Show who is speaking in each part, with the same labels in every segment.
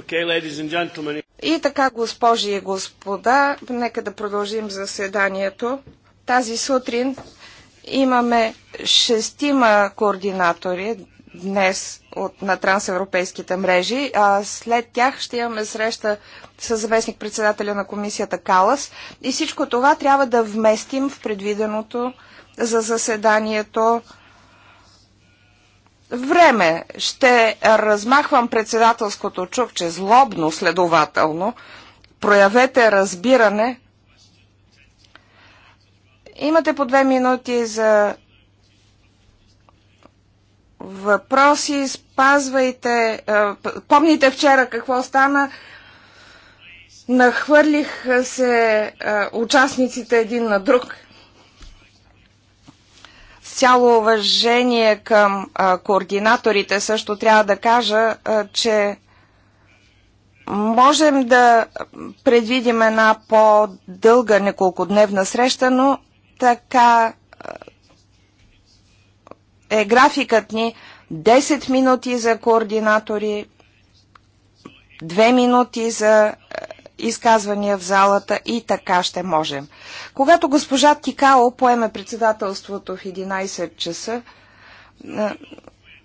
Speaker 1: Okay,
Speaker 2: и така, госпожи и господа, нека да продължим заседанието. Тази сутрин имаме шестима координатори днес от, на трансевропейските мрежи, а след тях ще имаме среща с заместник-председателя на комисията Калас и всичко това трябва да вместим в предвиденото за заседанието време ще размахвам председателското чукче злобно, следователно. Проявете разбиране. Имате по две минути за въпроси, спазвайте. Е, помните вчера какво стана? Нахвърлих се е, участниците един на друг цяло уважение към а, координаторите също трябва да кажа, а, че можем да предвидим една по-дълга неколкодневна среща, но така е графикът ни 10 минути за координатори, 2 минути за изказвания в залата и така ще можем. Когато госпожа Тикао поеме председателството в 11 часа,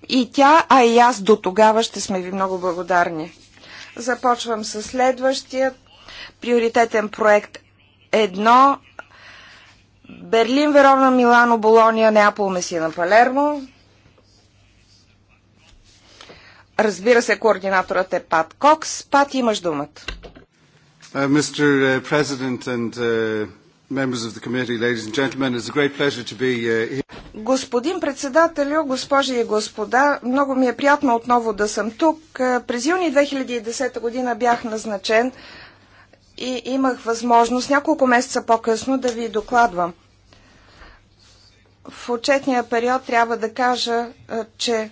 Speaker 2: и тя, а и аз до тогава ще сме ви много благодарни. Започвам с следващия приоритетен проект Едно. Берлин, Верона, Милано, Болония, Неапол, Месина, Палермо. Разбира се, координаторът е Пат Кокс. Пат, имаш думата.
Speaker 1: Uh, Mr. Uh, President and uh, members of the committee, ladies and gentlemen, it's a great pleasure to be here.
Speaker 2: Господин председателю, госпожи и господа, много ми е приятно отново да съм тук. Е, през юни 2010 година бях назначен и имах възможност няколко месеца по-късно да ви докладвам. В отчетния период трябва да кажа, е, че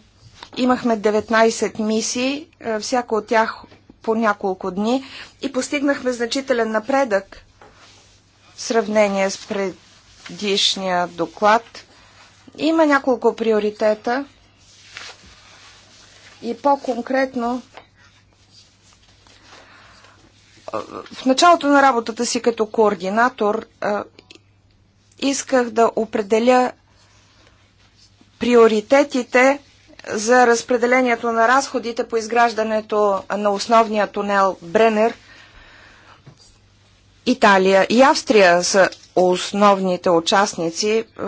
Speaker 2: имахме 19 мисии, е, всяка от тях по няколко дни и постигнахме значителен напредък в сравнение с предишния доклад. Има няколко приоритета и по-конкретно в началото на работата си като координатор исках да определя приоритетите за разпределението на разходите по изграждането на основния тунел Бренер. Италия и Австрия са основните участници. Е,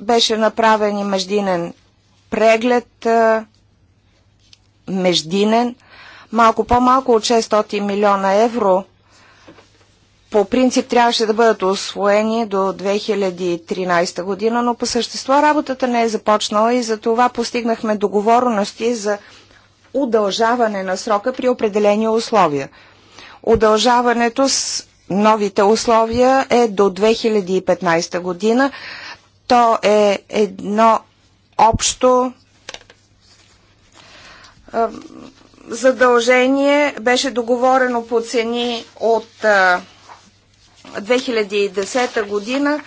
Speaker 2: беше направен и междинен преглед, е, междинен, малко по-малко от 600 милиона евро – по принцип трябваше да бъдат освоени до 2013 година, но по същество работата не е започнала и за това постигнахме договорености за удължаване на срока при определени условия. Удължаването с новите условия е до 2015 година. То е едно общо задължение беше договорено по цени от 2010 година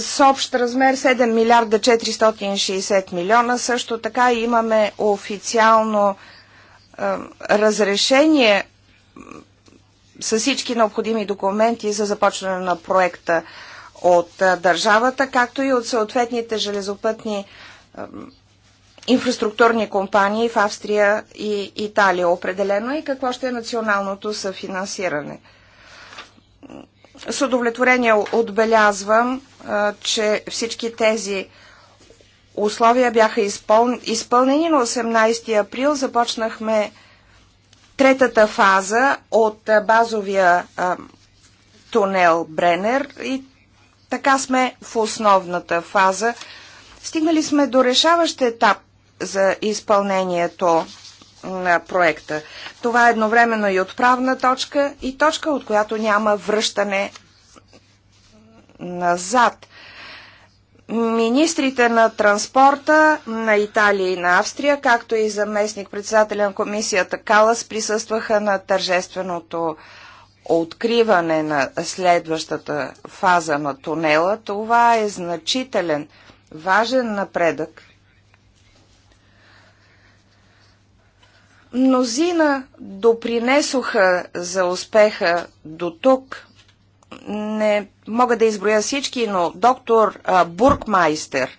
Speaker 2: с общ размер 7 милиарда 460 милиона. Също така имаме официално е, разрешение с всички необходими документи за започване на проекта от е, държавата, както и от съответните железопътни е, инфраструктурни компании в Австрия и Италия. Определено и какво ще е националното съфинансиране – с удовлетворение отбелязвам, че всички тези условия бяха изпълнени на 18 април. Започнахме третата фаза от базовия тунел Бренер и така сме в основната фаза. Стигнали сме до решаващ етап за изпълнението на проекта. Това е едновременно и отправна точка, и точка, от която няма връщане назад. Министрите на транспорта на Италия и на Австрия, както и заместник председателя на комисията Калас, присъстваха на тържественото откриване на следващата фаза на тунела. Това е значителен, важен напредък Мнозина допринесоха за успеха до тук. Не мога да изброя всички, но доктор Буркмайстер,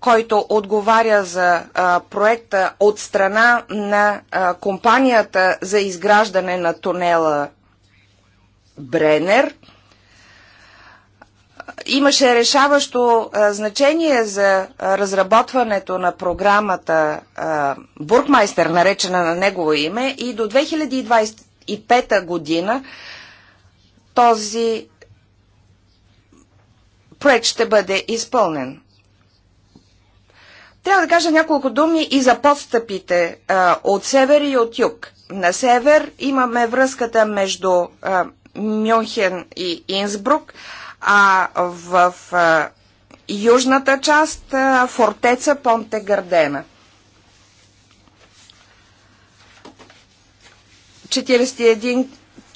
Speaker 2: който отговаря за проекта от страна на компанията за изграждане на тунела Бренер – имаше решаващо а, значение за а, разработването на програмата а, Буркмайстер, наречена на негово име, и до 2025 година този проект ще бъде изпълнен. Трябва да кажа няколко думи и за подстъпите а, от север и от юг. На север имаме връзката между а, Мюнхен и Инсбрук, а в а, южната част а, фортеца Понте Гардена. 41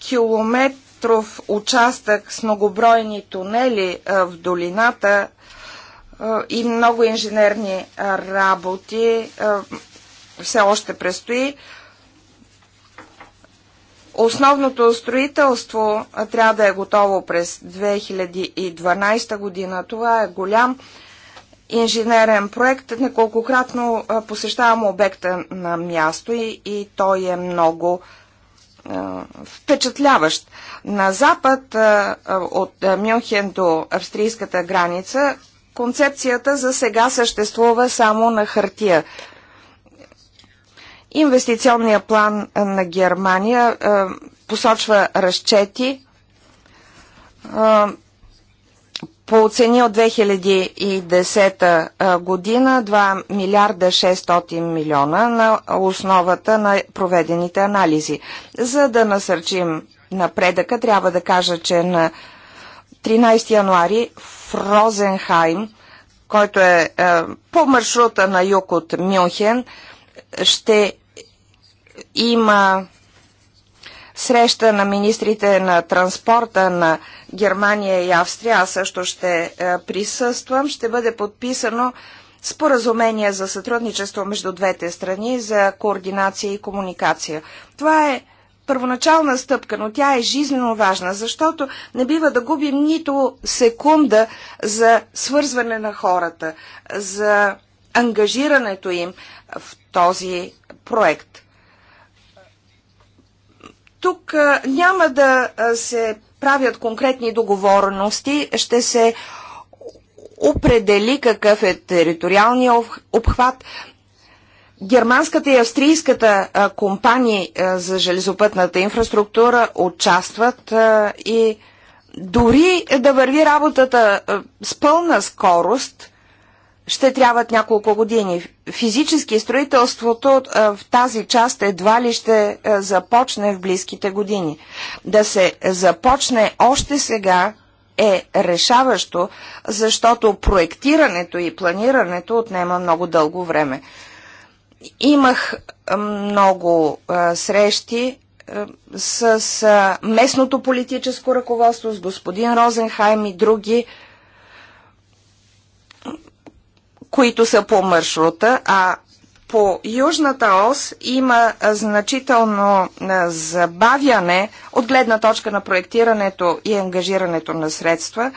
Speaker 2: километров участък с многобройни тунели а, в долината а, и много инженерни а, работи а, все още предстои. Основното строителство трябва да е готово през 2012 година. Това е голям инженерен проект. Неколкократно посещавам обекта на място и, и той е много е, впечатляващ. На запад е, от Мюнхен до австрийската граница концепцията за сега съществува само на хартия. Инвестиционния план на Германия посочва разчети по оцени от 2010 година 2 милиарда 600 милиона на основата на проведените анализи. За да насърчим напредъка, трябва да кажа, че на 13 януари в Розенхайм, който е по маршрута на юг от Мюнхен, ще има среща на министрите на транспорта на Германия и Австрия. Аз също ще е, присъствам. Ще бъде подписано споразумение за сътрудничество между двете страни за координация и комуникация. Това е първоначална стъпка, но тя е жизненно важна, защото не бива да губим нито секунда за свързване на хората, за ангажирането им в този проект. Тук няма да се правят конкретни договорности, ще се определи какъв е териториалния обхват. Германската и австрийската компании за железопътната инфраструктура участват и дори е да върви работата с пълна скорост – ще трябват няколко години. Физически строителството в тази част едва ли ще започне в близките години. Да се започне още сега е решаващо, защото проектирането и планирането отнема много дълго време. Имах много срещи с местното политическо ръководство, с господин Розенхайм и други които са по маршрута, а по южната ос има значително забавяне от гледна точка на проектирането и ангажирането на средства.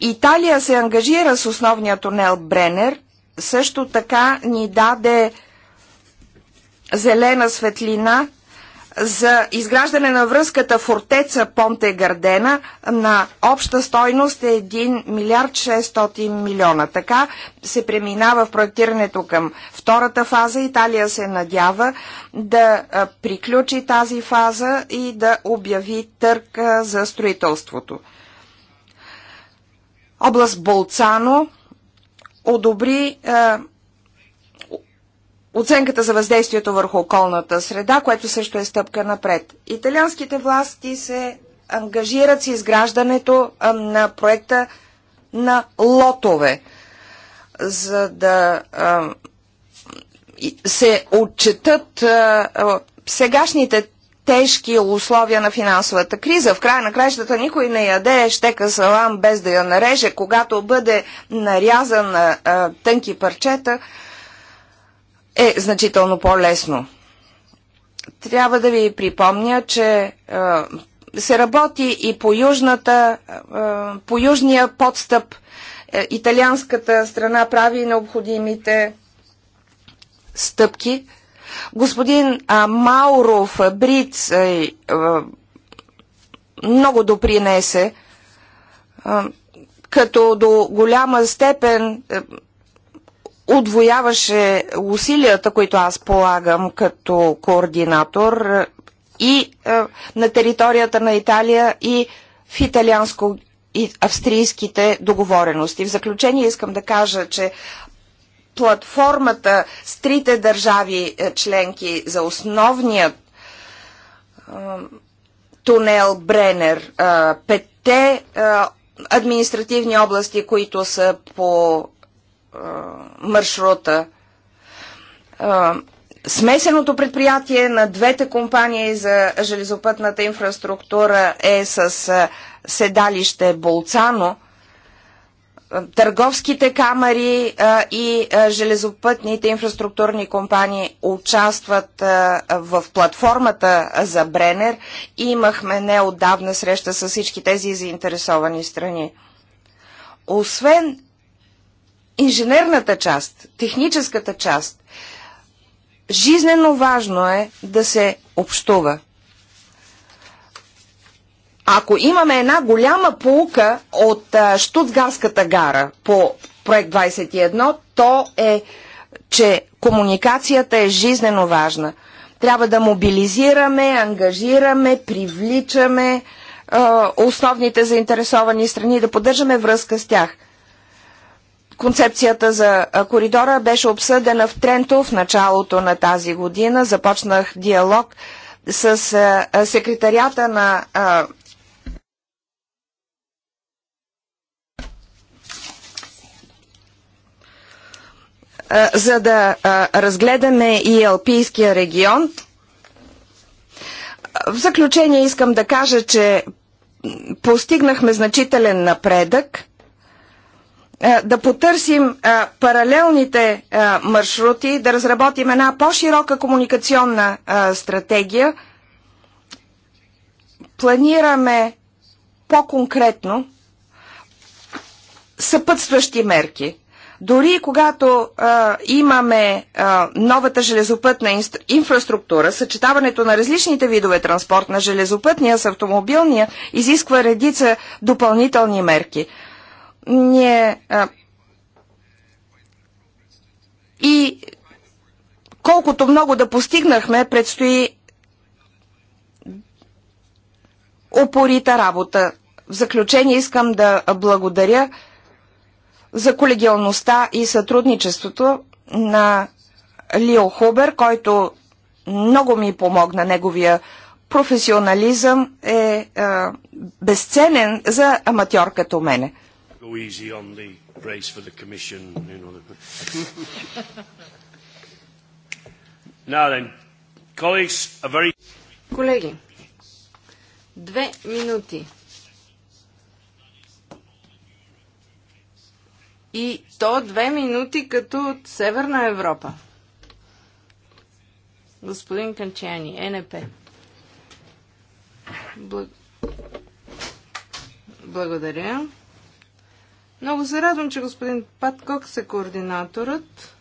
Speaker 2: Италия се ангажира с основния тунел Бренер, също така ни даде зелена светлина за изграждане на връзката Фортеца Понте Гардена на обща стойност е 1 милиард 600 милиона. Така се преминава в проектирането към втората фаза. Италия се надява да приключи тази фаза и да обяви търк за строителството. Област Болцано одобри оценката за въздействието върху околната среда, което също е стъпка напред. Италианските власти се ангажират с изграждането на проекта на лотове, за да се отчетат сегашните тежки условия на финансовата криза. В края на краищата никой не яде щека салам без да я нареже. Когато бъде нарязан на тънки парчета, е значително по-лесно. Трябва да ви припомня, че се работи и по, южната, по южния подстъп. Е, италианската страна прави необходимите стъпки. Господин Мауров Фабриц е, много допринесе, като до голяма степен отвояваше усилията, които аз полагам като координатор и е, на територията на Италия и в италианско и австрийските договорености. В заключение искам да кажа, че платформата с трите държави е, членки за основният е, тунел Бренер, е, петте е, административни области, които са по маршрута. Смесеното предприятие на двете компании за железопътната инфраструктура е с седалище Болцано. Търговските камери и железопътните инфраструктурни компании участват в платформата за Бренер. и Имахме неодавна среща с всички тези заинтересовани страни. Освен инженерната част, техническата част. Жизнено важно е да се общува. Ако имаме една голяма полука от Штутгарската гара по проект 21, то е, че комуникацията е жизнено важна. Трябва да мобилизираме, ангажираме, привличаме е, основните заинтересовани страни, да поддържаме връзка с тях – Концепцията за коридора беше обсъдена в Тренто в началото на тази година. Започнах диалог с секретарята на за да разгледаме и Алпийския регион. В заключение искам да кажа, че постигнахме значителен напредък – е, да потърсим е, паралелните е, маршрути, да разработим една по-широка комуникационна стратегия. Планираме по-конкретно съпътстващи мерки. Дори когато а, имаме а, новата железопътна инфраструктура, съчетаването на различните видове транспорт на железопътния с автомобилния изисква редица допълнителни мерки не и колкото много да постигнахме, предстои опорита работа. В заключение искам да благодаря за колегиалността и сътрудничеството на Лио Хубер, който много ми помогна. Неговия професионализъм е, е безценен за аматьор като мене go easy on the race for the Commission.
Speaker 1: You know. Now then, colleagues, a very... Колеги, две минути. И то две минути като от Северна Европа. Господин Канчани, НП. Е Благ... Благодаря. Много се радвам, че господин Паткок е координаторът.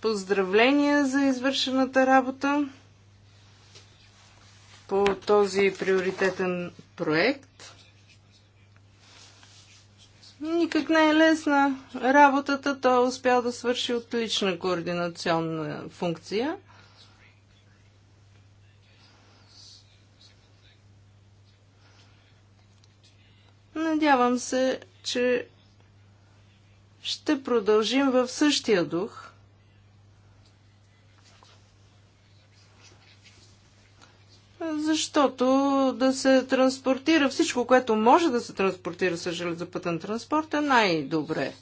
Speaker 1: Поздравления за извършената работа по този приоритетен проект. Никак не е лесна работата. Той е успял да свърши отлична координационна функция. Надявам се че ще продължим в същия дух. Защото да се транспортира всичко, което може да се транспортира с железопътен транспорт е най-добре.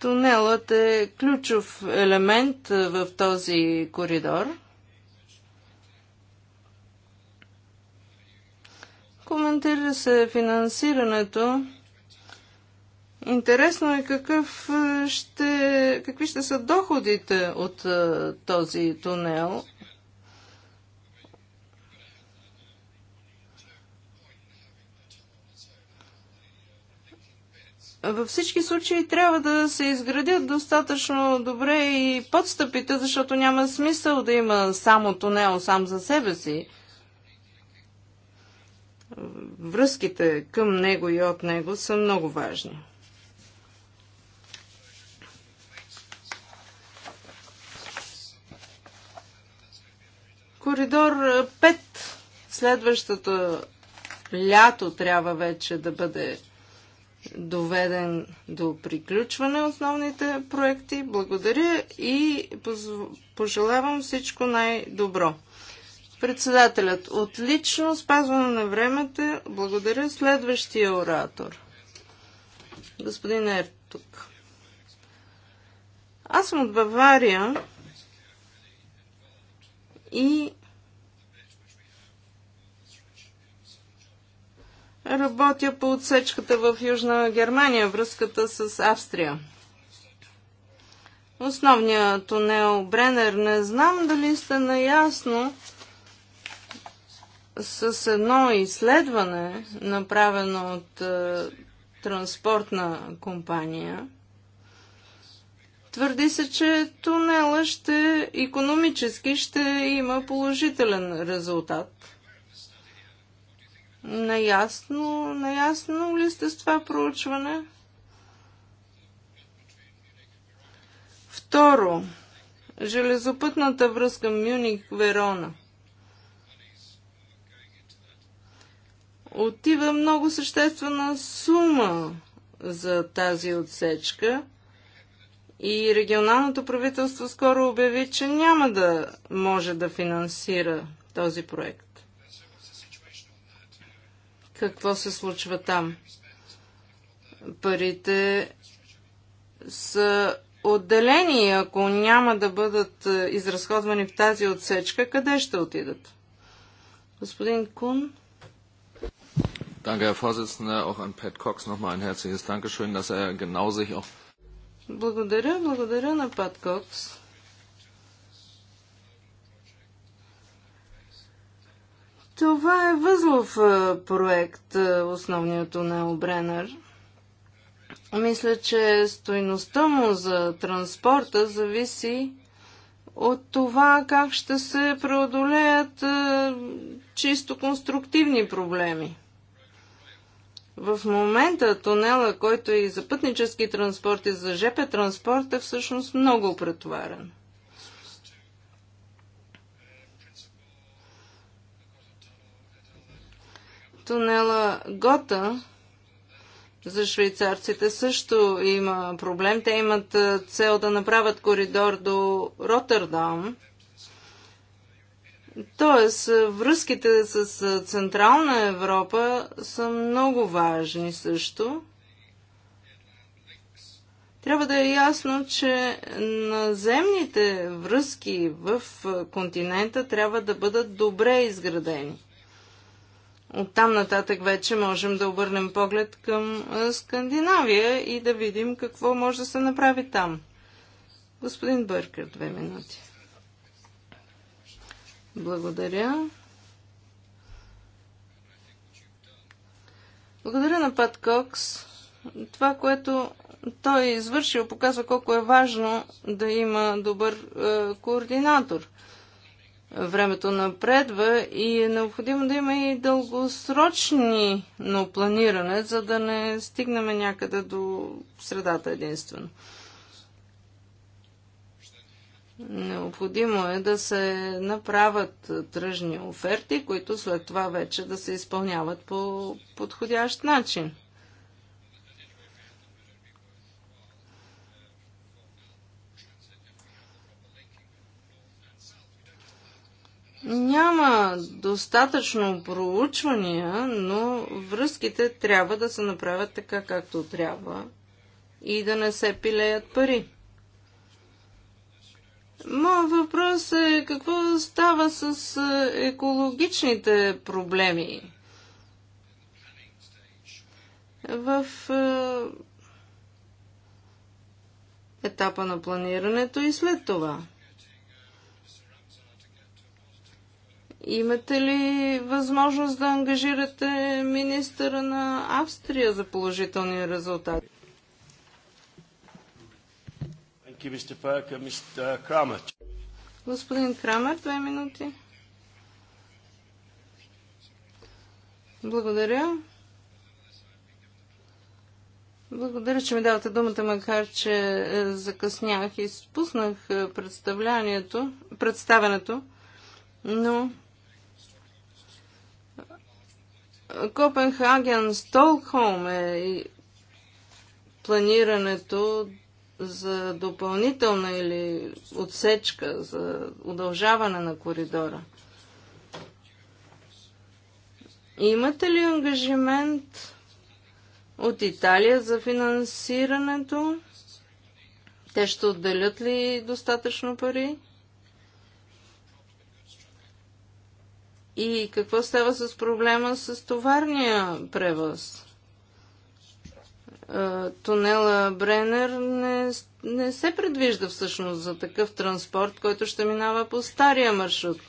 Speaker 1: Тунелът е ключов елемент в този коридор – Коментира се финансирането. Интересно е какъв е, ще, какви ще са доходите от е, този тунел. Във всички случаи трябва да се изградят достатъчно добре и подстъпите, защото няма смисъл да има само тунел сам за себе си връзките към него и от него са много важни. Коридор 5 следващото лято трябва вече да бъде доведен до приключване основните проекти. Благодаря и пожелавам всичко най-добро. Председателят. Отлично, спазване на времето. Благодаря. Следващия оратор. Господин Ертук. Аз съм от Бавария и работя по отсечката в Южна Германия, връзката с Австрия. Основният тунел Бренер, не знам дали сте наясно, с едно изследване, направено от е, транспортна компания, твърди се, че тунела ще економически ще има положителен резултат. Наясно, наясно ли сте с това проучване? Второ, железопътната връзка Мюник-Верона – отива много съществена сума за тази отсечка и регионалното правителство скоро обяви, че няма да може да финансира този проект. Какво се случва там? Парите са отделени, ако няма да бъдат е, изразходвани в тази отсечка, къде ще отидат? Господин Кун?
Speaker 3: Danke, Herr Vorsitzender. Auch an Pat Cox nochmal ein herzliches Dankeschön, dass er genau sich auch.
Speaker 1: Благодаря, благодаря на Пат Кокс. Това е възлов проект, основният тунел Бренер. Мисля, че стойността му за транспорта зависи от това как ще се преодолеят чисто конструктивни проблеми. В момента тунела, който е и за пътнически транспорт и за ЖП транспорт е всъщност много претоварен. Тунела Гота за швейцарците също има проблем. Те имат цел да направят коридор до Роттердам Тоест, връзките с Централна Европа са много важни също. Трябва да е ясно, че наземните връзки в континента трябва да бъдат добре изградени. От там нататък вече можем да обърнем поглед към Скандинавия и да видим какво може да се направи там. Господин Бъркер, две минути. Благодаря. Благодаря на Пат Кокс. Това, което той е извършил, показва колко е важно да има добър е, координатор. Времето напредва и е необходимо да има и дългосрочни но планиране, за да не стигнем някъде до средата единствено. Необходимо е да се направят тръжни оферти, които след това вече да се изпълняват по подходящ начин. Няма достатъчно проучвания, но връзките трябва да се направят така, както трябва и да не се пилеят пари. Моят въпрос е какво става с е, екологичните проблеми? В е, етапа на планирането и след това. Имате ли възможност да ангажирате министъра на Австрия за положителни резултати? Thank you, Mr. Perker. Mr. Kramer. Господин Крамер, две минути. Благодаря. Благодаря, че ми давате думата, макар че е, закъснях и спуснах е, представлението, представенето, но Копенхаген, Столкхолм е планирането за допълнителна или отсечка, за удължаване на коридора. Имате ли ангажимент от Италия за финансирането? Те ще отделят ли достатъчно пари? И какво става с проблема с товарния превъз? тунела Бренер не, не се предвижда всъщност за такъв транспорт, който ще минава по стария маршрут.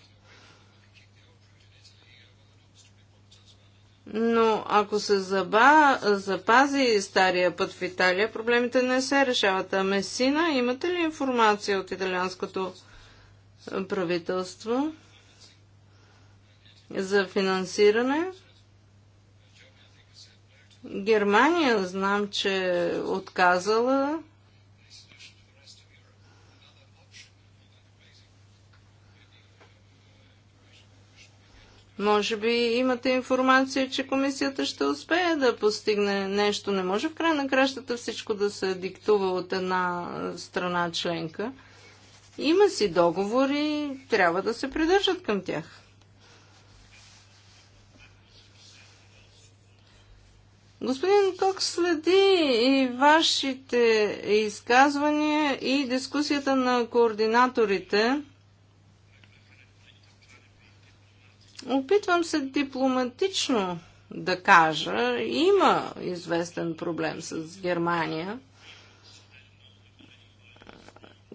Speaker 1: Но ако се заба, запази стария път в Италия, проблемите не се решават. А ами, Месина, имате ли информация от италианското правителство за финансиране? Германия знам, че е отказала. Може би имате информация, че комисията ще успее да постигне нещо. Не може в край на кращата всичко да се диктува от една страна членка. Има си договори, трябва да се придържат към тях. Господин Кок следи и вашите изказвания и дискусията на координаторите. Опитвам се дипломатично да кажа, има известен проблем с Германия,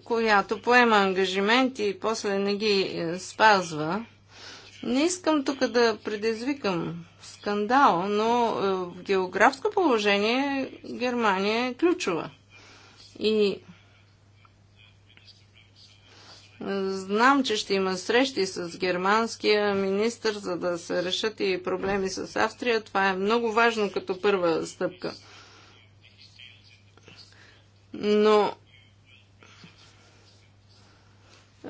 Speaker 1: която поема ангажименти и после не ги спазва. Не искам тук да предизвикам скандал, но е, в географско положение Германия е ключова. И е, Знам, че ще има срещи с германския министр, за да се решат и проблеми с Австрия. Това е много важно като първа стъпка. Но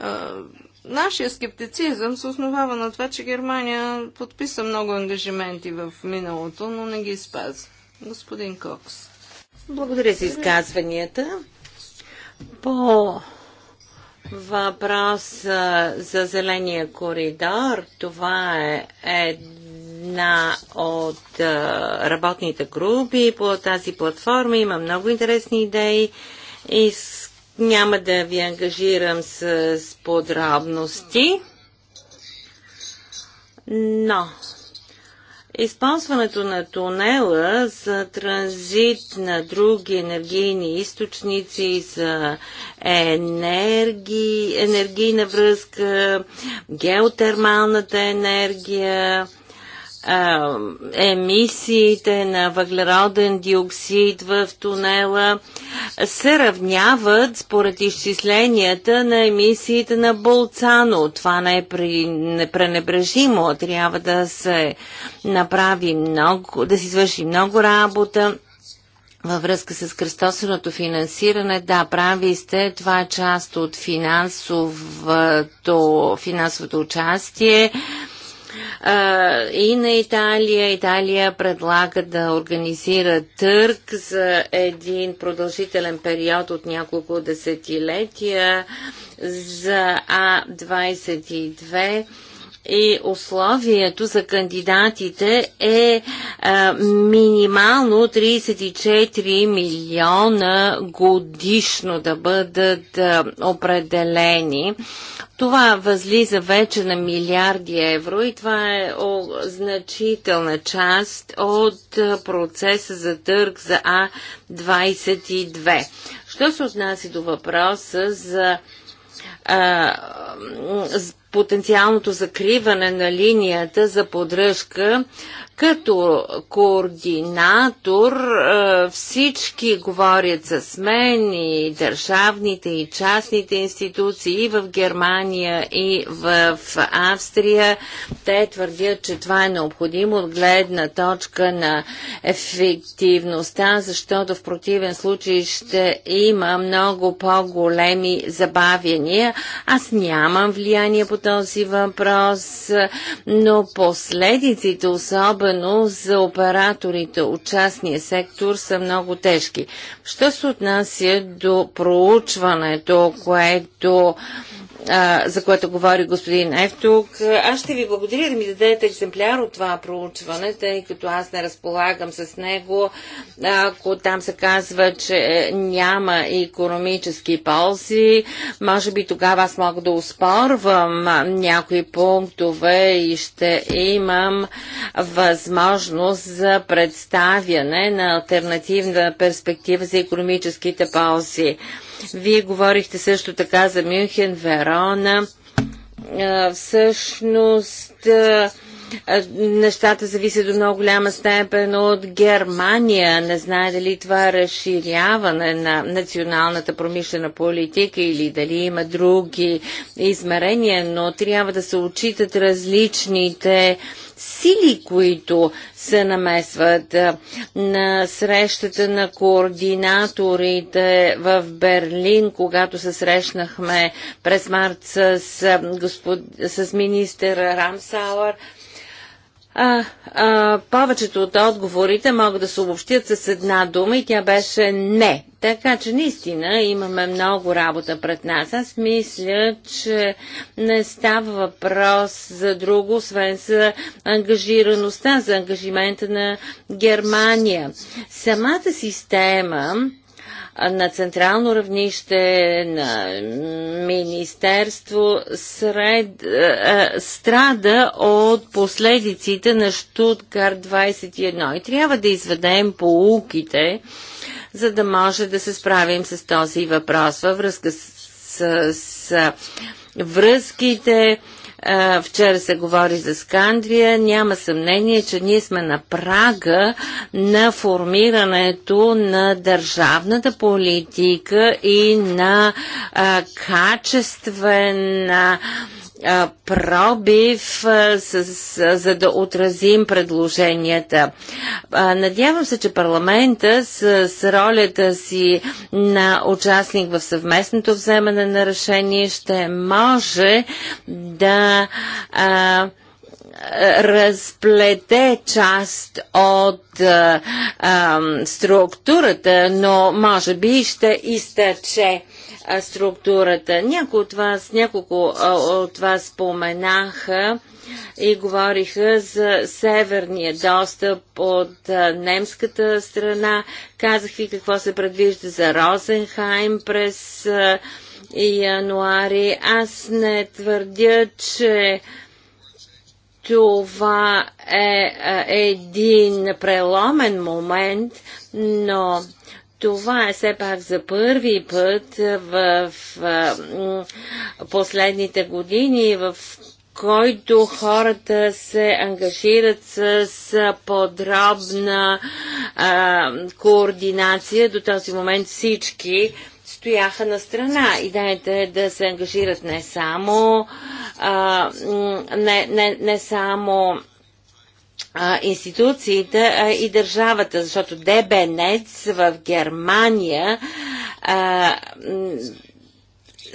Speaker 1: е, Нашия скептицизъм се основава на това, че Германия подписа много ангажименти в миналото, но не ги спазва. Господин
Speaker 3: Кокс. Благодаря за изказванията. По въпрос за зеления коридор, това е една от работните групи по тази платформа. Има много интересни идеи. И с няма да ви ангажирам с подробности, но Използването на тунела за транзит на други енергийни източници, за енерги, енергийна връзка, геотермалната енергия, а, емисиите на въглероден диоксид в тунела се равняват според изчисленията на емисиите на Болцано. Това не е при, пренебрежимо. Трябва да се направи много, да се извърши много работа. Във връзка с кръстосаното финансиране, да, прави сте, това е част от финансовото, финансовото участие и на Италия. Италия предлага да организира търг за един продължителен период от няколко десетилетия за А22 и условието за кандидатите е а, минимално 34 милиона годишно да бъдат а, определени. Това възлиза вече на милиарди евро и това е о, значителна част от а, процеса за търг за А22. Що се отнася до въпроса за а, потенциалното закриване на линията за поддръжка като координатор е, всички говорят с мен и държавните и частните институции и в Германия и в Австрия. Те твърдят, че това е необходимо от гледна точка на ефективността, защото в противен случай ще има много по-големи забавяния. Аз нямам влияние по този въпрос, но последиците особено особено за операторите от частния сектор, са много тежки. Що се отнася до проучването, което за което говори господин Евтук. Аз ще ви благодаря да ми дадете екземпляр от това проучване, тъй като аз не разполагам с него. Ако там се казва, че няма економически ползи, може би тогава аз мога да успорвам някои пунктове и ще имам възможност за представяне на альтернативна перспектива за економическите ползи. Вие говорихте също така за Мюнхен, Верона. Всъщност, нещата зависят до много голяма степен от Германия. Не знае дали това е разширяване на националната промишлена политика или дали има други измерения, но трябва да се отчитат различните сили, които се намесват. На срещата на координаторите в Берлин, когато се срещнахме през март с, господ... с министър Рамсауър, а, а, повечето от отговорите могат да се обобщят с една дума и тя беше не. Така че наистина имаме много работа пред нас. Аз мисля, че не става въпрос за друго, освен за ангажираността, за ангажимента на Германия. Самата система на централно равнище, на министерство, сред, а, е, е, страда от последиците на Штутгар 21. И трябва да изведем поуките, за да може да се справим с този въпрос във връзка с, с, с връзките вчера се говори за Скандия. Няма съмнение, че ние сме на прага на формирането на държавната политика и на качествена пробив, с, с, за да отразим предложенията. надявам се, че парламента с, с ролята си на участник в съвместното вземане на решение ще може да а, разплете част от а, а, структурата, но може би ще изтече структурата. Някои от вас, няколко от вас споменаха и говориха за северния достъп от немската страна. Казах ви какво се предвижда за Розенхайм през януари. Аз не твърдя, че това е един преломен момент, но това е все пак за първи път в, в последните години, в който хората се ангажират с подробна а, координация. До този момент всички стояха на страна. Идеята е да се ангажират не само, а, не, не, не само институциите и държавата, защото ДБНЕЦ в Германия а,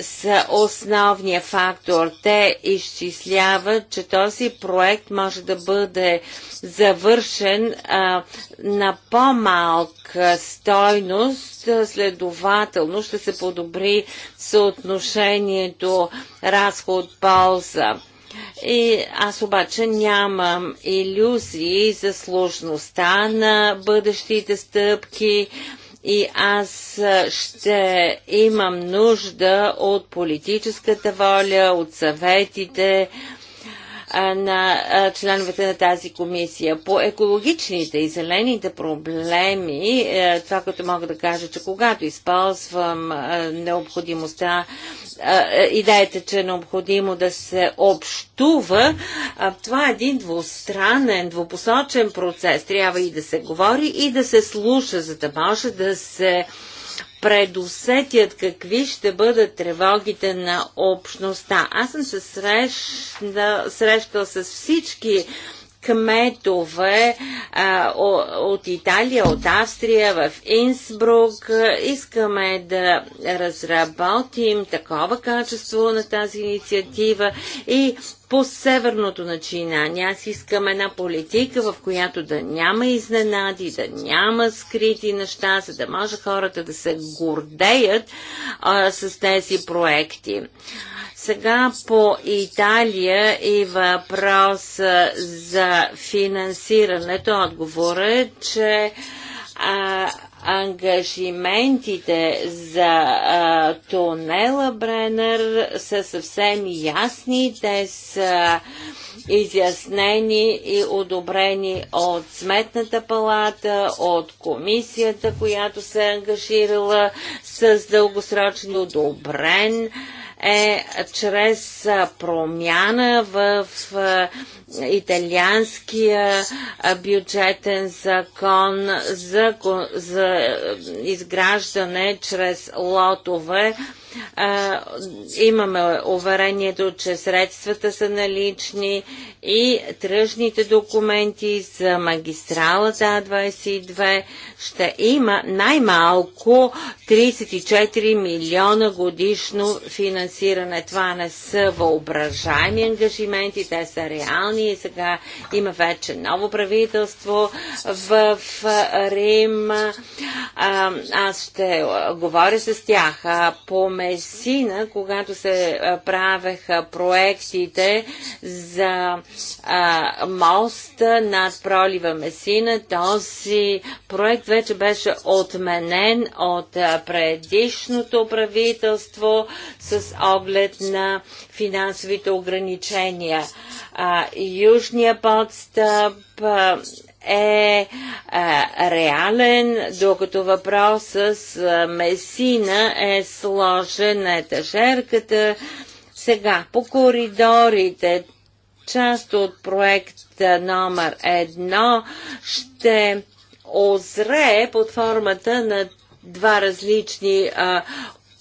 Speaker 3: са основния фактор. Те изчисляват, че този проект може да бъде завършен а, на по-малка стойност, следователно ще се подобри съотношението разход-полза. И аз обаче нямам иллюзии за сложността на бъдещите стъпки и аз ще имам нужда от политическата воля, от съветите на членовете на тази комисия. По екологичните и зелените проблеми, е, това, като мога да кажа, че когато използвам необходимостта е, идеята, че е необходимо да се общува, това е един двустранен, двупосочен процес. Трябва и да се говори, и да се слуша, за да може да се предусетят какви ще бъдат тревогите на общността. Аз съм се срещна, срещал с всички кметове а, от Италия, от Австрия, в Инсбрук. Искаме да разработим такова качество на тази инициатива и по северното начинание. Аз искам една политика, в която да няма изненади, да няма скрити неща, за да може хората да се гордеят а, с тези проекти. Сега по Италия и въпрос за финансирането. Отговора е, че а, ангажиментите за а, тунела Бренер са съвсем ясни. Те са изяснени и одобрени от Сметната палата, от комисията, която се е ангажирала с дългосрочно одобрен е чрез промяна в италианския бюджетен закон за, за изграждане чрез лотове а, имаме уверението, че средствата са налични и тръжните документи за магистралата А22 ще има най-малко 34 милиона годишно финансиране. Това не са въображаеми ангажименти, те са реални и сега има вече ново правителство в Рим. А, аз ще говоря с тях по месина, когато се правеха проектите за а, моста над пролива Месина, този проект вече беше отменен от предишното правителство с оглед на финансовите ограничения. А, южния подстъп а, е, е реален, докато въпрос с е, Месина е сложен на е етажерката. Сега, по коридорите, част от проект номер едно ще озре под формата на два различни а,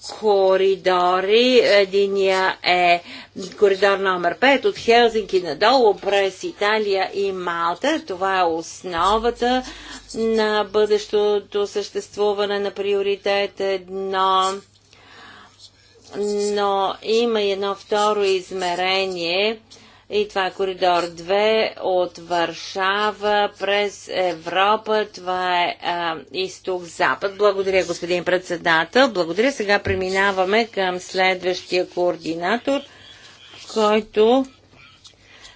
Speaker 3: коридори. Единия е коридор номер 5 от Хелзинки надолу през Италия и Малта. Това е основата на бъдещото съществуване на приоритет едно. Но има едно второ измерение – и това е коридор 2 от Варшава през Европа. Това е изток-запад. Благодаря, господин председател. Благодаря. Сега преминаваме към следващия координатор, който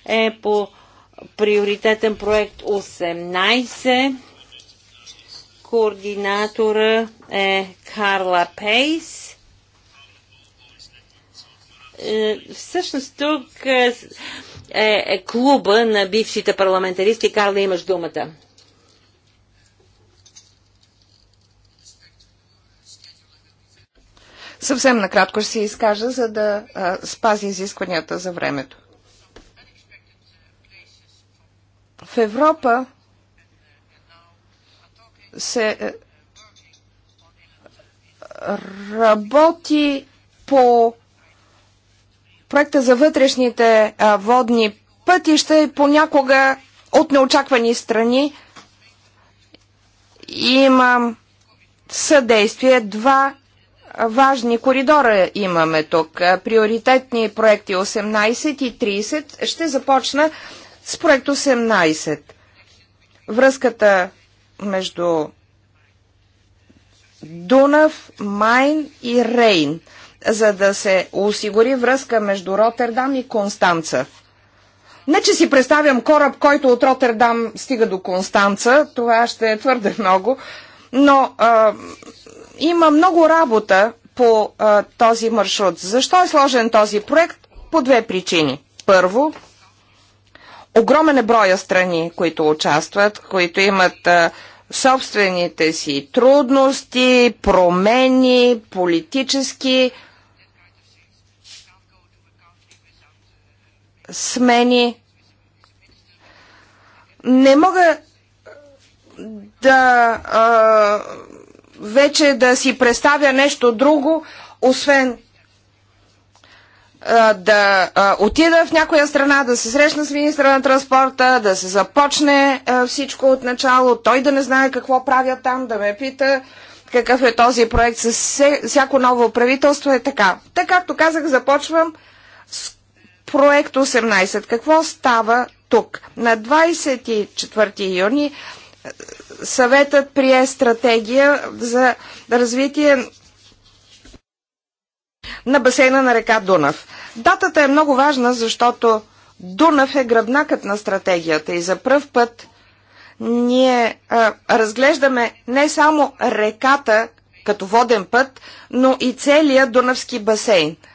Speaker 3: е по приоритетен проект 18. Координатора е Карла Пейс е, всъщност тук е, е, е клуба на бившите парламентаристи. Карла, имаш думата.
Speaker 2: Съвсем накратко ще се изкажа, за да а, спази изискванията за времето. В Европа се работи по проекта за вътрешните а, водни пътища и е понякога от неочаквани страни имам съдействие. Два важни коридора имаме тук. Приоритетни проекти 18 и 30. Ще започна с проект 18. Връзката между Дунав, Майн и Рейн – за да се осигури връзка между Ротердам и Констанца. Не, че си представям кораб, който от Ротердам стига до Констанца, това ще е твърде много, но а, има много работа по а, този маршрут. Защо е сложен този проект? По две причини. Първо, огромен е броя страни, които участват, които имат а, собствените си трудности, промени, политически смени. Не мога да а, вече да си представя нещо друго, освен а, да а, отида в някоя страна, да се срещна с министра на транспорта, да се започне а, всичко от начало, той да не знае какво правя там, да ме пита какъв е този проект с всяко ново правителство е така. Така, както казах, започвам Проект 18. Какво става тук? На 24 юни е, съветът прие стратегия за развитие на басейна на река Дунав. Датата е много важна, защото Дунав е гръбнакът на стратегията и за пръв път ние а, е, разглеждаме не само реката като воден път, но и целия Дунавски басейн –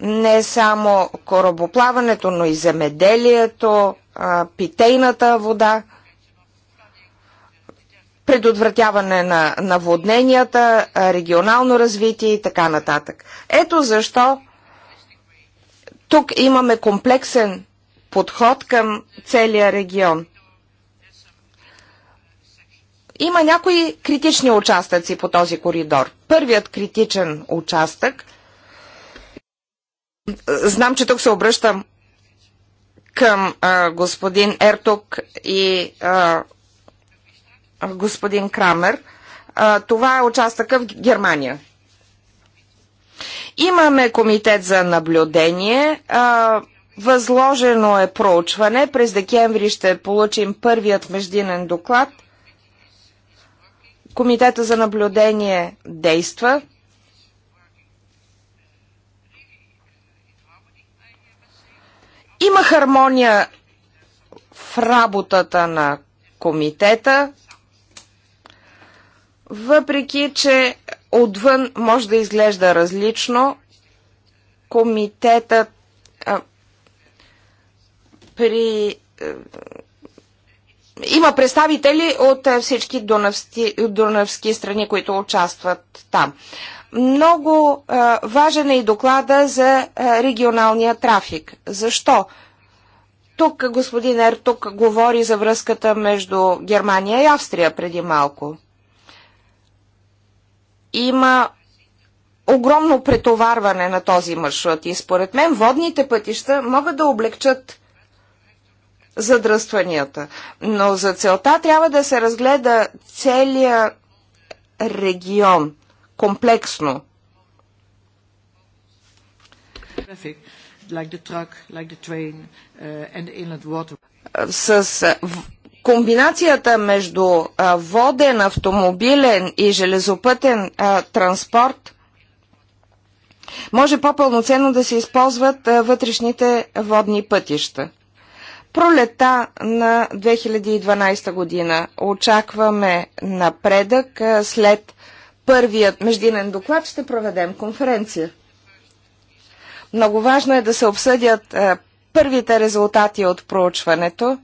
Speaker 2: не само корабоплаването, но и земеделието, питейната вода, предотвратяване на наводненията, регионално развитие и така нататък. Ето защо тук имаме комплексен подход към целия регион. Има някои критични участъци по този коридор. Първият критичен участък – Знам, че тук се обръщам към а, господин Ертук и а, господин Крамер. А, това е участъка в Германия. Имаме комитет за наблюдение. А, възложено е проучване. През декември ще получим първият междинен доклад. Комитета за наблюдение действа. Има хармония в работата на комитета, въпреки че отвън може да изглежда различно, комитетът а, при а, е, има представители от е, всички дунавски, дунавски страни, които участват там. Много а, важен е и доклада за а, регионалния трафик. Защо? Тук господин Ертук говори за връзката между Германия и Австрия преди малко. Има огромно претоварване на този маршрут и според мен водните пътища могат да облегчат задръстванията. Но за целта трябва да се разгледа целият регион комплексно. Uh, С комбинацията между воден, автомобилен и железопътен транспорт може по-пълноценно да се използват вътрешните водни пътища. Пролета на 2012 година очакваме напредък след първият междинен доклад ще проведем конференция. Много важно е да се обсъдят е, първите резултати от проучването.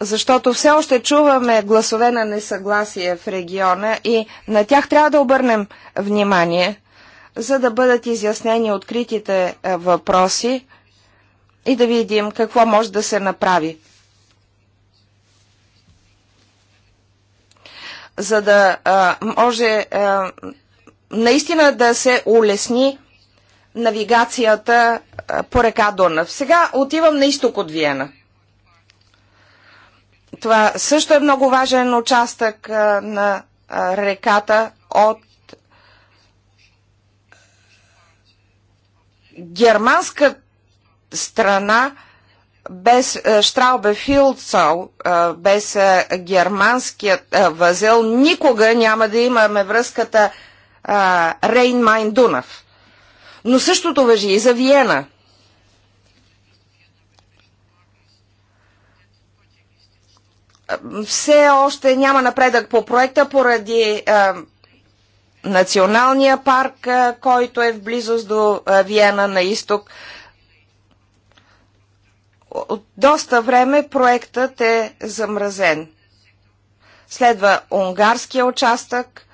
Speaker 2: Защото все още чуваме гласове на несъгласие в региона и на тях трябва да обърнем внимание, за да бъдат изяснени откритите е, въпроси и да видим какво може да се направи. за да а, може а, наистина да се улесни навигацията а, по река Дунав. Сега отивам на изток от Виена. Това също е много важен участък а, на а, реката от германска страна без е, Штраубе Филдсол, е, без е, германският възел, никога няма да имаме връзката Рейн-Майн-Дунав. Но същото въжи и за Виена. Все още няма напредък по проекта поради а, националния парк, а, който е в близост до а, Виена на изток. А, от доста време проектът е замразен. Следва унгарския участък,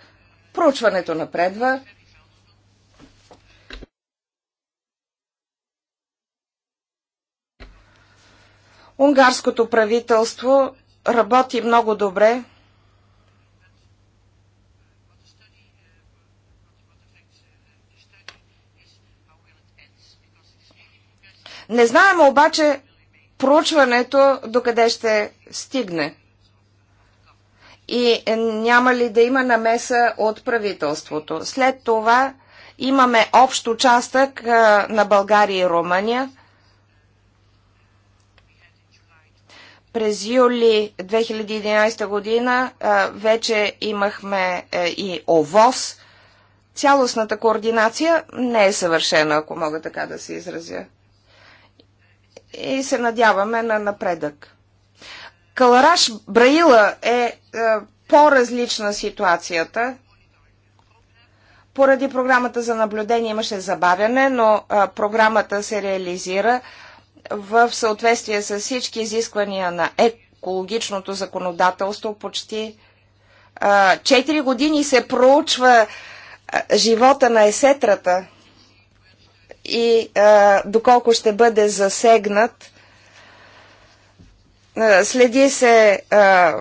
Speaker 2: проучването напредва. Унгарското правителство работи много добре. Не знаем обаче проучването докъде ще стигне и няма ли да има намеса от правителството. След това имаме общ участък на България и Румъния. През юли 2011 година вече имахме и ОВОз. Цялостната координация не е съвършена, ако мога така да се изразя и се надяваме на напредък. Калараш Браила е, е по-различна ситуацията. Поради програмата за наблюдение имаше забавяне, но е, програмата се реализира в съответствие с всички изисквания на екологичното законодателство. Почти е, 4 години се проучва е, живота на есетрата и а, доколко ще бъде засегнат. Следи се а,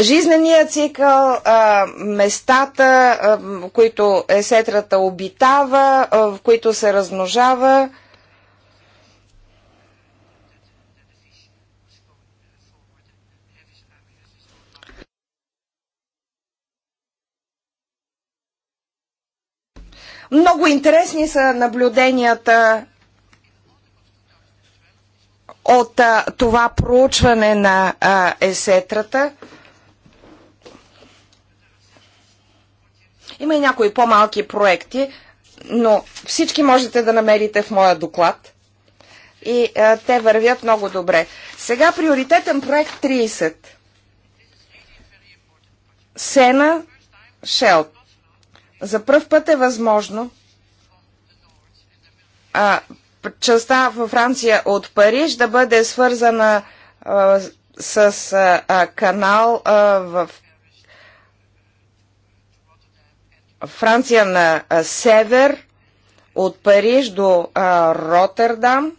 Speaker 2: жизнения цикъл, а, местата, а, които есетрата обитава, а, в които се размножава. А, Много интересни са наблюденията от а, това проучване на а, есетрата. Има и някои по-малки проекти, но всички можете да намерите в моя доклад. И а, те вървят много добре. Сега приоритетен проект 30. Сена Шелт за пръв път е възможно а, частта във Франция от Париж да бъде свързана а, с а, канал а, в Франция на север от Париж до а, Роттердам.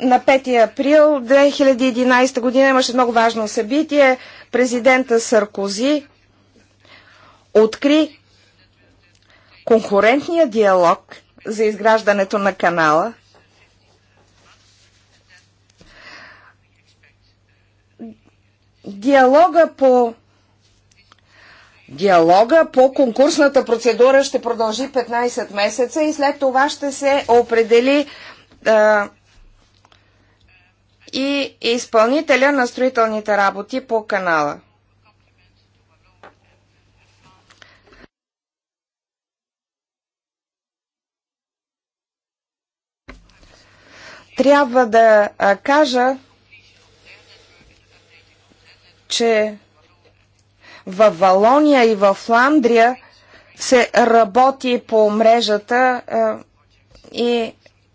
Speaker 2: На 5 април 2011 година имаше много важно събитие. Президента Саркози откри конкурентния диалог за изграждането на канала. Диалога по Диалога по конкурсната процедура ще продължи 15 месеца и след това ще се определи а, и изпълнителя на строителните работи по канала. трябва да кажа, че в Валония и в Фландрия се работи по мрежата и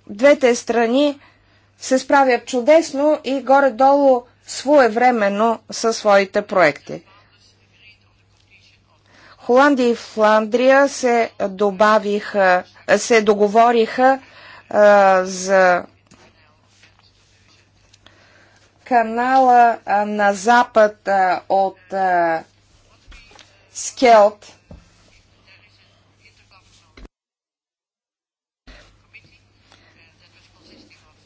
Speaker 2: двете страни се справят чудесно и горе-долу своевременно със своите проекти. Холандия и Фландрия се добавиха, се договориха а, за канала на запад от Скелт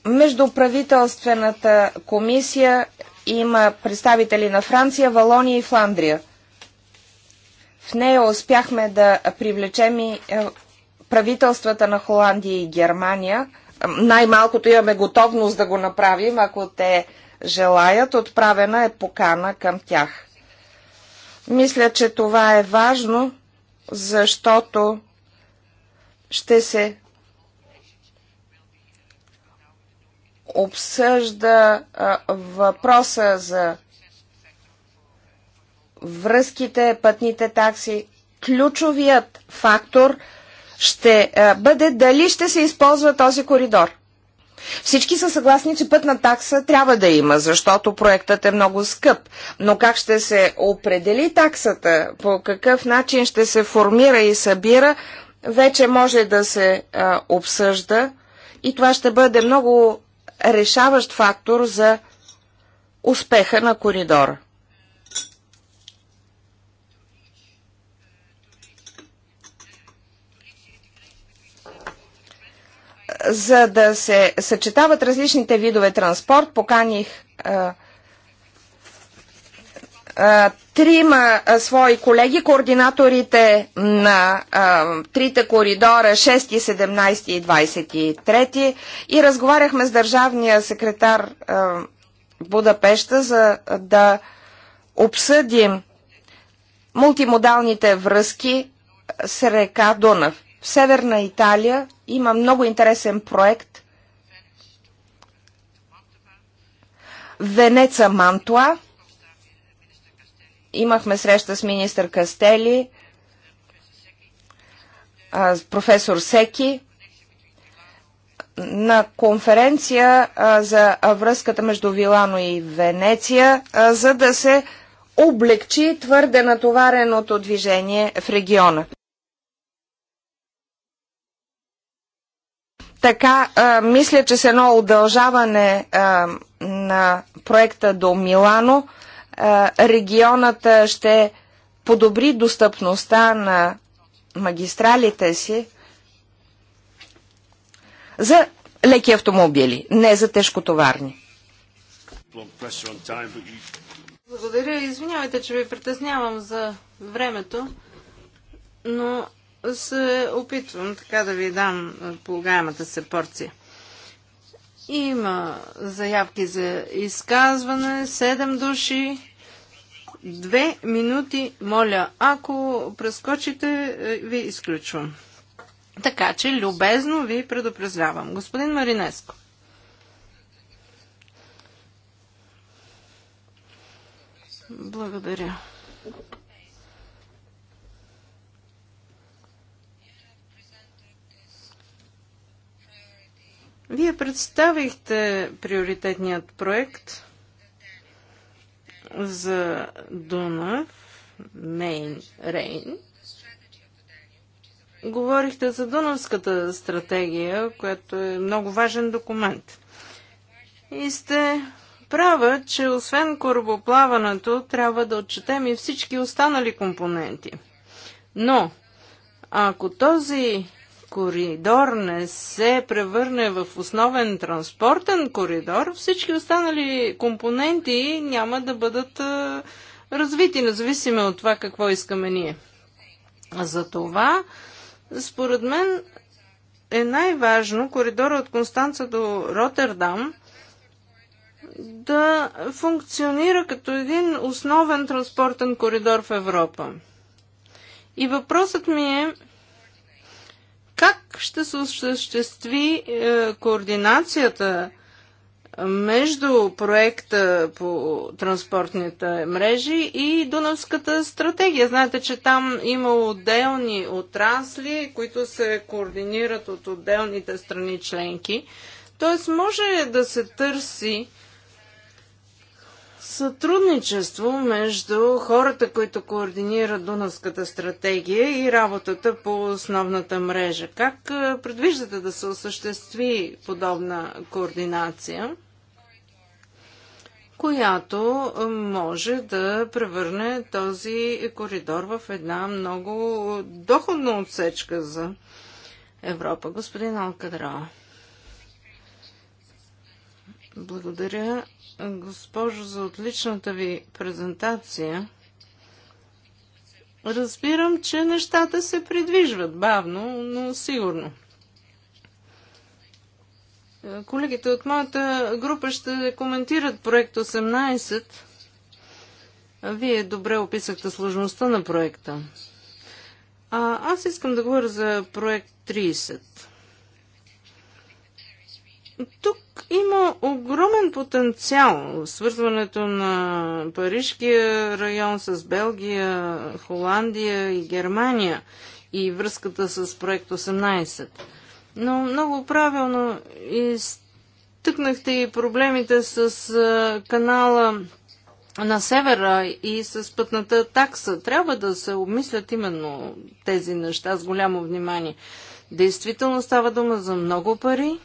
Speaker 2: Междуправителствената комисия има представители на Франция, Валония и Фландрия. В нея успяхме да привлечем и е, правителствата на Холандия и Германия. Най-малкото имаме готовност да го направим, ако те желаят, отправена е покана към тях. Мисля, че това е важно, защото ще се обсъжда а, въпроса за връзките, пътните такси. Ключовият фактор ще а, бъде дали ще се използва този коридор. Всички са съгласни, че пътна такса трябва да има, защото проектът е много скъп. Но как ще се определи таксата, по какъв начин ще се формира и събира, вече може да се а, обсъжда и това ще бъде много решаващ фактор за успеха на коридора. за да се съчетават различните видове транспорт, поканих трима свои колеги, координаторите на а, трите коридора 6, 17 и 23 и разговаряхме с държавния секретар а, Будапешта, за да обсъдим мултимодалните връзки с река Дунав. В Северна Италия има много интересен проект Венеца Мантуа. Имахме среща с министър Кастели, професор Секи на конференция за връзката между Вилано и Венеция, за да се облегчи твърде натовареното движение в региона. Така, а, мисля, че с едно удължаване а, на проекта до Милано, а, регионът ще подобри достъпността на магистралите си за леки автомобили, не за тежкотоварни.
Speaker 1: Благодаря. Извинявайте, че ви притеснявам за времето, но се опитвам така да ви дам полагаемата се порция. Има заявки за изказване, седем души, две минути, моля, ако прескочите, е, ви изключвам. Така че, любезно ви предупреждавам. Господин Маринеско. Благодаря. Вие представихте приоритетният проект за Дунав, Мейн, Рейн. Говорихте за Дунавската стратегия, която е много важен документ. И сте права, че освен корабоплаването трябва да отчетем и всички останали компоненти. Но, ако този коридор не се превърне в основен транспортен коридор, всички останали компоненти няма да бъдат развити, независимо от това какво искаме ние. За това, според мен, е най-важно коридора от Констанца до Роттердам да функционира като един основен транспортен коридор в Европа. И въпросът ми е, как ще се осъществи е, координацията между проекта по транспортните мрежи и Дунавската стратегия. Знаете, че там има отделни отрасли, които се координират от отделните страни членки. Тоест, може да се търси сътрудничество между хората, които координират Дунавската стратегия и работата по основната мрежа. Как предвиждате да се осъществи подобна координация, която може да превърне този коридор в една много доходна отсечка за Европа? Господин Алкадрава. Благодаря, госпожо, за отличната ви презентация. Разбирам, че нещата се придвижват бавно, но сигурно. Колегите от моята група ще коментират проект 18. Вие добре описахте сложността на проекта. А, аз искам да говоря за проект 30. Тук има огромен потенциал. Свързването на Парижкия район с Белгия, Холандия и Германия и връзката с проект 18. Но много правилно изтъкнахте и проблемите с канала на севера и с пътната такса. Трябва да се обмислят именно тези неща с голямо внимание. Действително става дума за много пари,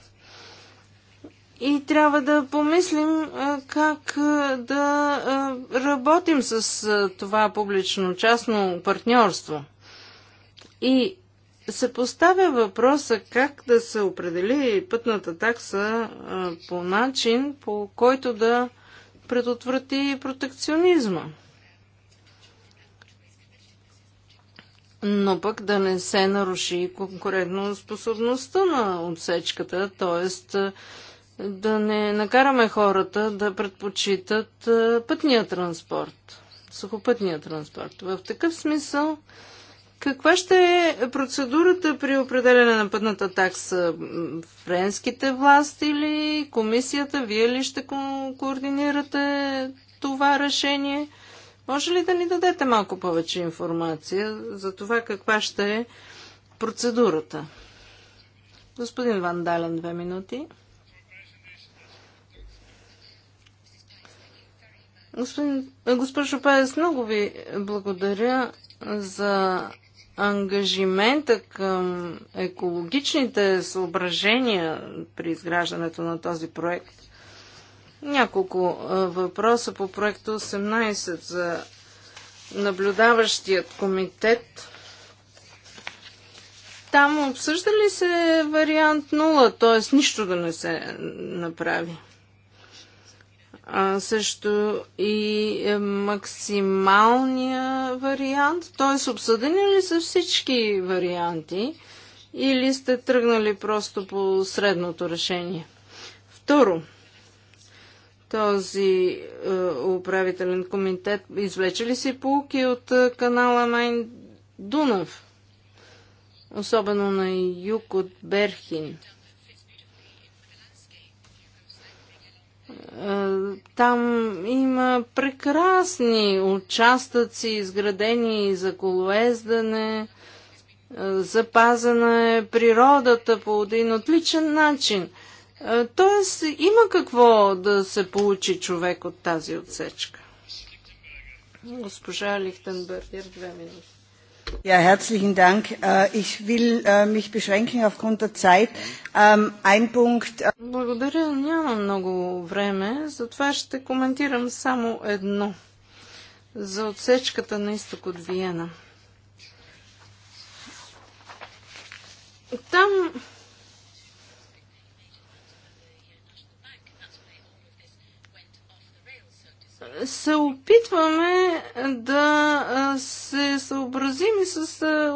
Speaker 1: и трябва да помислим как да работим с това публично-частно партньорство. И се поставя въпроса как да се определи пътната такса по начин, по който да предотврати протекционизма. но пък да не се наруши конкурентно способността на отсечката, т.е да не накараме хората да предпочитат е, пътния транспорт, сухопътния транспорт. В такъв смисъл, каква ще е процедурата при определене на пътната такса? Френските власти или комисията? Вие ли ще ко- координирате това решение? Може ли да ни дадете малко повече информация за това каква ще е процедурата? Господин Вандален, две минути. Господин, е, госпожо Пес, много ви благодаря за ангажимента към екологичните съображения при изграждането на този проект. Няколко е, въпроса по проекта 18 за наблюдаващият комитет. Там обсъжда ли се вариант 0, т.е. нищо да не се направи? а, също и е, максималния вариант, т.е. обсъдени ли са всички варианти или сте тръгнали просто по средното решение? Второ, този е, управителен комитет извлече ли си полуки от е, канала Майн Дунав? Особено на юг от Берхин. Е, там има прекрасни участъци, изградени за колоездане, е, запазена е природата по един отличен начин. Е, тоест, има какво да се получи човек от тази отсечка. Госпожа Лихтенбергер, две минути. Ja, herzlichen Dank. Äh, ich will äh, mich beschränken aufgrund der Zeit. Ähm, ein Punkt. Äh, Благодаря, няма много време, затова ще коментирам само едно. За отсечката на изток от Виена. Там се опитваме да се съобразим и с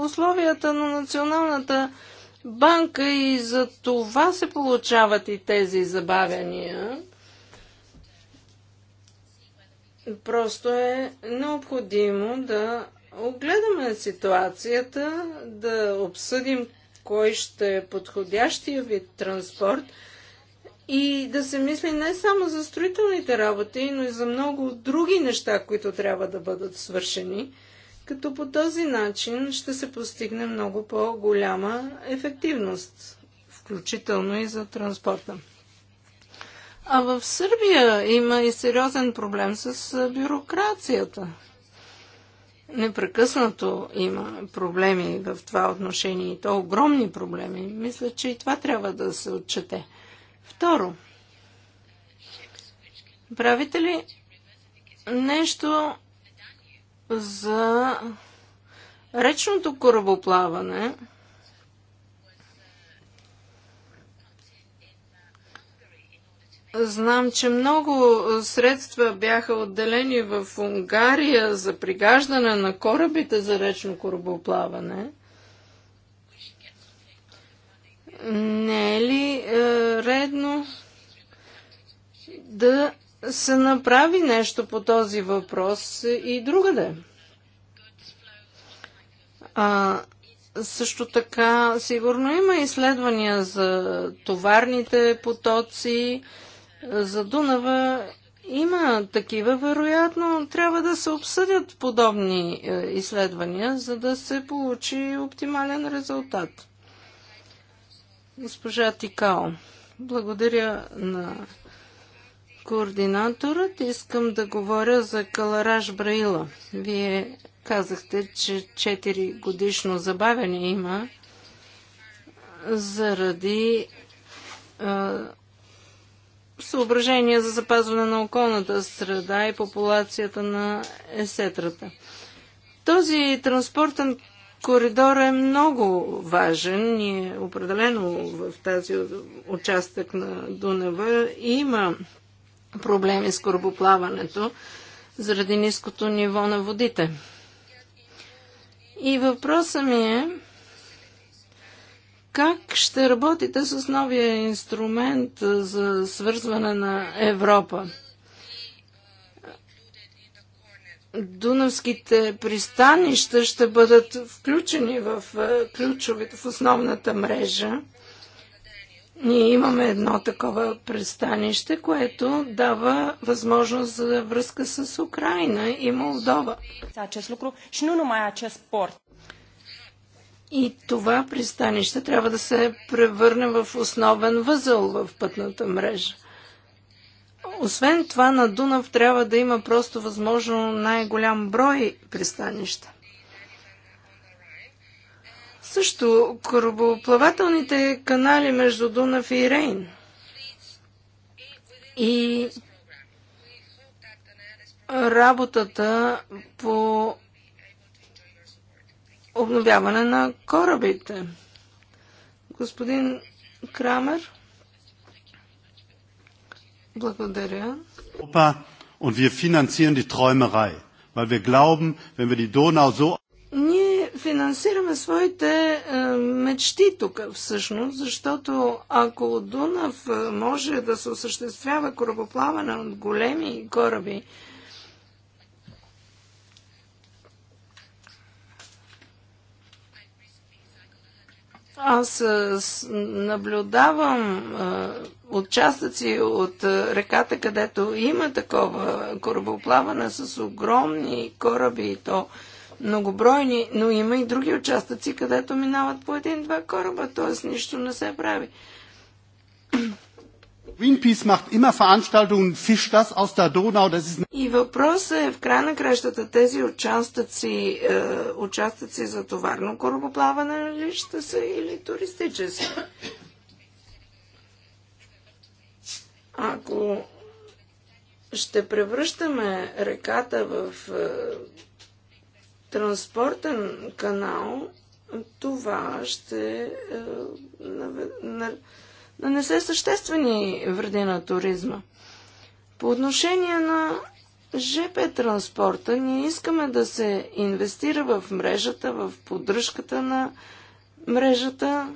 Speaker 1: условията на Националната банка и за това се получават и тези забавяния. Просто е необходимо да огледаме ситуацията, да обсъдим кой ще е подходящия вид транспорт – и да се мисли не само за строителните работи, но и за много други неща, които трябва да бъдат свършени, като по този начин ще се постигне много по-голяма ефективност, включително и за транспорта. А в Сърбия има и сериозен проблем с бюрокрацията. Непрекъснато има проблеми в това отношение и то огромни проблеми. Мисля, че и това трябва да се отчете. Второ, правите ли нещо за речното корабоплаване? Знам, че много средства бяха отделени в Унгария за пригаждане на корабите за речно корабоплаване. Не е ли е, редно да се направи нещо по този въпрос и другаде? А, също така, сигурно има изследвания за товарните потоци, за Дунава има такива. Вероятно, трябва да се обсъдят подобни е, изследвания, за да се получи оптимален резултат. Госпожа Тикао, благодаря на координаторът. Искам да говоря за Калараш Браила. Вие казахте, че 4 годишно забавяне има заради а, съображения за запазване на околната среда и популацията на есетрата. Този транспортен Коридор е много важен и определено в тази участък на Дунава има проблеми с корабоплаването заради ниското ниво на водите. И въпросът ми е как ще работите с новия инструмент за свързване на Европа? Дунавските пристанища ще бъдат включени в е, ключовете, в основната мрежа. Ние имаме едно такова пристанище, което дава възможност за връзка с Украина и Молдова. И това пристанище трябва да се превърне в основен възъл в пътната мрежа. Освен това, на Дунав трябва да има просто възможно най-голям брой пристанища. Също корабоплавателните канали между Дунав и Рейн. И работата по обновяване на корабите. Господин Крамер? Благодаря. ние финансираме своите е, мечти тук всъщност, защото ако Дунав е, може да се осъществява корабоплаване от големи кораби, аз е, наблюдавам е, участъци от е, реката, където има такова корабоплаване с огромни кораби и то многобройни, но има и други участъци, където минават по един-два кораба, т.е. нищо не се прави.
Speaker 3: Greenpeace macht immer Veranstaltungen, fischt das aus der Donau, das ist...
Speaker 1: И въпросът е, в край на кращата, тези участъци, е, участъци за товарно корабоплаване ли ще са или туристически? Ако ще превръщаме реката в е, транспортен канал, това ще е, нанесе съществени вреди на туризма. По отношение на ЖП транспорта, ние искаме да се инвестира в мрежата, в поддръжката на мрежата,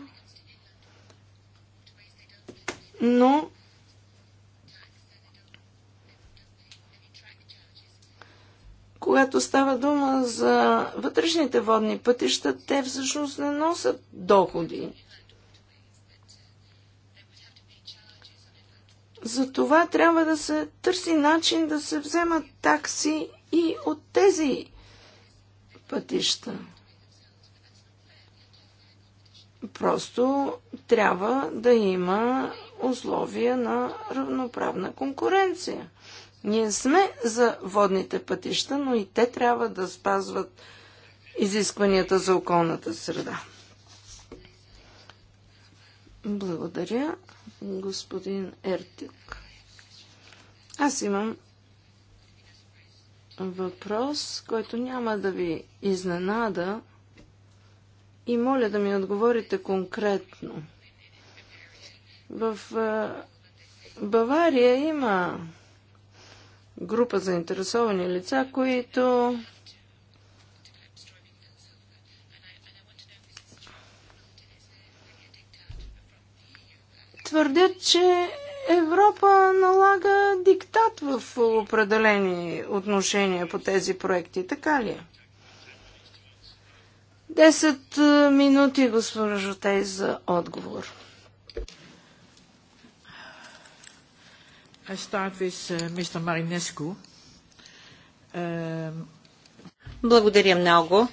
Speaker 1: но Когато става дума за вътрешните водни пътища, те всъщност не носят доходи. За това трябва да се търси начин да се вземат такси и от тези пътища. Просто трябва да има условия на равноправна конкуренция. Ние сме за водните пътища, но и те трябва да спазват изискванията за околната среда. Благодаря, господин Ертик. Аз имам въпрос, който няма да ви изненада и моля да ми отговорите конкретно. В Бавария има група заинтересовани лица, които твърдят, че Европа налага диктат в определени отношения по тези проекти. Така ли е? Десет минути, госпожо Тей, за отговор.
Speaker 3: I start with uh, Mr. Marinescu. Um, Благодаря много.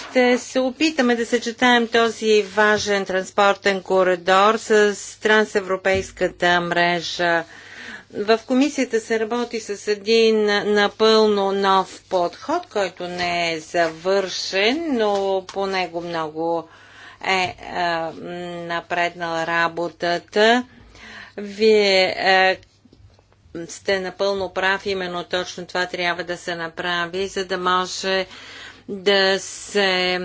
Speaker 3: ще се опитаме да съчетаем този важен транспортен коридор с трансевропейската мрежа. В комисията се работи с един напълно нов подход, който не е завършен, но по него много е, е напреднала работата. Вие е, сте напълно прав, именно точно това трябва да се направи, за да може да се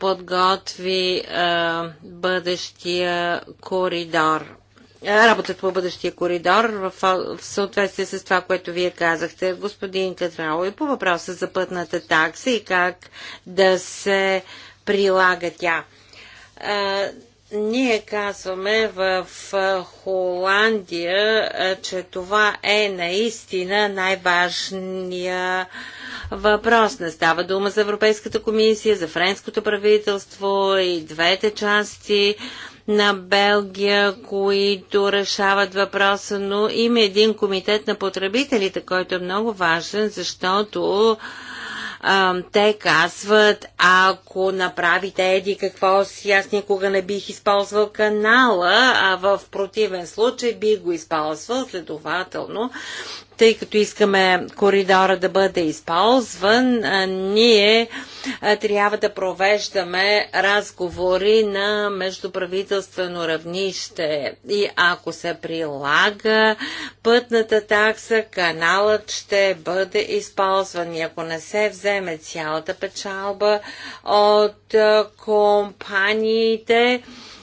Speaker 3: подготви е, бъдещия коридор. Работата по бъдещия коридор в, в съответствие с това, което вие казахте, господин Катрало, и по въпроса за пътната такса и как да се прилага тя ние казваме в Холандия, че това е наистина най-важният въпрос. Не става дума за Европейската комисия, за френското правителство и двете части на Белгия, които решават въпроса, но има един комитет на потребителите, който е много важен, защото те казват, ако направите еди какво си, аз никога не бих използвал канала, а в противен случай бих го използвал, следователно тъй като искаме коридора да бъде използван, ние трябва да провеждаме разговори на междуправителствено равнище. И ако се прилага пътната такса, каналът ще бъде използван. И ако не се вземе цялата печалба от компаниите,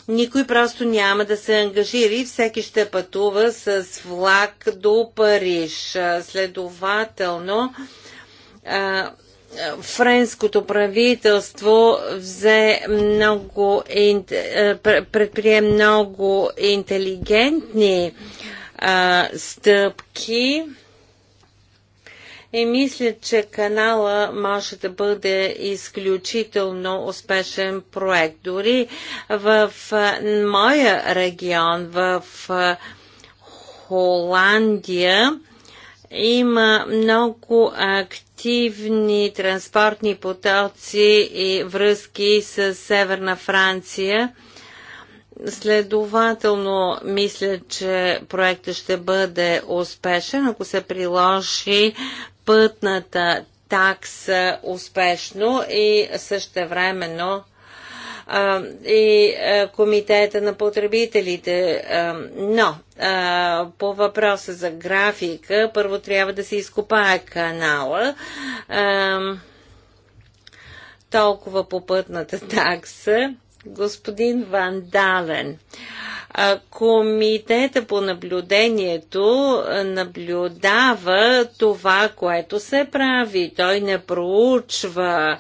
Speaker 3: никой просто няма да се ангажира и всеки ще пътува с влак до Париж. Следователно, френското правителство взе много, предприе много интелигентни стъпки и мисля, че канала може да бъде изключително успешен проект. Дори в моя регион, в Холандия, има много активни транспортни потоци и връзки с Северна Франция. Следователно, мисля, че проектът ще бъде успешен, ако се приложи пътната такса успешно и също времено и Комитета на потребителите. но по въпроса за графика, първо трябва да се изкопае канала. Толкова по пътната такса. Господин Вандален. Дален. Комитета по наблюдението наблюдава това, което се прави. Той не проучва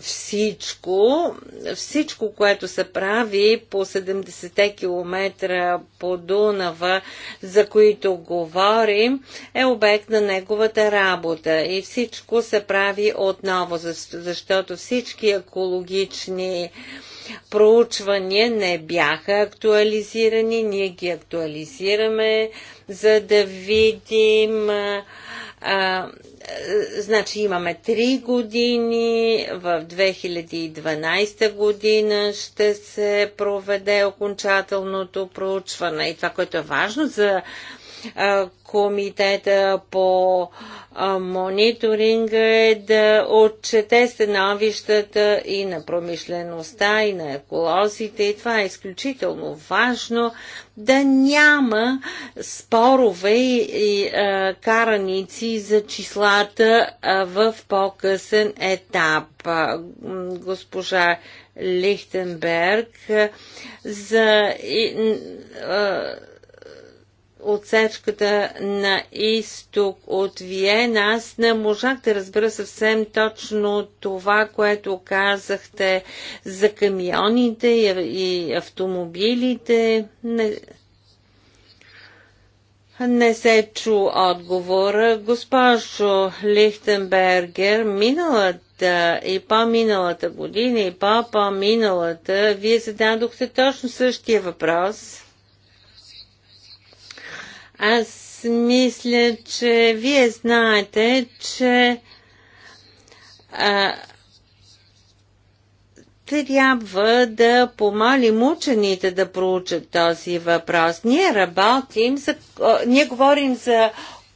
Speaker 3: всичко, всичко, което се прави по 70-те километра по Дунава, за които говорим, е обект на неговата работа. И всичко се прави отново, защото всички екологични проучвания не бяха актуализирани. Ние ги актуализираме, за да видим. А, значи имаме 3 години, в 2012 година ще се проведе окончателното проучване. И това, което е важно за комитета по мониторинг е да отчете становищата и на промишлеността, и на еколозите. И това е изключително важно да няма спорове и, и а, караници за числата а, в по-късен етап. А, госпожа Лихтенберг за. И, а, отсечката на изток от Виена, аз не можах да разбера съвсем точно това, което казахте за камионите и автомобилите. Не, не се чу отговор. Госпожо Лихтенбергер, миналата и по-миналата година и по-по-миналата, вие зададохте точно същия въпрос – аз мисля, че вие знаете, че а, трябва да помолим учените да проучат този въпрос. Ние работим, за, а, ние говорим за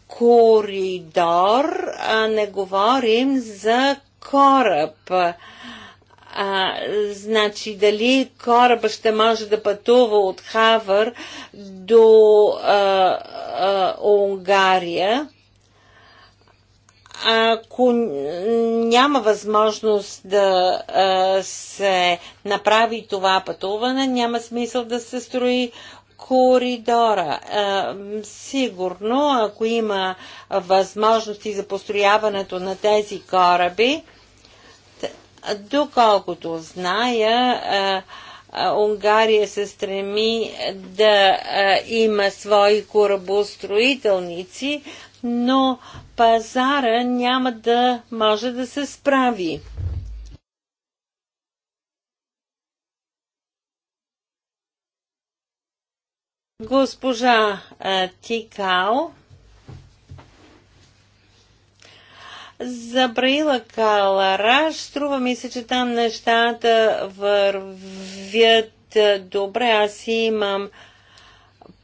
Speaker 3: коридор, а не говорим за кораб. А, значи дали кораба ще може да пътува от Хавър до а, а, Унгария, ако няма възможност да а, се направи това пътуване, няма смисъл да се строи коридора. А, сигурно, ако има възможности за построяването на тези кораби, Доколкото зная, Унгария се стреми да има свои корабостроителници, но пазара няма да може да се справи. Госпожа Тикао За Браила Калараш, струва ми се, че там нещата вървят е, добре. Аз имам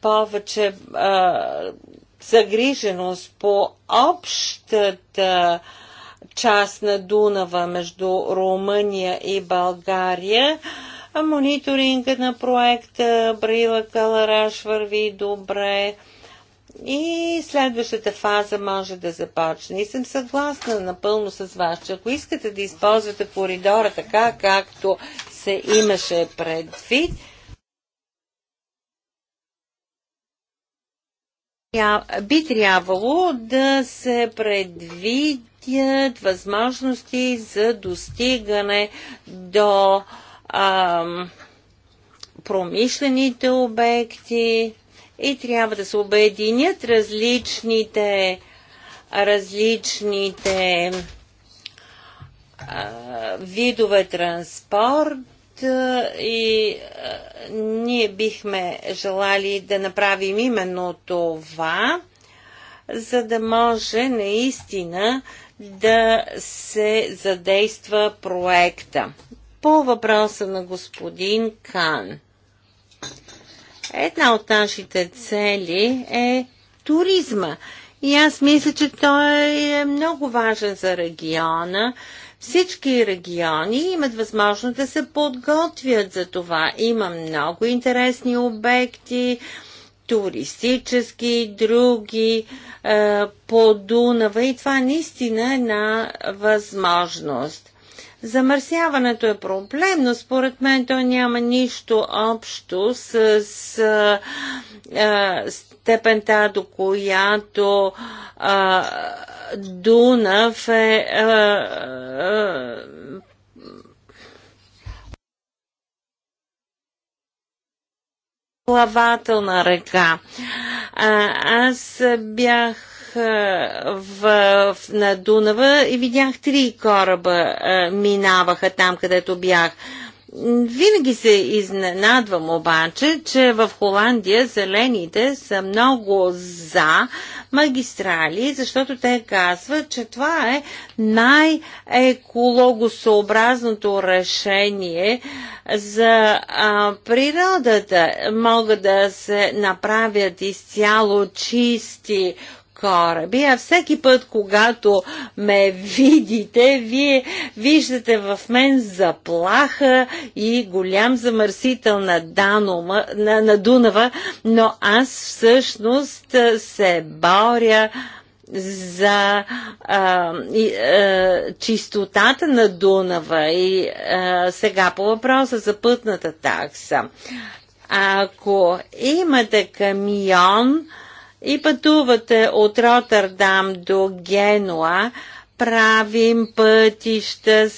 Speaker 3: повече а, загриженост по общата част на Дунава между Румъния и България. А мониторингът на проекта Брила Калараш върви добре. А, и следващата фаза може да започне. И съм съгласна напълно с вас, че ако искате да използвате коридора така, както се имаше предвид, би трябвало да се предвидят възможности за достигане до ам, промишлените обекти, и трябва да се обединят различните различните а, видове транспорт и а, ние бихме желали да направим именно това, за да може наистина да се задейства проекта. По въпроса на господин Кан. Една от нашите цели е туризма. И аз мисля, че той е много важен за региона. Всички региони имат възможност да се подготвят за това. Има много интересни обекти, туристически други е, по Дунава и това наистина е една възможност. Замърсяването е проблем, но според мен то няма нищо общо с, с а, степента, до която а, Дунав е. А, а, плавателна река. А, аз бях е, в, в, на Дунава и видях три кораба а, е, минаваха там, където бях. Винаги се изненадвам обаче, че в Холандия зелените са много за магистрали, защото те казват, че това е най-екологосъобразното решение за а, природата. Могат да се направят изцяло чисти кораби, а всеки път, когато ме видите, вие виждате в мен заплаха и голям замърсител на, Данума, на, на Дунава, но аз всъщност се боря за а, и, а, чистотата на Дунава и а, сега по въпроса за пътната такса. Ако имате камион, а, и пътувате от Ротърдам до Генуа, правим пътища,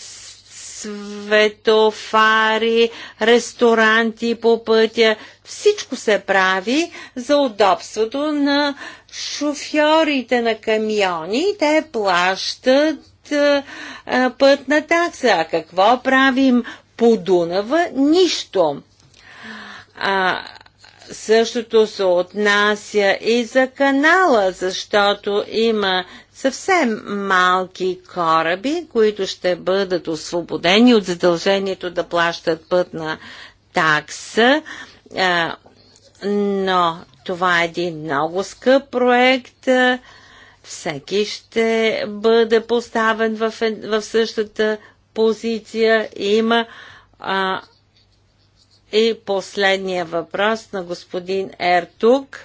Speaker 3: светофари, ресторанти по пътя. Всичко се прави за удобството на шофьорите на камиони. Те плащат а, е, е, пътна такса. А какво правим по Дунава? Нищо. А, Същото се отнася и за канала, защото има съвсем малки кораби, които ще бъдат освободени от задължението да плащат пътна такса. Но това е един много скъп проект. Всеки ще бъде поставен в, в същата позиция. Има а, и последния въпрос на господин Ертук.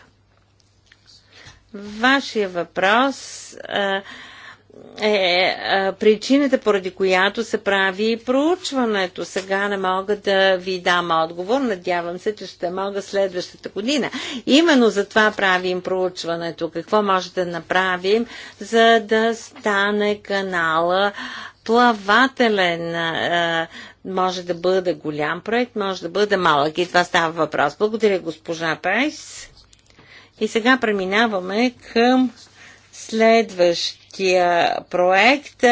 Speaker 3: Вашия въпрос е, е причината, поради която се прави проучването. Сега не мога да ви дам отговор. Надявам се, че ще мога следващата година. Именно за това правим проучването. Какво може да направим, за да стане канала плавателен. А, може да бъде голям проект, може да бъде малък и това става въпрос. Благодаря, госпожа Прайс. И сега преминаваме към следващия проект.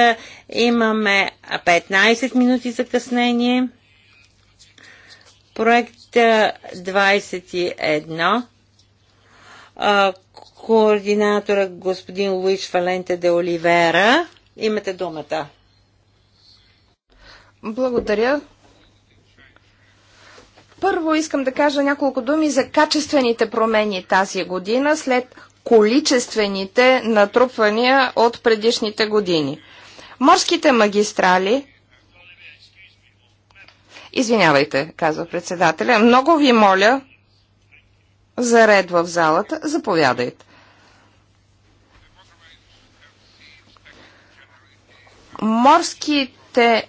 Speaker 3: Имаме 15 минути закъснение. Проект 21 координатора господин Луич Валенте де Оливера. Имате думата. Благодаря. Първо искам да
Speaker 2: кажа няколко думи за качествените промени тази година след количествените натрупвания от предишните години. Морските магистрали Извинявайте, казва председателя. Много ви моля за ред в залата. Заповядайте. Морските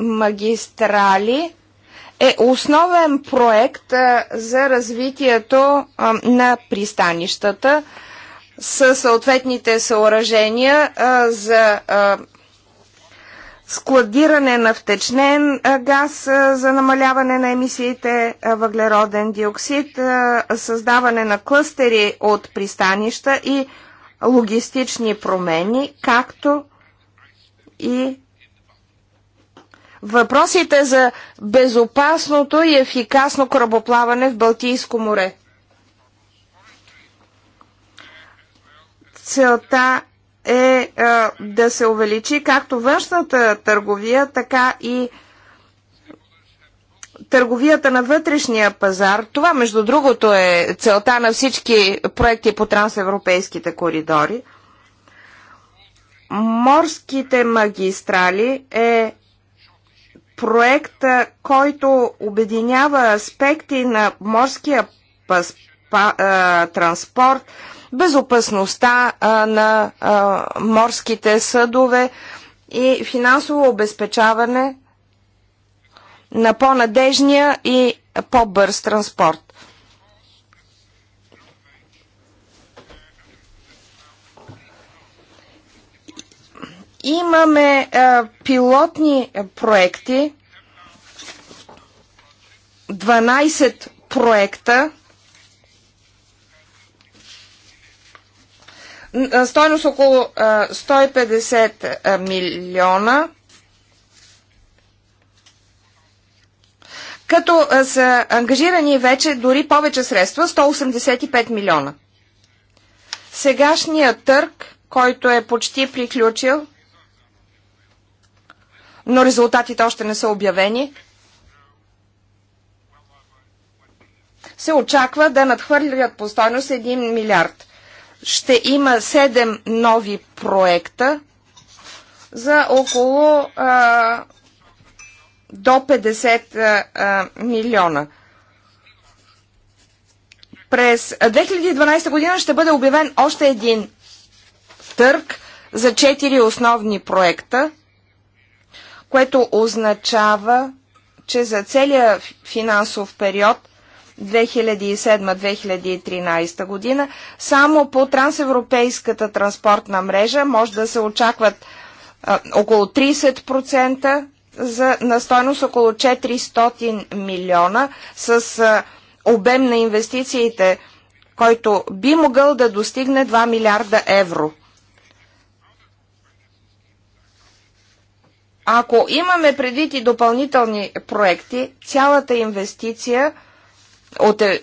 Speaker 2: магистрали е основен проект за развитието на пристанищата със съответните съоръжения за складиране на втечнен газ за намаляване на емисиите въглероден диоксид, създаване на клъстери от пристанища и логистични промени, както и въпросите за безопасното и ефикасно корабоплаване в Балтийско море. Целта е а, е, да се увеличи както външната търговия, така и търговията на вътрешния пазар. Това, между другото, е целта на всички проекти по трансевропейските коридори. Морските магистрали е проект, който обединява аспекти на морския па, а, транспорт, безопасността а, на а, морските съдове и финансово обезпечаване на по-надежния и по-бърз транспорт. Имаме а, е, пилотни е, проекти, 12 проекта, е, стойност около 150 милиона, като са ангажирани вече дори повече средства 185 милиона. Сегашният търг, който е почти приключил, но резултатите още не са обявени, се очаква да надхвърлят по стойност 1 милиард. Ще има 7 нови проекта за около а, до 50 а, милиона. През 2012 година ще бъде обявен още един търг за 4 основни проекта което означава, че за целия финансов период 2007-2013 година само по трансевропейската транспортна мрежа може да се очакват около 30% за, на стойност около 400 милиона с а, обем на инвестициите, който би могъл да достигне 2 милиарда евро – Ако имаме предвид и допълнителни проекти, цялата инвестиция от е,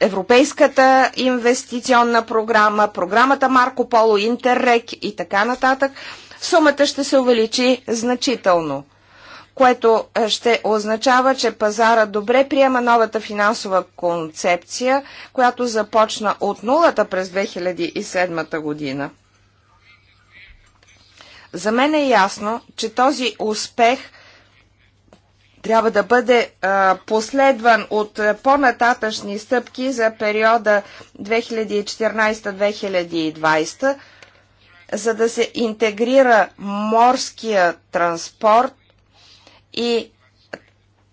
Speaker 2: Европейската инвестиционна програма, програмата Марко Поло, Интеррек и така нататък, сумата ще се увеличи значително, което е, ще означава, че пазара добре приема новата финансова концепция, която започна от нулата през 2007 година. За мен е ясно, че този успех трябва да бъде а, последван от по-нататъчни стъпки за периода 2014-2020, за да се интегрира морския транспорт и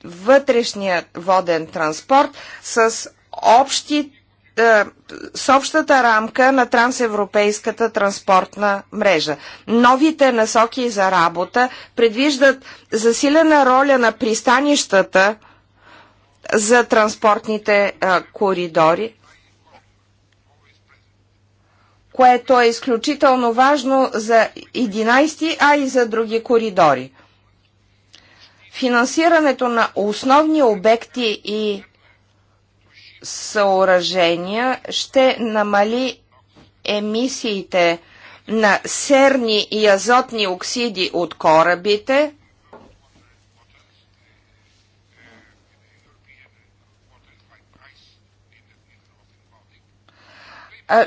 Speaker 2: вътрешният воден транспорт с общи е, с общата рамка на трансевропейската транспортна мрежа. Новите насоки за работа предвиждат засилена роля на пристанищата за транспортните а, е, коридори, което е изключително важно за 11, а и за други коридори. Финансирането на основни обекти и съоръжения ще намали емисиите на серни и азотни оксиди от корабите,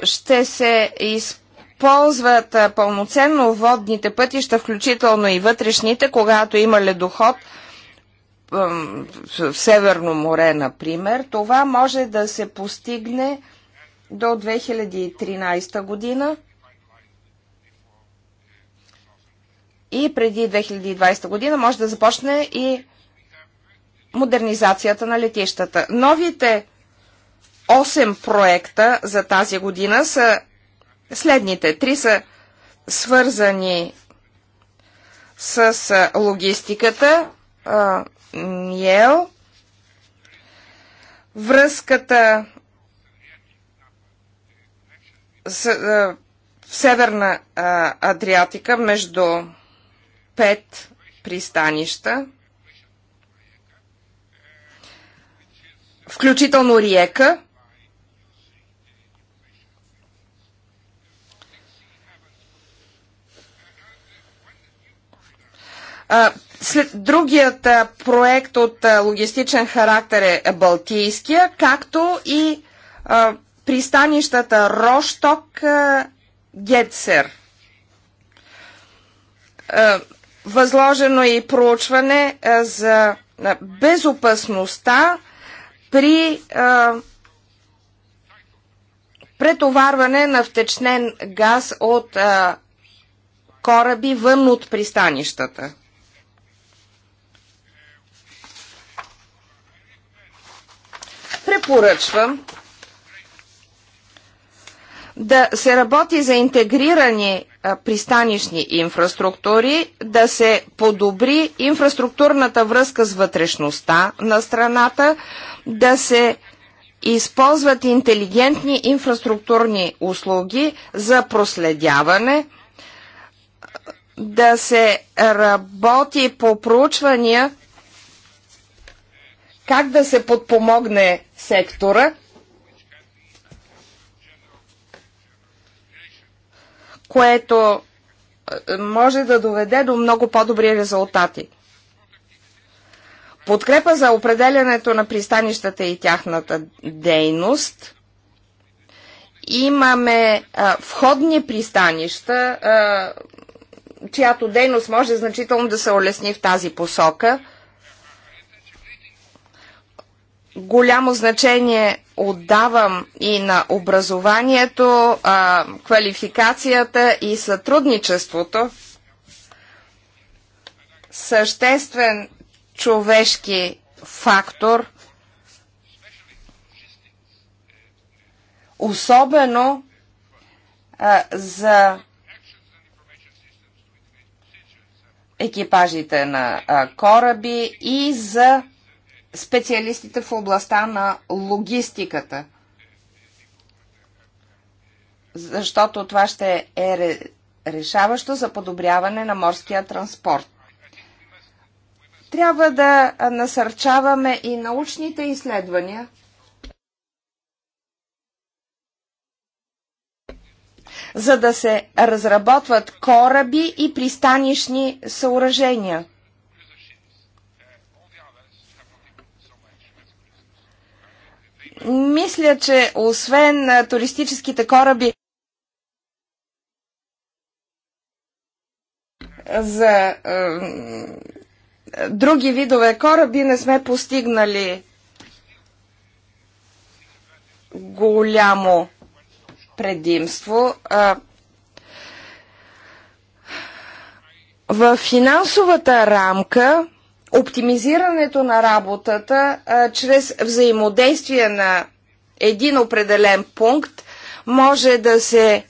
Speaker 2: ще се използват пълноценно водните пътища, включително и вътрешните, когато има ледоход – в Северно море, например, това може да се постигне до 2013 година и преди 2020 година може да започне и модернизацията на летищата. Новите 8 проекта за тази година са следните. Три са свързани с логистиката, Ниел. Връзката с, а, в Северна а, Адриатика между пет пристанища, включително Риека, след другият проект от логистичен характер е Балтийския, както и пристанищата Рошток Гетсер. възложено е и проучване за безопасността при претоварване на втечнен газ от кораби вън от пристанищата. препоръчвам да се работи за интегрирани пристанищни инфраструктури, да се подобри инфраструктурната връзка с вътрешността на страната, да се използват интелигентни инфраструктурни услуги за проследяване, да се работи по проучвания как да се подпомогне сектора, което е, може да доведе до много по-добри резултати. Подкрепа за определянето на пристанищата и тяхната дейност. Имаме а, е, входни пристанища, а, е, чиято дейност може значително да се улесни в тази посока – голямо значение отдавам и на образованието, квалификацията и сътрудничеството. Съществен човешки фактор, особено за екипажите на кораби и за специалистите в областта на логистиката. Защото това ще е решаващо за подобряване на морския транспорт. Трябва да насърчаваме и научните изследвания, за да се разработват кораби и пристанищни съоръжения – Мисля, че освен туристическите кораби за е, други видове кораби не сме постигнали голямо предимство. В финансовата рамка оптимизирането на работата а, чрез взаимодействие на един определен пункт може да се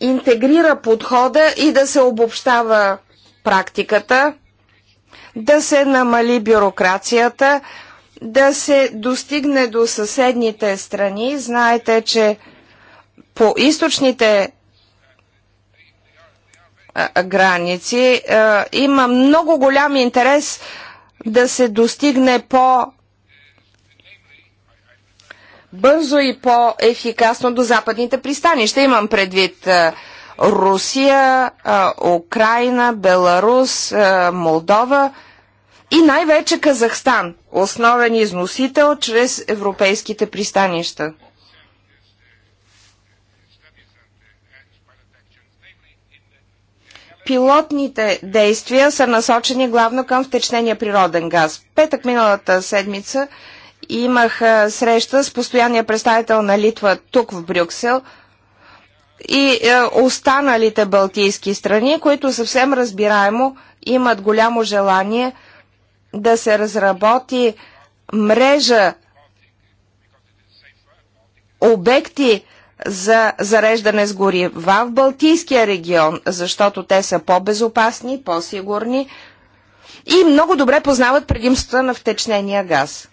Speaker 2: интегрира подхода и да се обобщава практиката, да се намали бюрокрацията, да се достигне до съседните страни. Знаете, че по източните граници, има много голям интерес да се достигне по бързо и по-ефикасно до западните пристанища. Имам предвид Русия, Украина, Беларус, Молдова и най-вече Казахстан, основен износител чрез европейските пристанища. Пилотните действия са насочени главно към втечнения природен газ. Петък миналата седмица имах среща с постоянния представител на Литва тук в Брюксел и останалите балтийски страни, които съвсем разбираемо имат голямо желание да се разработи мрежа обекти за зареждане с горива в Балтийския регион, защото те са по-безопасни, по-сигурни и много добре познават предимствата на втечнения газ.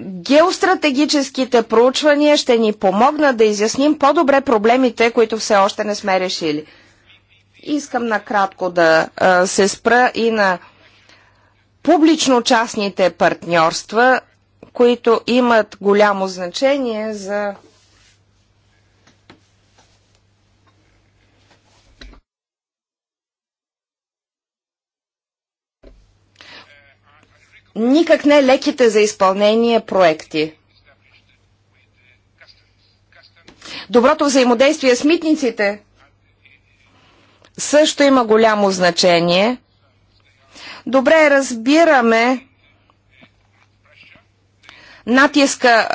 Speaker 2: Геостратегическите проучвания ще ни помогнат да изясним по-добре проблемите, които все още не сме решили. Искам накратко да се спра и на публично-частните партньорства, които имат голямо значение за никак не леките за изпълнение проекти. Доброто взаимодействие с митниците също има голямо значение Добре разбираме натиска,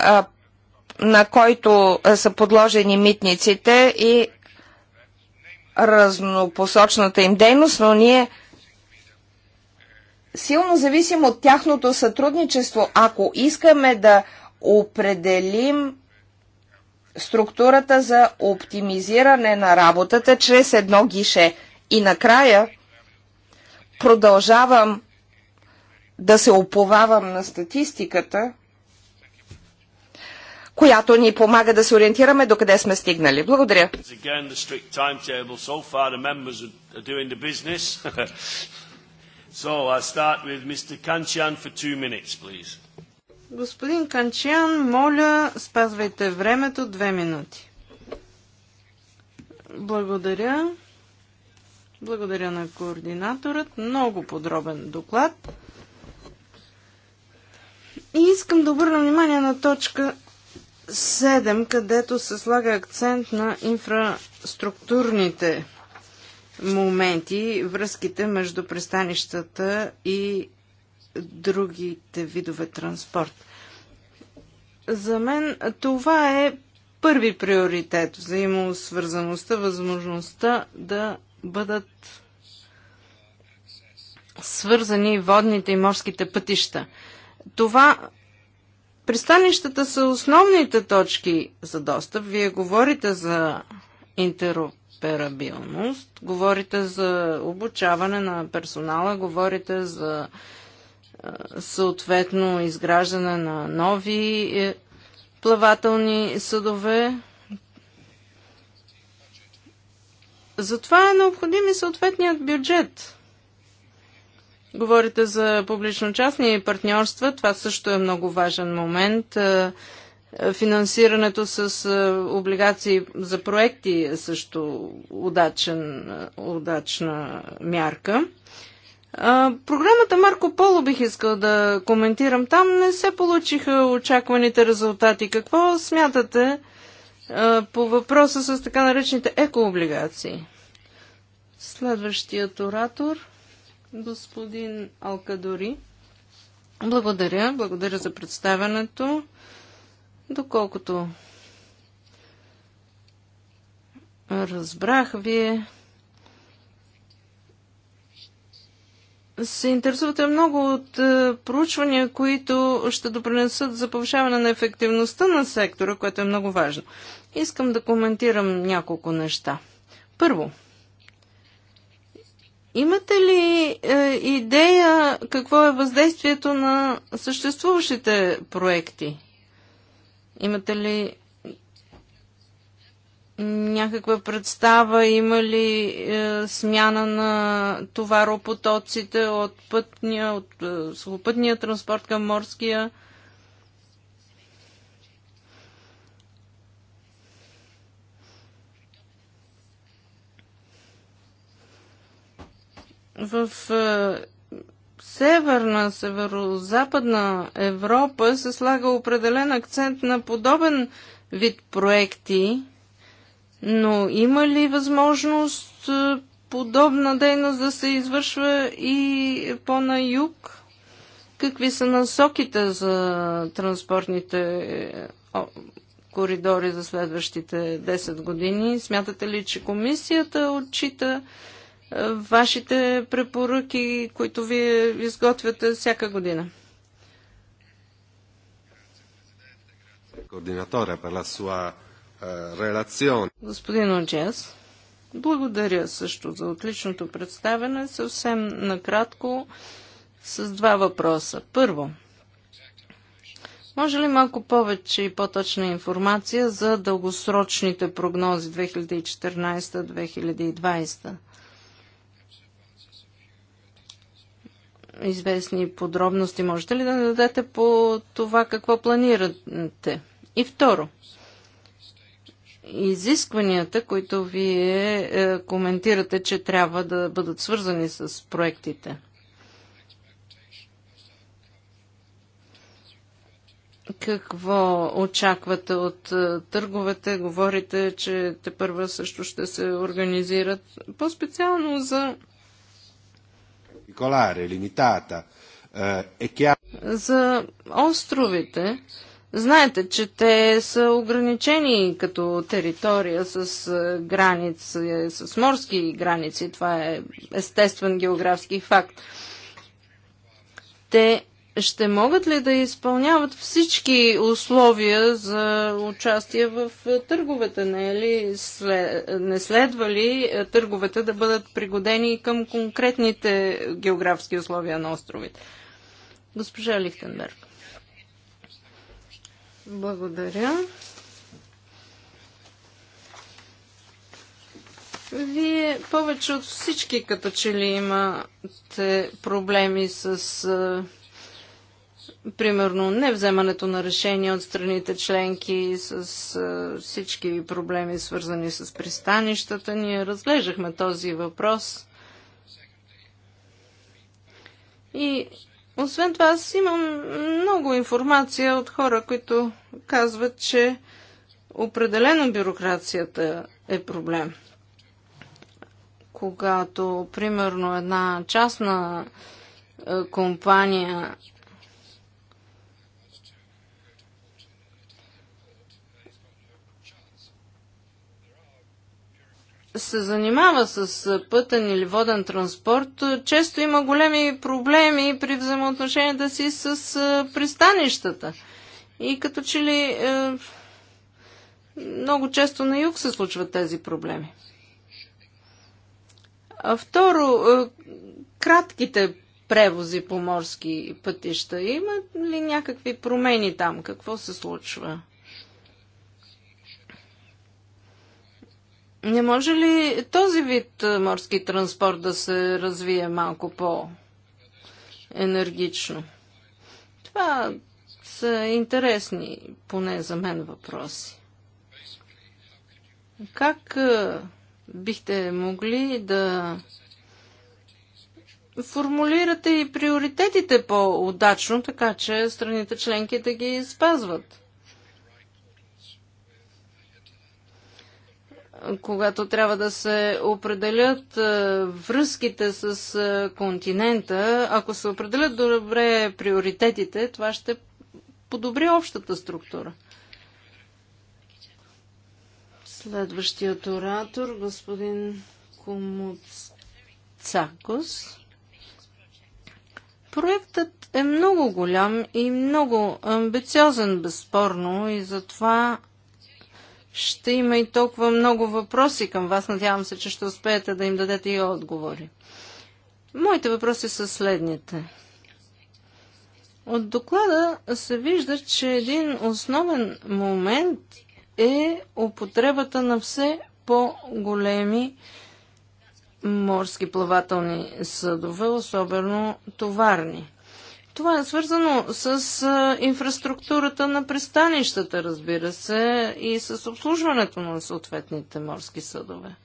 Speaker 2: на който са подложени митниците и разнопосочната им дейност, но ние силно зависим от тяхното сътрудничество. Ако искаме да определим структурата за оптимизиране на работата чрез едно гише. И накрая, Продължавам да се оповавам на статистиката, която ни помага да се ориентираме до къде сме стигнали. Благодаря.
Speaker 1: Господин Канчиан, моля, спазвайте времето две минути. Благодаря. Благодаря на координаторът. Много подробен доклад. И искам да обърна внимание на точка 7, където се слага акцент на инфраструктурните моменти, връзките между пристанищата и другите видове транспорт. За мен това е първи приоритет взаимосвързаността, възможността да бъдат свързани водните и морските пътища. Това пристанищата са основните точки за достъп. Вие говорите за интероперабилност, говорите за обучаване на персонала, говорите за е, съответно изграждане на нови е, плавателни съдове, Затова е необходим и съответният бюджет. Говорите за публично-частни партньорства. Това също е много важен момент. Е, е, финансирането с е, облигации за проекти е също удачен, удачна мярка. Програмата Марко Поло бих искал да коментирам. Там не се получиха очакваните резултати. Какво смятате? по въпроса с така наречените екооблигации. Следващият оратор, господин Алкадори. Благодаря, благодаря за представянето. Доколкото разбрах, вие се интересувате много от е, проучвания, които ще допринесат за повишаване на ефективността на сектора, което е много важно. Искам да коментирам няколко неща. Първо, имате ли е, идея какво е въздействието на съществуващите проекти? Имате ли някаква представа има ли е, смяна на товаропотоците от пътния, от е, сухопътния транспорт към морския? В е, северна, северо-западна Европа се слага определен акцент на подобен вид проекти – но има ли възможност е, подобна дейност да се извършва и по-на юг? Какви са насоките за транспортните коридори за следващите 10 години? Смятате ли, че комисията отчита е, вашите препоръки, които вие изготвяте всяка година? Координатора per la sua релацион. Господин Оджес, благодаря също за отличното представяне. Съвсем накратко с два въпроса. Първо, може ли малко повече и по-точна информация за дългосрочните прогнози 2014-2020? Известни подробности можете ли да дадете по това какво планирате? И второ, изискванията, които вие е, коментирате, че трябва да бъдат свързани с проектите? Какво очаквате от е, търговете? Говорите, че те първа също ще се организират. По-специално за... Е, е за островите Знаете, че те са ограничени като територия с граници, с морски граници. Това е естествен географски факт. Те ще могат ли да изпълняват всички условия за участие в търговете? Не, е ли? не следва ли търговете да бъдат пригодени към конкретните географски условия на островите? Госпожа Лихтенберг. Благодаря. Вие повече от всички като че ли имате проблеми с примерно не вземането на решения от страните членки с а, всички проблеми свързани с пристанищата. Ние разглеждахме този въпрос. И освен това, аз имам много информация от хора, които казват, че определено бюрокрацията е проблем. Когато, примерно, една частна е, компания се занимава с пътен или воден транспорт, често има големи проблеми при взаимоотношенията си с пристанищата. И като че ли е, много често на юг се случват тези проблеми. А второ, е, кратките превози по морски пътища. Има ли някакви промени там? Какво се случва? Не може ли този вид морски транспорт да се развие малко по-енергично? Това са интересни, поне за мен, въпроси. Как бихте могли да формулирате и приоритетите по-удачно, така че страните членки да ги спазват? когато трябва да се определят е, връзките с е, континента, ако се определят добре приоритетите, това ще подобри общата структура. Следващият оратор, господин Комуцакос. Проектът е много голям и много амбициозен, безспорно, и затова ще има и толкова много въпроси към вас. Надявам се, че ще успеете да им дадете и отговори. Моите въпроси са следните. От доклада се вижда, че един основен момент е употребата на все по-големи морски плавателни съдове, особено товарни. Това е свързано с инфраструктурата на пристанищата, разбира се, и с обслужването на съответните морски съдове.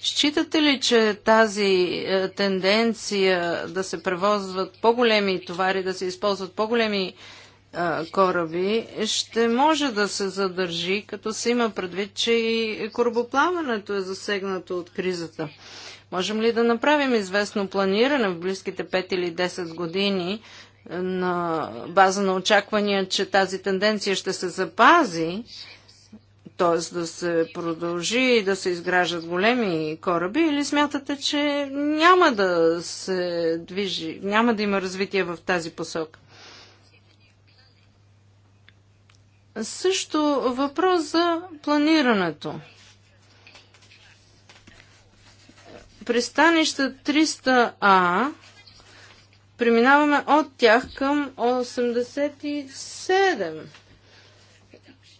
Speaker 1: Считате ли, че тази е, тенденция да се превозват по-големи товари, да се използват по-големи е, кораби, ще може да се задържи, като се има предвид, че и корабоплаването е засегнато от кризата? Можем ли да направим известно планиране в близките 5 или 10 години е, на база на очаквания, че тази тенденция ще се запази, т.е. да се продължи и да се изграждат големи кораби, или смятате, че няма да се движи, няма да има развитие в тази посока? Също въпрос за планирането. пристанища 300А преминаваме от тях към 87.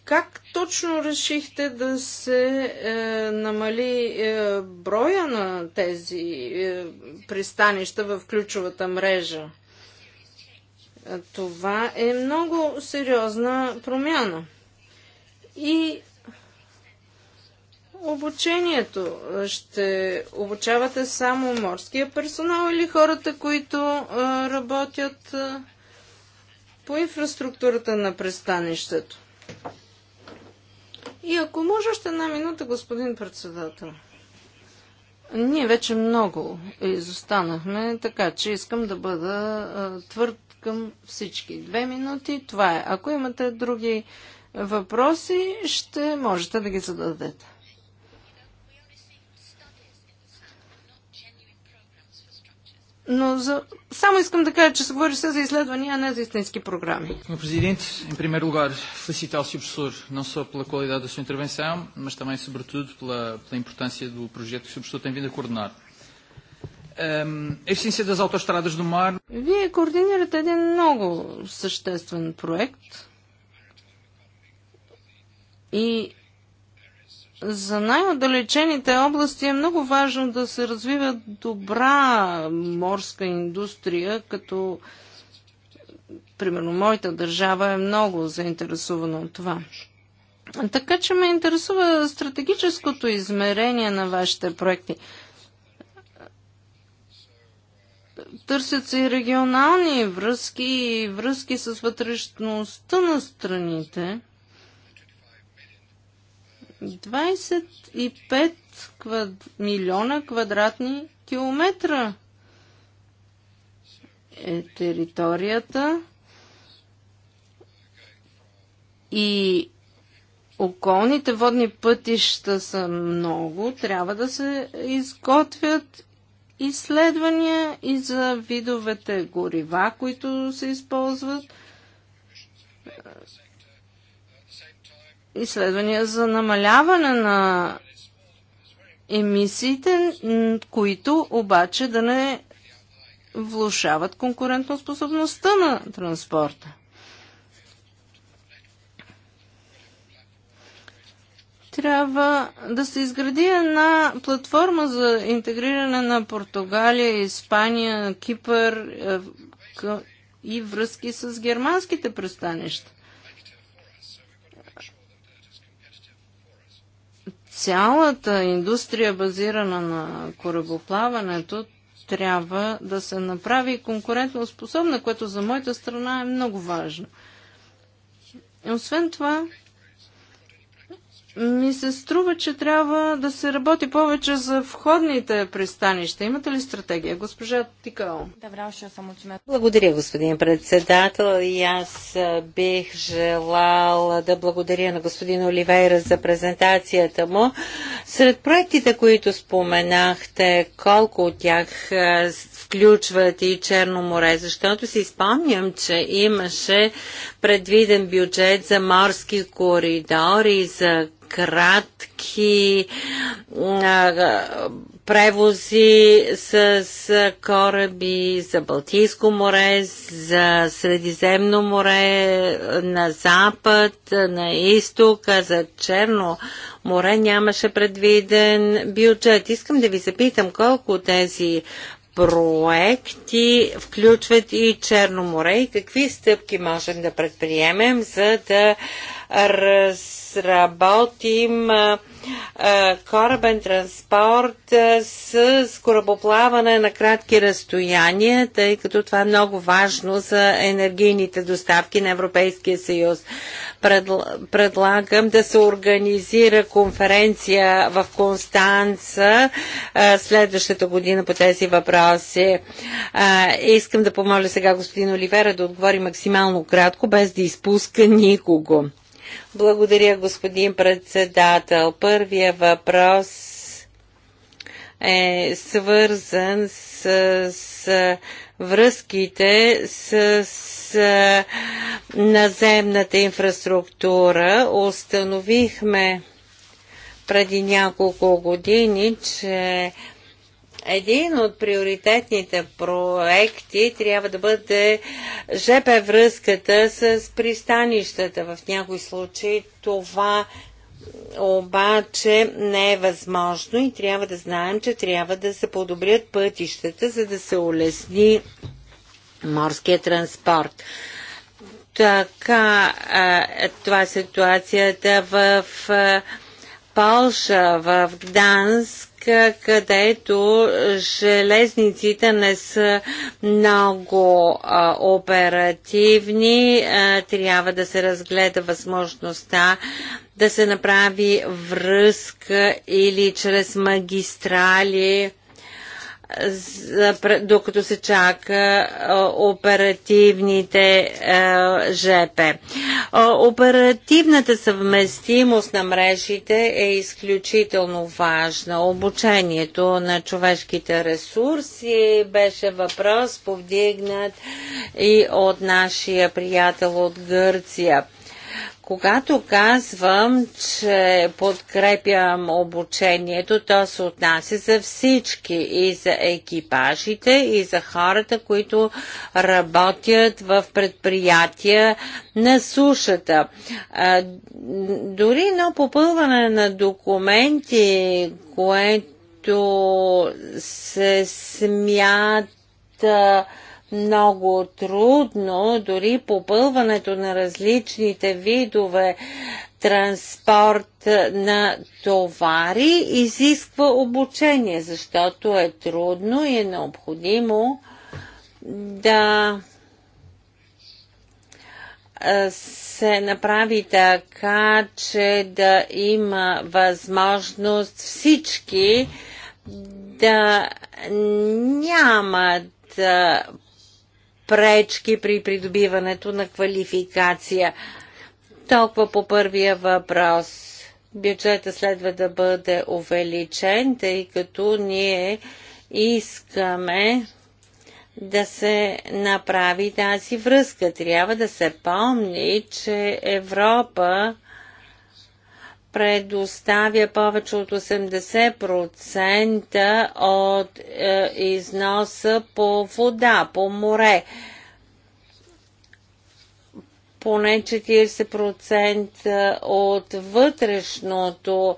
Speaker 1: Как точно решихте да се е, намали е, броя на тези е, пристанища в ключовата мрежа? Е, това е много сериозна промяна. И обучението? Ще обучавате само морския персонал или хората, които работят по инфраструктурата на пристанището? И ако може, още една минута, господин председател. Ние вече много изостанахме, така че искам да бъда а, твърд към всички. Две минути, това е. Ако имате други въпроси, ще можете да ги зададете. Но за... само искам да кажа, че се говори се за изследвания, а не за истински програми. Senhor Presidente, em
Speaker 2: primeiro lugar, felicitar o Sr. Professor não só pela qualidade da sua intervenção, mas também, sobretudo, pela, pela importância do projeto que o Sr. Professor tem vindo a coordenar. Um, a eficiência das autoestradas do mar...
Speaker 1: Вие координирате един много съществен проект и за най-отдалечените области е много важно да се развива добра морска индустрия, като примерно моята държава е много заинтересувана от това. Така че ме интересува стратегическото измерение на вашите проекти. Търсят се и регионални връзки и връзки с вътрешността на страните – 25 квад... милиона квадратни километра е територията и околните водни пътища са много, трябва да се изготвят изследвания и за видовете горива, които се използват изследвания за намаляване на емисиите, които обаче да не влушават конкурентоспособността на транспорта. трябва да се изгради една платформа за интегриране на Португалия, Испания, Кипър е, и връзки с германските пристанища. цялата индустрия, базирана на корабоплаването, трябва да се направи конкурентно способна, което за моята страна е много важно. Освен това, ми се струва, че трябва да се работи повече за входните пристанища. Имате ли стратегия, госпожа Тикао? Добре, ще съм учена.
Speaker 3: Благодаря, господин председател. И аз бих желал да благодаря на господин Оливейра за презентацията му. Сред проектите, които споменахте, колко от тях включват и Черно море, защото си спомням, че имаше предвиден бюджет за морски коридори, за кратки превози с кораби за Балтийско море, за Средиземно море, на запад, на изток, а за Черно море нямаше предвиден бюджет. Искам да ви запитам колко тези проекти включват и Черно море и какви стъпки можем да предприемем, за да разработим корабен транспорт с корабоплаване на кратки разстояния, тъй като това е много важно за енергийните доставки на Европейския съюз. Предлагам да се организира конференция в Констанца следващата година по тези въпроси. Искам да помоля сега господин Оливера да отговори максимално кратко, без да изпуска никого. Благодаря, господин председател. Първия въпрос е свързан с, с връзките с, с наземната инфраструктура. Установихме преди няколко години, че един от приоритетните проекти трябва да бъде ЖП връзката с пристанищата. В някои случаи това обаче не е възможно и трябва да знаем, че трябва да се подобрят пътищата, за да се улесни морския транспорт. Така, е, това е ситуацията в Полша, в Гданск където железниците не са много а, оперативни. А, трябва да се разгледа възможността да се направи връзка или чрез магистрали докато се чака оперативните ЖП. Оперативната съвместимост на мрежите е изключително важна. Обучението на човешките ресурси беше въпрос повдигнат и от нашия приятел от Гърция. Когато казвам, че подкрепям обучението, то се отнася за всички и за екипажите, и за хората, които работят в предприятия на сушата. дори едно попълване на документи, което се смята много трудно, дори попълването на различните видове транспорт на товари изисква обучение, защото е трудно и е необходимо да се направи така, че да има възможност всички да нямат пречки при придобиването на квалификация. Толкова по първия въпрос. Бюджета следва да бъде увеличен, тъй като ние искаме да се направи тази връзка. Трябва да се помни, че Европа предоставя повече от 80% от е, износа по вода, по море. Поне 40% от вътрешното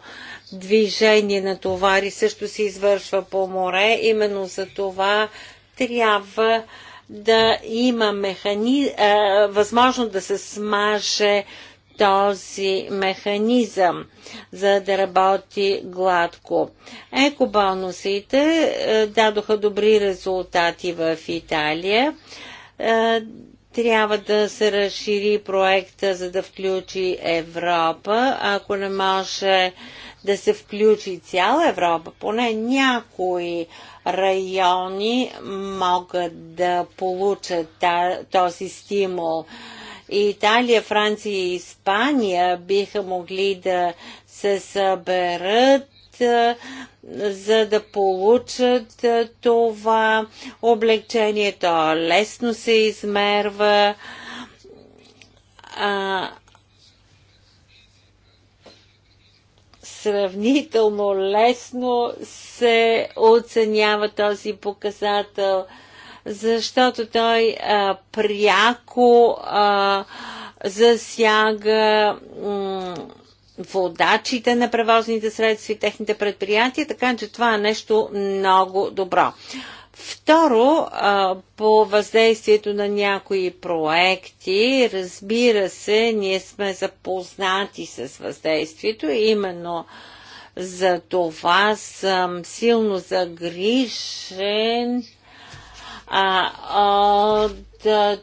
Speaker 3: движение на товари също се извършва по море. Именно за това трябва да има механи... Е, възможност да се смаже този механизъм, за да работи гладко. Екобонусите е, дадоха добри резултати в Италия. Е, трябва да се разшири проекта, за да включи Европа. Ако не може да се включи цяла Европа, поне някои райони могат да получат този стимул. Италия, Франция и Испания биха могли да се съберат за да получат това облегчение. То лесно се измерва. А, сравнително лесно се оценява този показател – защото той а, пряко а, засяга водачите на превозните средства и техните предприятия, така че това е нещо много добро. Второ, по въздействието на някои проекти, разбира се, ние сме запознати с въздействието именно за това съм силно загрижен а, от,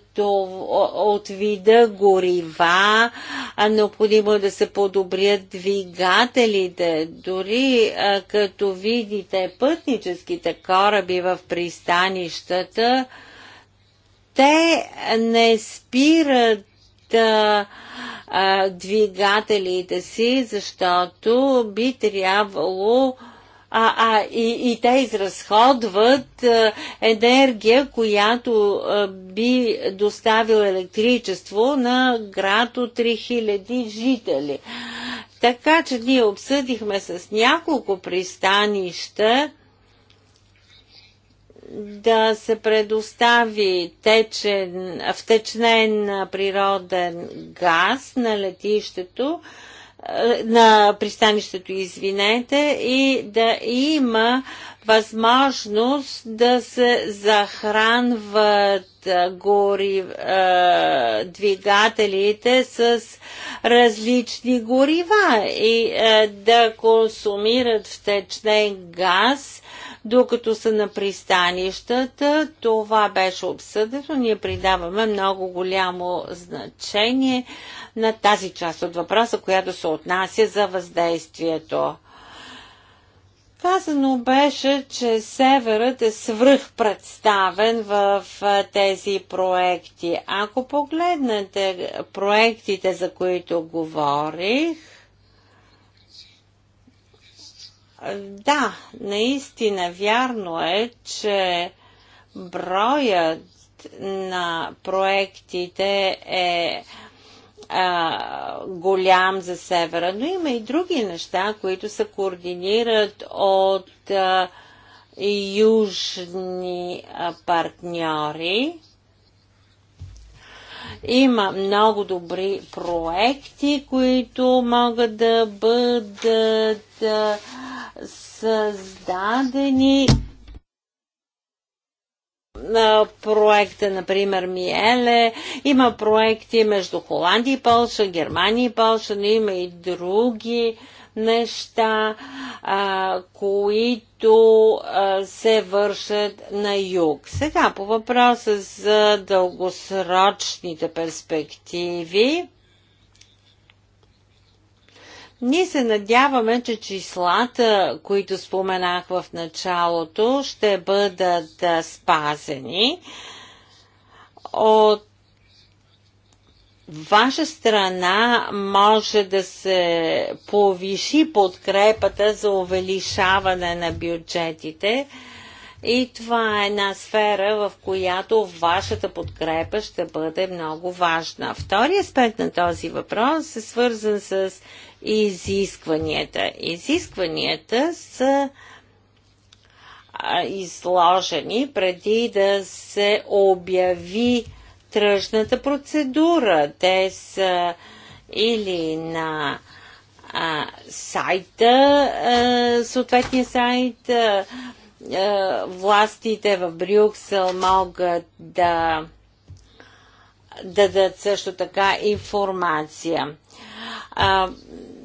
Speaker 3: от вида горива, а необходимо е да се подобрят двигателите. Дори а, като видите пътническите кораби в пристанищата, те не спират а, а, двигателите си, защото би трябвало а, а, а, и, и те изразходват а, енергия, която а, би доставила електричество на град от 3000 жители. Така че ние обсъдихме с няколко пристанища да се предостави течен, втечнен природен газ на летището, на пристанището, извинете, и да има възможност да се захранват гори, е, двигателите с различни горива и е, да консумират втечнен газ, докато са на пристанищата. Това беше обсъдено. Ние придаваме много голямо значение на тази част от въпроса, която се отнася за въздействието. Казано беше, че северът е свръхпредставен в тези проекти. Ако погледнете проектите, за които говорих, да, наистина вярно е, че броят на проектите е а, голям за севера, но има и други неща, които се координират от а, южни а, партньори. Има много добри проекти, които могат да бъдат създадени на проекта, например Миеле, има проекти между Холандия и Полша, Германия и Полша, но има и други неща, а, които а, се вършат на юг. Сега по въпроса за дългосрочните перспективи. Ние се надяваме, че числата, които споменах в началото, ще бъдат спазени от ваша страна може да се повиши подкрепата за увеличаване на бюджетите. И това е една сфера, в която вашата подкрепа ще бъде много важна. Втори аспект на този въпрос е свързан с изискванията. Изискванията са изложени преди да се обяви тръжната процедура. Те са или на а, сайта, а, съответния сайт, а, властите в Брюксел могат да дадат също така информация. А,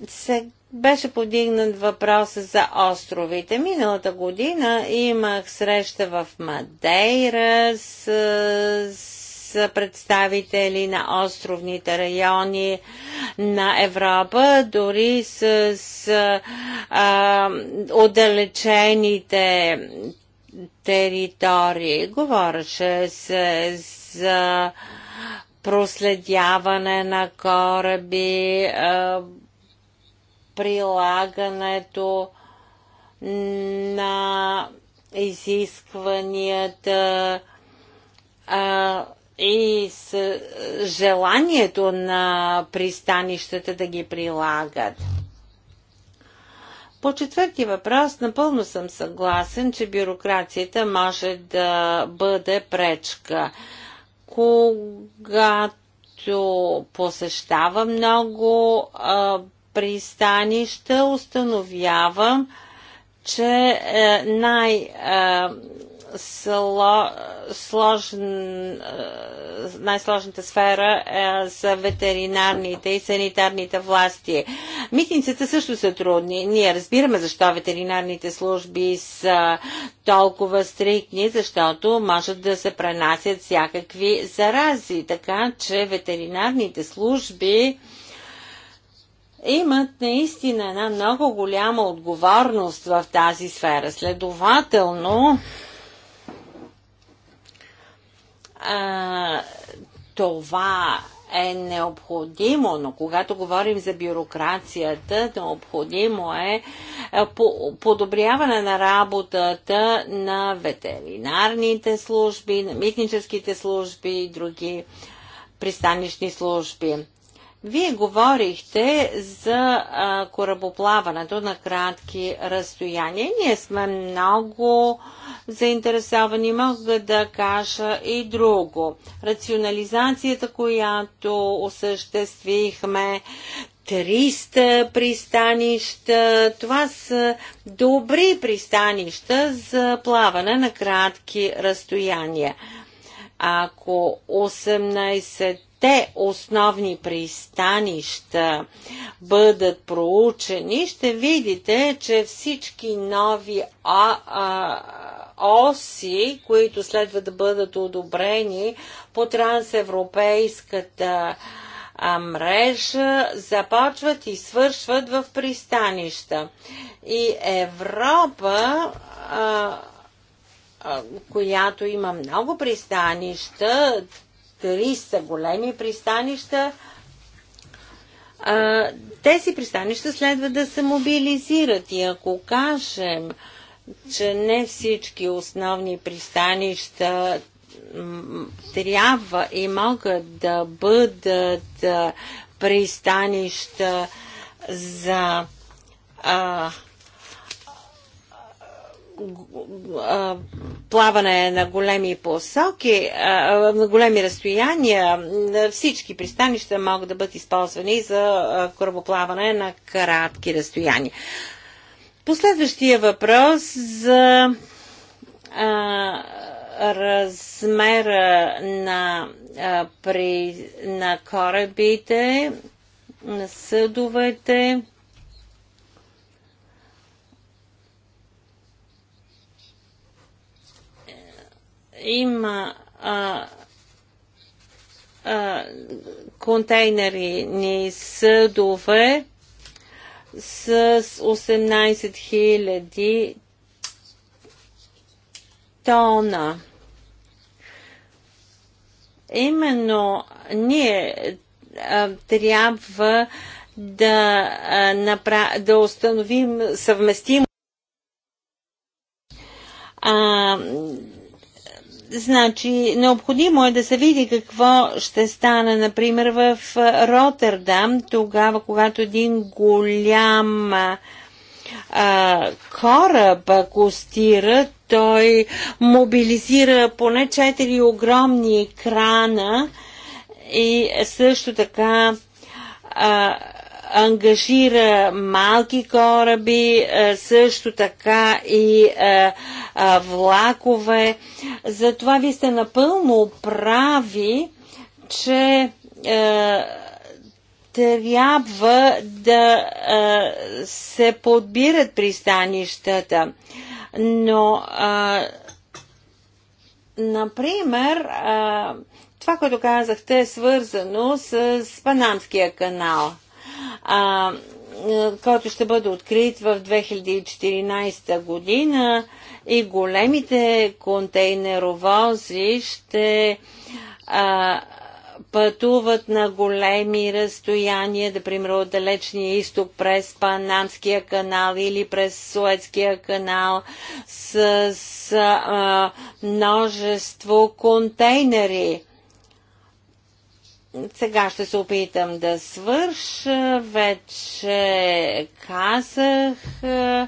Speaker 3: се беше подигнат въпроса за островите. Миналата година имах среща в Мадейра с, с представители на островните райони на Европа, дори с, а, отдалечените територии. Говореше се за проследяване на кораби, а, прилагането на изискванията а, и с желанието на пристанищата да ги прилагат. По четвърти въпрос напълно съм съгласен, че бюрокрацията може да бъде пречка. Когато посещава много а, пристанища установявам, че е, най- е, сло, е, най-сложната сфера е, са ветеринарните и санитарните власти. Митниците също са трудни. Ние разбираме защо ветеринарните служби са толкова стрикни, защото можат да се пренасят всякакви зарази. Така че ветеринарните служби имат наистина една много голяма отговорност в тази сфера. Следователно, а, това е необходимо, но когато говорим за бюрокрацията, необходимо е подобряване на работата на ветеринарните служби, на митническите служби и други пристанищни служби. Вие говорихте за корабоплаването на кратки разстояния. Ние сме много заинтересовани. Мога да кажа и друго. Рационализацията, която осъществихме, 300 пристанища. Това са добри пристанища за плаване на кратки разстояния. Ако 18 петте основни пристанища бъдат проучени, ще видите, че всички нови а, а, оси, които следва да бъдат одобрени по трансевропейската а мрежа започват и свършват в пристанища. И Европа, а, а, която има много пристанища, 300 големи пристанища. А, тези пристанища следва да се мобилизират и ако кажем, че не всички основни пристанища трябва и могат да бъдат пристанища за а, плаване на големи посоки, на големи разстояния, всички пристанища могат да бъдат използвани за корабоплаване на кратки разстояния. Последващия въпрос за размера на, при, на корабите, на съдовете, има а, а, ни съдове с 18 000 тона. Именно ние а, трябва да, а, напра... да установим съвместимо а, Значи, необходимо е да се види какво ще стане, например, в Ротърдам, тогава, когато един голям а, кораб, костира, той мобилизира поне четири огромни екрана и също така а, ангажира малки кораби, също така и влакове. Затова ви сте напълно прави, че трябва да се подбират пристанищата. Но, например, това, което казахте, е свързано с Панамския канал – а, е, който ще бъде открит в 2014 година и големите контейнеровози ще а, пътуват на големи разстояния, да примерно от далечния изток през Панамския канал или през Суетския канал с, с а, множество контейнери сега ще се опитам да свърша. Вече казах. Е,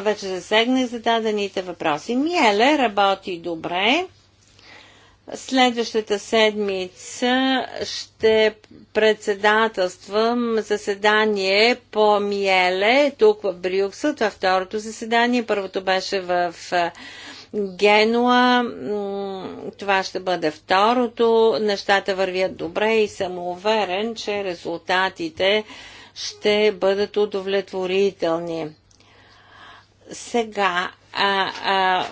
Speaker 3: вече засегнах зададените въпроси. Миеле работи добре. Следващата седмица ще председателствам заседание по Миеле тук в Брюксел. Това е второто заседание. Първото беше в е, Генуа. Това ще бъде второто. Нещата вървят добре и съм уверен, че резултатите ще бъдат удовлетворителни. Сега, а, а,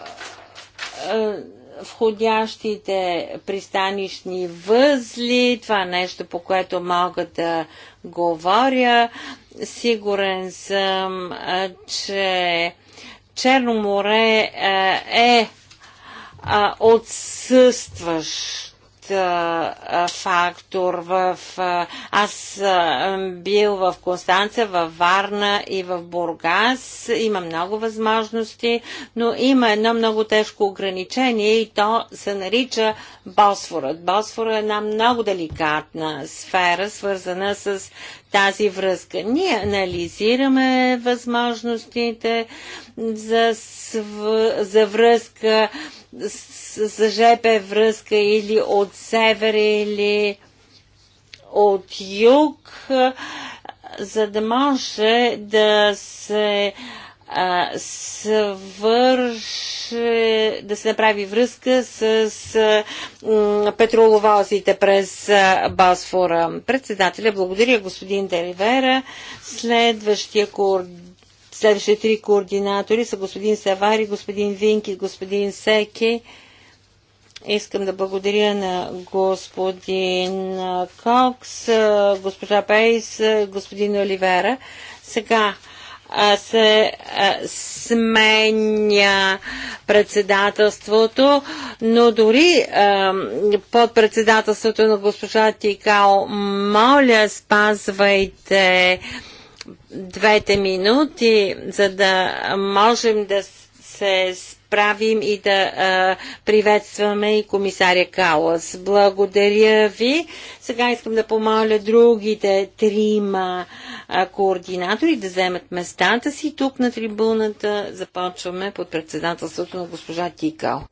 Speaker 3: а, входящите пристанищни възли, това е нещо, по което мога да говоря. Сигурен съм, че Черно море е, е отсъстващ фактор. В, аз бил в Констанца, в Варна и в Бургас. Има много възможности, но има едно много тежко ограничение и то се нарича Босфорът. Босфорът е една много деликатна сфера, свързана с тази връзка. Ние анализираме възможностите за, св... за връзка с, с ЖП връзка или от север или от юг, за да може да се а, свърши, да се направи връзка с, с м, през а, Председателя, благодаря господин Деривера. Следващия координат Следващите три координатори са господин Савари, господин Винки, господин Секи. Искам да благодаря на господин Кокс, госпожа Пейс, господин Оливера. Сега се сменя председателството, но дори под председателството на госпожа Тикао, моля, спазвайте двете минути, за да можем да се справим и да а, приветстваме и комисаря Калас. Благодаря ви. Сега искам да помоля другите трима а, координатори да вземат местата си. Тук на трибуната започваме под председателството на госпожа Тикал.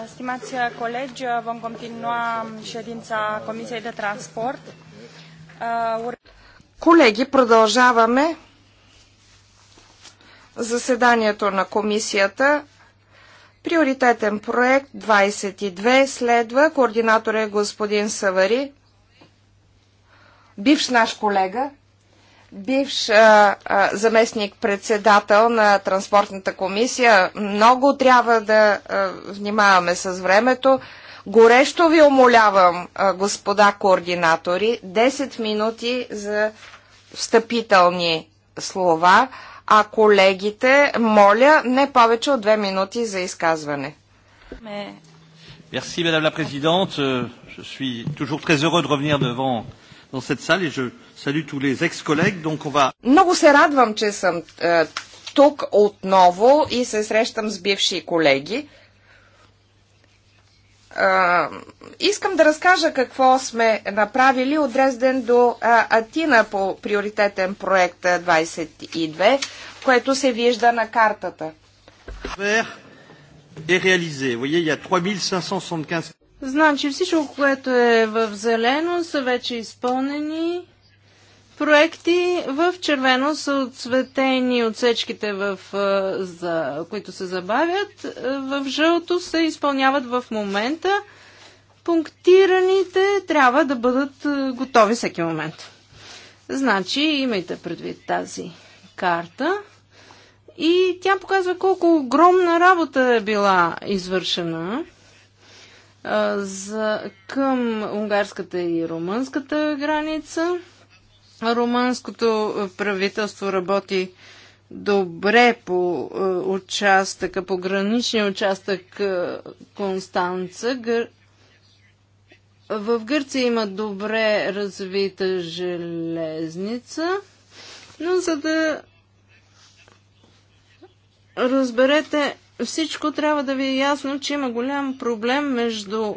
Speaker 3: Uh, stimați uh, colegi, uh, vom continua um, ședința Comisiei de Transport.
Speaker 2: Колеги, продължаваме заседанието на комисията. Приоритетен проект 22 следва. Координатор е господин Савари, бивш наш колега бивш а, а, заместник председател на транспортната комисия. Много трябва да а, внимаваме с времето. Горещо ви умолявам, а, господа координатори, 10 минути за встъпителни слова, а колегите, моля, не повече от 2 минути за изказване. Merci, Madame la Présidente. Euh, je suis toujours très heureux de revenir devant dans cette salle et je Salut tous les ex-collègues. Donc on va... Много се радвам, че съм е, тук отново и се срещам с бивши колеги. Е, искам да разкажа какво сме направили от Дрезден до е, Атина по приоритетен проект 22, е, което се вижда на картата.
Speaker 1: Значи всичко, което е в зелено, са вече изпълнени проекти в червено са отцветени отсечките, в, за, които се забавят. В жълто се изпълняват в момента. Пунктираните трябва да бъдат готови всеки момент. Значи, имайте предвид тази карта. И тя показва колко огромна работа е била извършена а, за, към унгарската и румънската граница. Романското е, правителство работи добре по е, участъка, по граничния участък е, Констанца. В Гърция има добре развита железница, но за да разберете всичко, трябва да ви е ясно, че има голям проблем между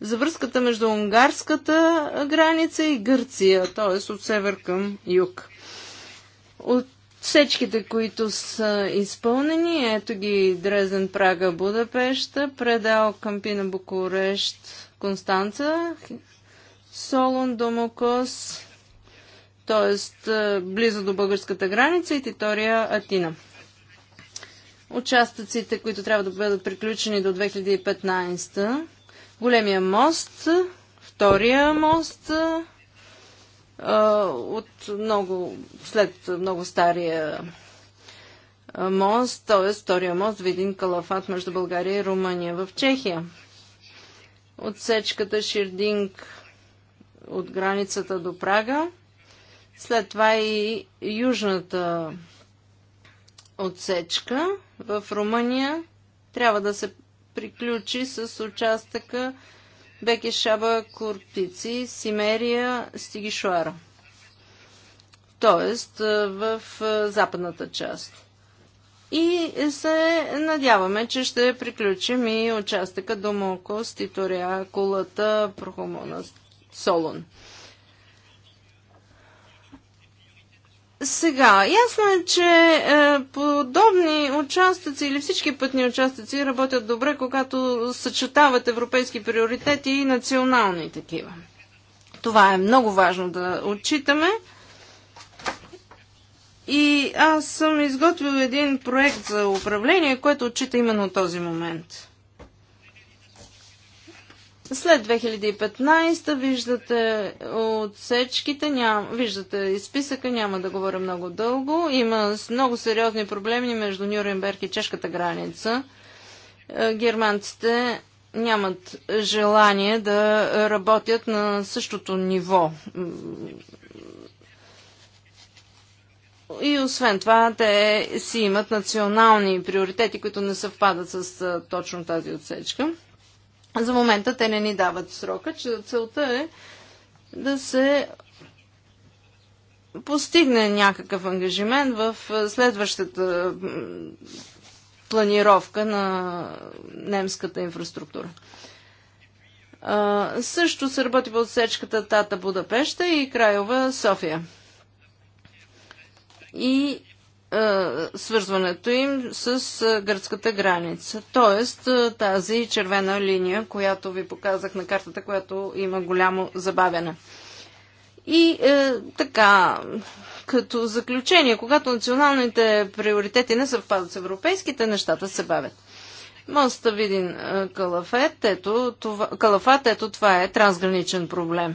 Speaker 1: за връзката между унгарската граница и Гърция, т.е. от север към юг. От всичките, които са изпълнени, ето ги Дрезен, Прага, Будапешта, Предал, Кампина, Букурещ, Констанца, Солон, Домокос, т.е. близо до българската граница и Титория Атина. Участъците, които трябва да бъдат приключени до 2015 Големия мост, втория мост от много, след много стария мост, т.е. втория мост, видин калафат между България и Румъния в Чехия. Отсечката Ширдинг от границата до Прага. След това и южната отсечка в Румъния трябва да се приключи с участъка Бекешаба Курпици, Симерия, Стигишуара. Тоест в западната част. И се надяваме, че ще приключим и участъка до Мокос, Титория, Кулата, Прохомона, Солон. Сега, ясно е, че е, подобни участъци или всички пътни участъци работят добре, когато съчетават европейски приоритети и национални такива. Това е много важно да отчитаме. И аз съм изготвил един проект за управление, което отчита именно този момент. След 2015 виждате отсечките, ням, виждате изписъка, няма да говоря много дълго. Има много сериозни проблеми между Нюрнберг и чешката граница. Е, германците нямат желание да работят на същото ниво. И освен това, те си имат национални приоритети, които не съвпадат с е, точно тази отсечка. За момента те не ни дават срока, че целта е да се постигне някакъв ангажимент в следващата планировка на немската инфраструктура. също се работи по отсечката Тата Будапеща и крайова София. И е, свързването им с е, гръцката граница. Тоест е, тази червена линия, която ви показах на картата, която има голямо забавяне. И е, така, като заключение, когато националните приоритети не съвпадат с европейските, нещата се бавят. Моста видим калафет, ето това, калафат, ето това е трансграничен проблем.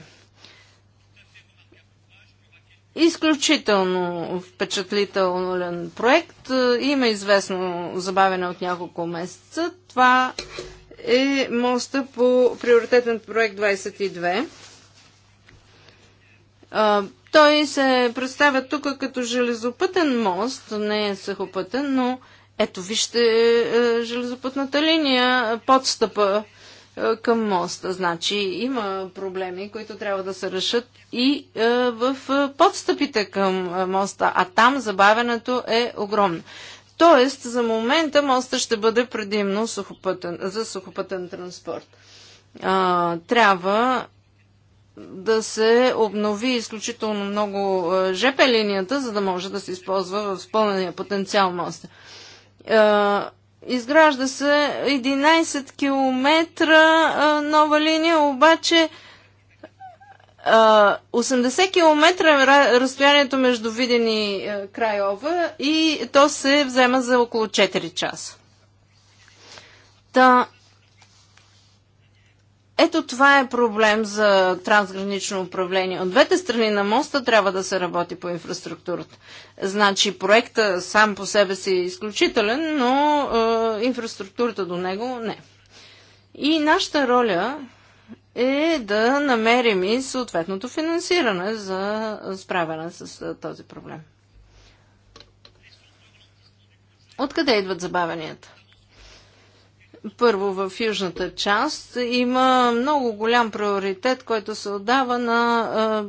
Speaker 1: Изключително впечатлителен проект. Е, има известно забавене от няколко месеца. Това е моста по приоритетен проект 22. Е, той се представя тук като железопътен мост, не е съхопътен, но ето вижте е, железопътната линия, подстъпа е, към моста. Значи има проблеми, които трябва да се решат и е, в е, подстъпите към моста, а там забавянето е огромно. Тоест, за момента моста ще бъде предимно сухопътен, за сухопътен транспорт. А, трябва да се обнови изключително много ЖП линията, за да може да се използва в пълния потенциал моста. А, Изгражда се 11 км нова линия, обаче 80 км е разстоянието между видени крайова и то се взема за около 4 часа. Та, ето това е проблем за трансгранично управление. От двете страни на моста трябва да се работи по инфраструктурата. Значи проекта сам по себе си е изключителен, но е, инфраструктурата до него не. И нашата роля е да намерим и съответното финансиране за справяне с е, този проблем. Откъде идват забавенията? Първо, в южната част има много голям приоритет, който се отдава на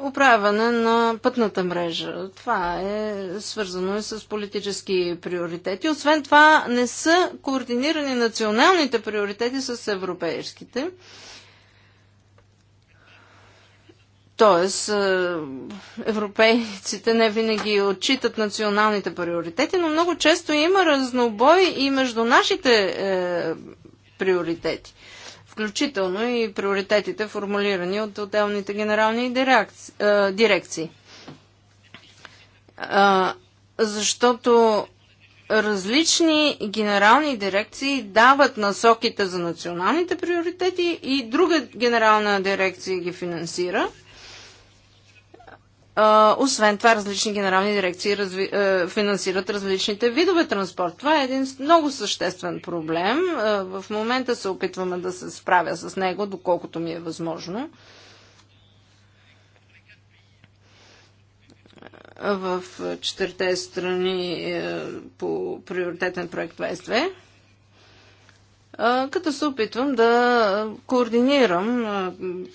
Speaker 1: управяне на пътната мрежа. Това е свързано и с политически приоритети. Освен това, не са координирани националните приоритети с европейските. Тоест, е, европейците не винаги отчитат националните приоритети, но много често има разнобой и между нашите е, приоритети. Включително и приоритетите, формулирани от отделните генерални дирекци, е, дирекции. А, е, защото различни генерални дирекции дават насоките за националните приоритети и друга генерална дирекция ги финансира – освен това, различни генерални дирекции разви, финансират различните видове транспорт. Това е един много съществен проблем. в момента се опитваме да се справя с него, доколкото ми е възможно. В четирите страни е, по приоритетен проект 22 като се опитвам да координирам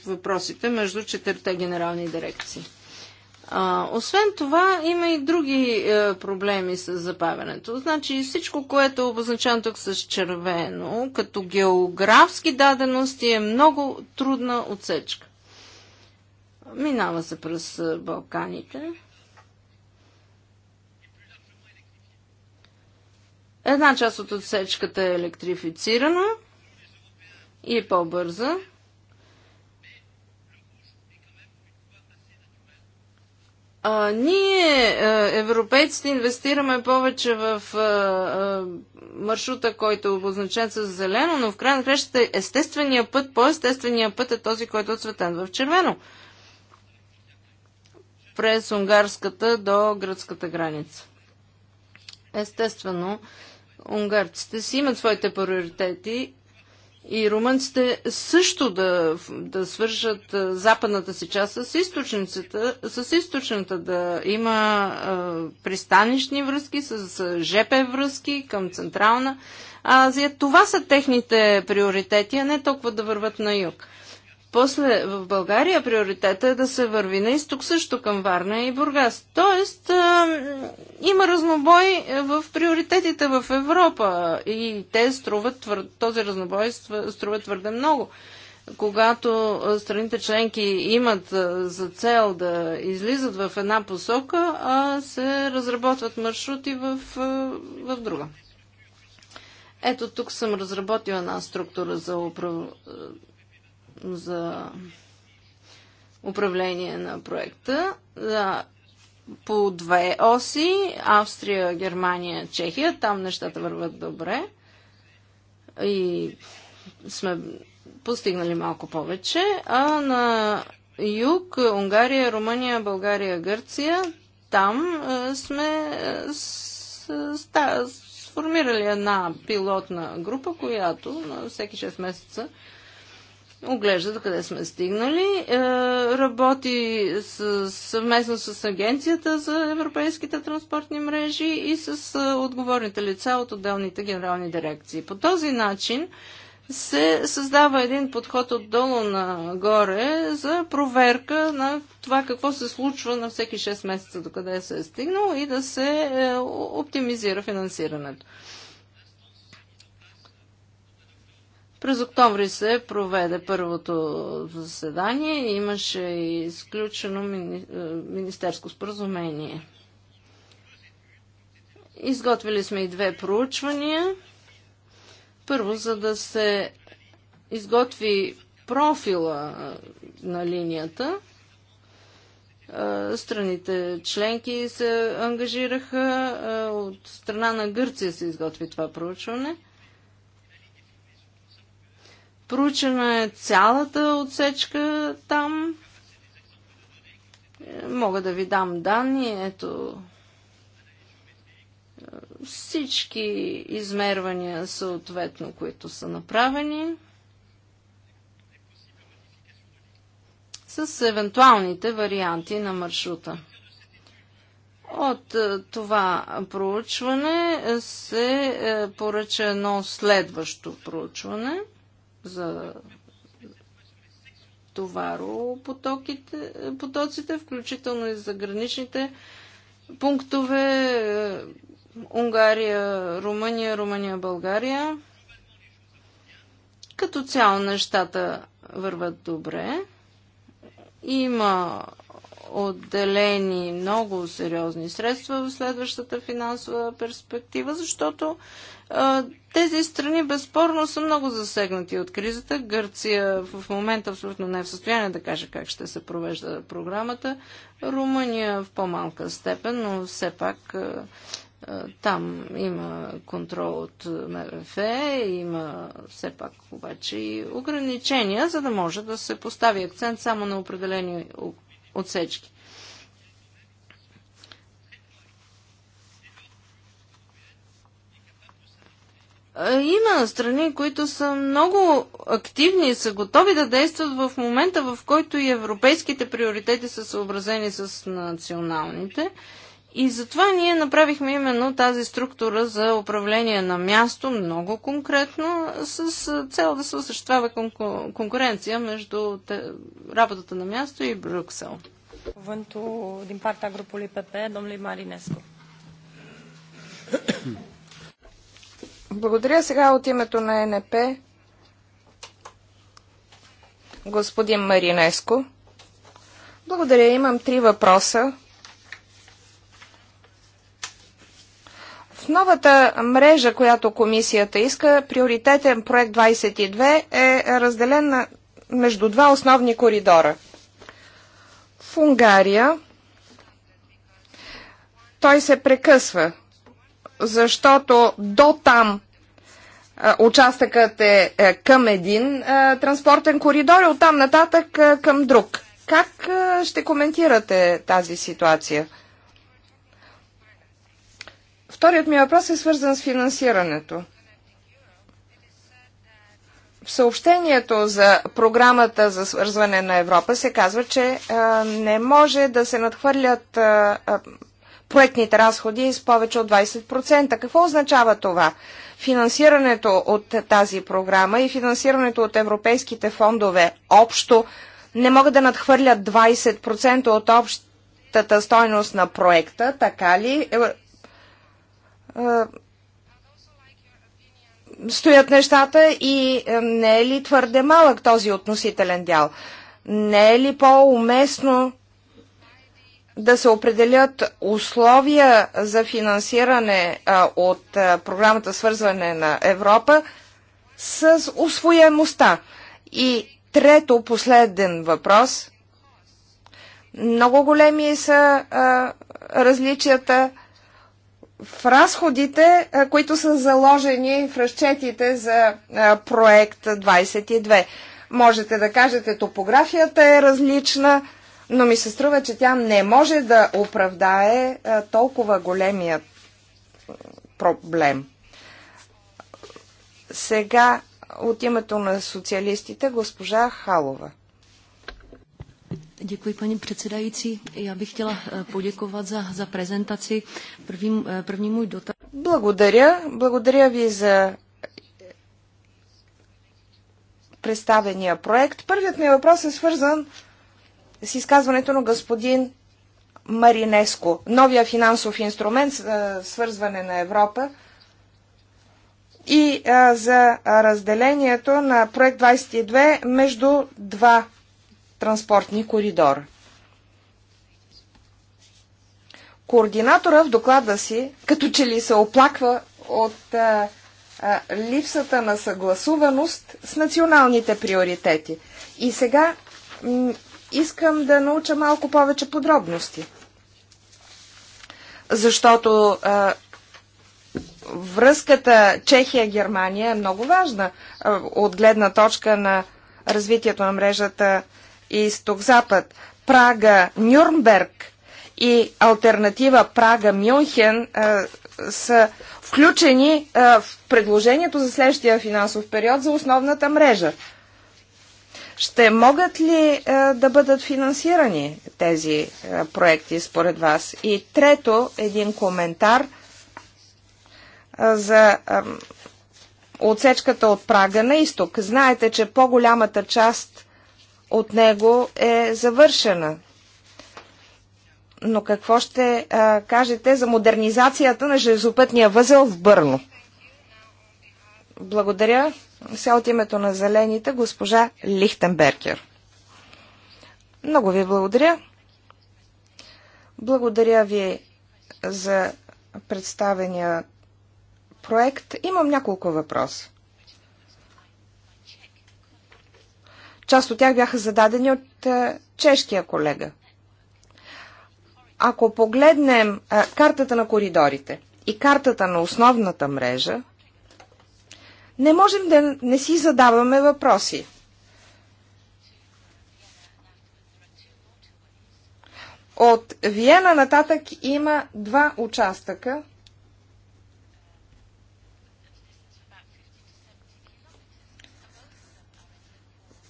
Speaker 1: въпросите между четирите генерални дирекции. А, освен това, има и други е, проблеми с забавянето. Значи всичко, което е обозначено тук с червено, като географски дадености, е много трудна отсечка. Минава се през е, Балканите. Една част от отсечката е електрифицирана и е по-бърза. А, ние, е, европейците, инвестираме повече в а, е, а, е, маршрута, който е обозначен с зелено, но в край на кращата естествения път, по-естествения път е този, който е отцветен в червено. През унгарската до гръцката граница. Естествено, унгарците си имат своите приоритети и румънците също да, да свържат западната си част с, източницата, с източната, да има а, пристанищни връзки, с ЖП връзки към Централна Азия. Това са техните приоритети, а не толкова да върват на юг. После в България приоритета е да се върви на изток също към Варна и Бургас. Тоест а, има разнобой е, в приоритетите в Европа и те струват, този разнобой струва твърде много. Когато страните членки имат за цел да излизат в една посока, а се разработват маршрути в, в друга. Ето тук съм разработила една структура за управление за управление на проекта. Да, по две оси Австрия, Германия, Чехия. Там нещата върват добре. И сме постигнали малко повече. А на юг Унгария, Румъния, България, Гърция. Там е, сме е, сформирали една пилотна група, която на всеки 6 месеца оглежда до къде сме стигнали. Е, работи съвместно с Агенцията за европейските транспортни мрежи и с е, отговорните лица от отделните генерални дирекции. По този начин се създава един подход отдолу нагоре за проверка на това какво се случва на всеки 6 месеца, до къде се е стигнал и да се е, оптимизира финансирането. През октомври се проведе първото заседание. и Имаше и изключено мини... Е, министерско споразумение. Изготвили сме и две проучвания. Първо, за да се изготви профила е, на линията. Е, страните членки се ангажираха. От страна на Гърция се изготви това проучване – е цялата отсечка там. Е, мога да ви дам данни. Ето, е, всички измервания съответно, които са направени. с евентуалните варианти на маршрута. От е, това проучване се поръча едно следващо проучване – за товаропотоците, включително и за граничните пунктове е, Унгария, Румъния, Румъния, България. Като цяло нещата върват добре. Има отделени много сериозни средства в следващата финансова перспектива, защото а, тези страни безспорно са много засегнати от кризата. Гърция в момента абсолютно не е в състояние да каже как ще се провежда програмата. Румъния в по-малка степен, но все пак а, а, там има контрол от МВФ, има все пак обаче и ограничения, за да може да се постави акцент само на определени отсечки. Е, има страни, които са много активни и са готови да действат в момента, в който и европейските приоритети са съобразени с националните. И затова ние направихме именно тази структура за управление на място много конкретно, с цел да се осъществява конкуренция между работата на място и Брюксел.
Speaker 3: Cuvântul din partea grupului PP, domnului Marinescu.
Speaker 2: Благодаря сега от името на НП господин Маринеско. Благодаря. Имам три въпроса. новата мрежа, която комисията иска, приоритетен проект 22 е разделен между два основни коридора. В Унгария той се прекъсва, защото до там участъкът е, е към един транспортен коридор и оттам нататък към друг. Как ще коментирате тази ситуация? Вторият ми въпрос е свързан с финансирането. В съобщението за програмата за свързване на Европа се казва, че а, не може да се надхвърлят а, а, проектните разходи с повече от 20%. Какво означава това? Финансирането от тази програма и финансирането от европейските фондове общо не могат да надхвърлят 20% от общата стойност на проекта, така ли е, стоят нещата и е, не е ли твърде малък този относителен дял? Не е ли по-уместно да се определят условия за финансиране е, от е, програмата Свързване на Европа с освоемостта? И трето, последен въпрос. Много големи са а, различията в разходите, които са заложени в разчетите за проект 22. Можете да кажете, топографията е различна, но ми се струва, че тя не може да оправдае толкова големия проблем. Сега от името на социалистите госпожа Халова. Děkuji, paní předsedající. Já bych chtěla eh, poděkovat za, za prezentaci. První, eh, první můj dotaz. Благодаря. Благодаря ви за представения проект. Първият ми въпрос е свързан с изказването на господин Маринеско. Новия финансов инструмент за е, свързване на Европа и е, за разделението на проект 22 между два транспортни коридора. Координатора в доклада си като че ли се оплаква от а, а, липсата на съгласуваност с националните приоритети. И сега искам да науча малко повече подробности. Защото а, връзката Чехия-Германия е много важна а, от гледна точка на развитието на мрежата изток-запад, Прага-Нюрнберг и альтернатива Прага-Мюнхен е, са включени е, в предложението за следващия финансов период за основната мрежа. Ще могат ли е, да бъдат финансирани тези проекти според вас? И трето, един коментар за отсечката от Прага на изток. Знаете, че по-голямата част от него е завършена. Но какво ще а, кажете за модернизацията на железопътния възел в Бърно? Благодаря. Сега от името на зелените госпожа Лихтенберкер. Много ви благодаря. Благодаря ви за представения проект. Имам няколко въпроса. Част от тях бяха зададени от е, чешкия колега. Ако погледнем е, картата на коридорите и картата на основната мрежа, не можем да не си задаваме въпроси. От Виена нататък има два участъка,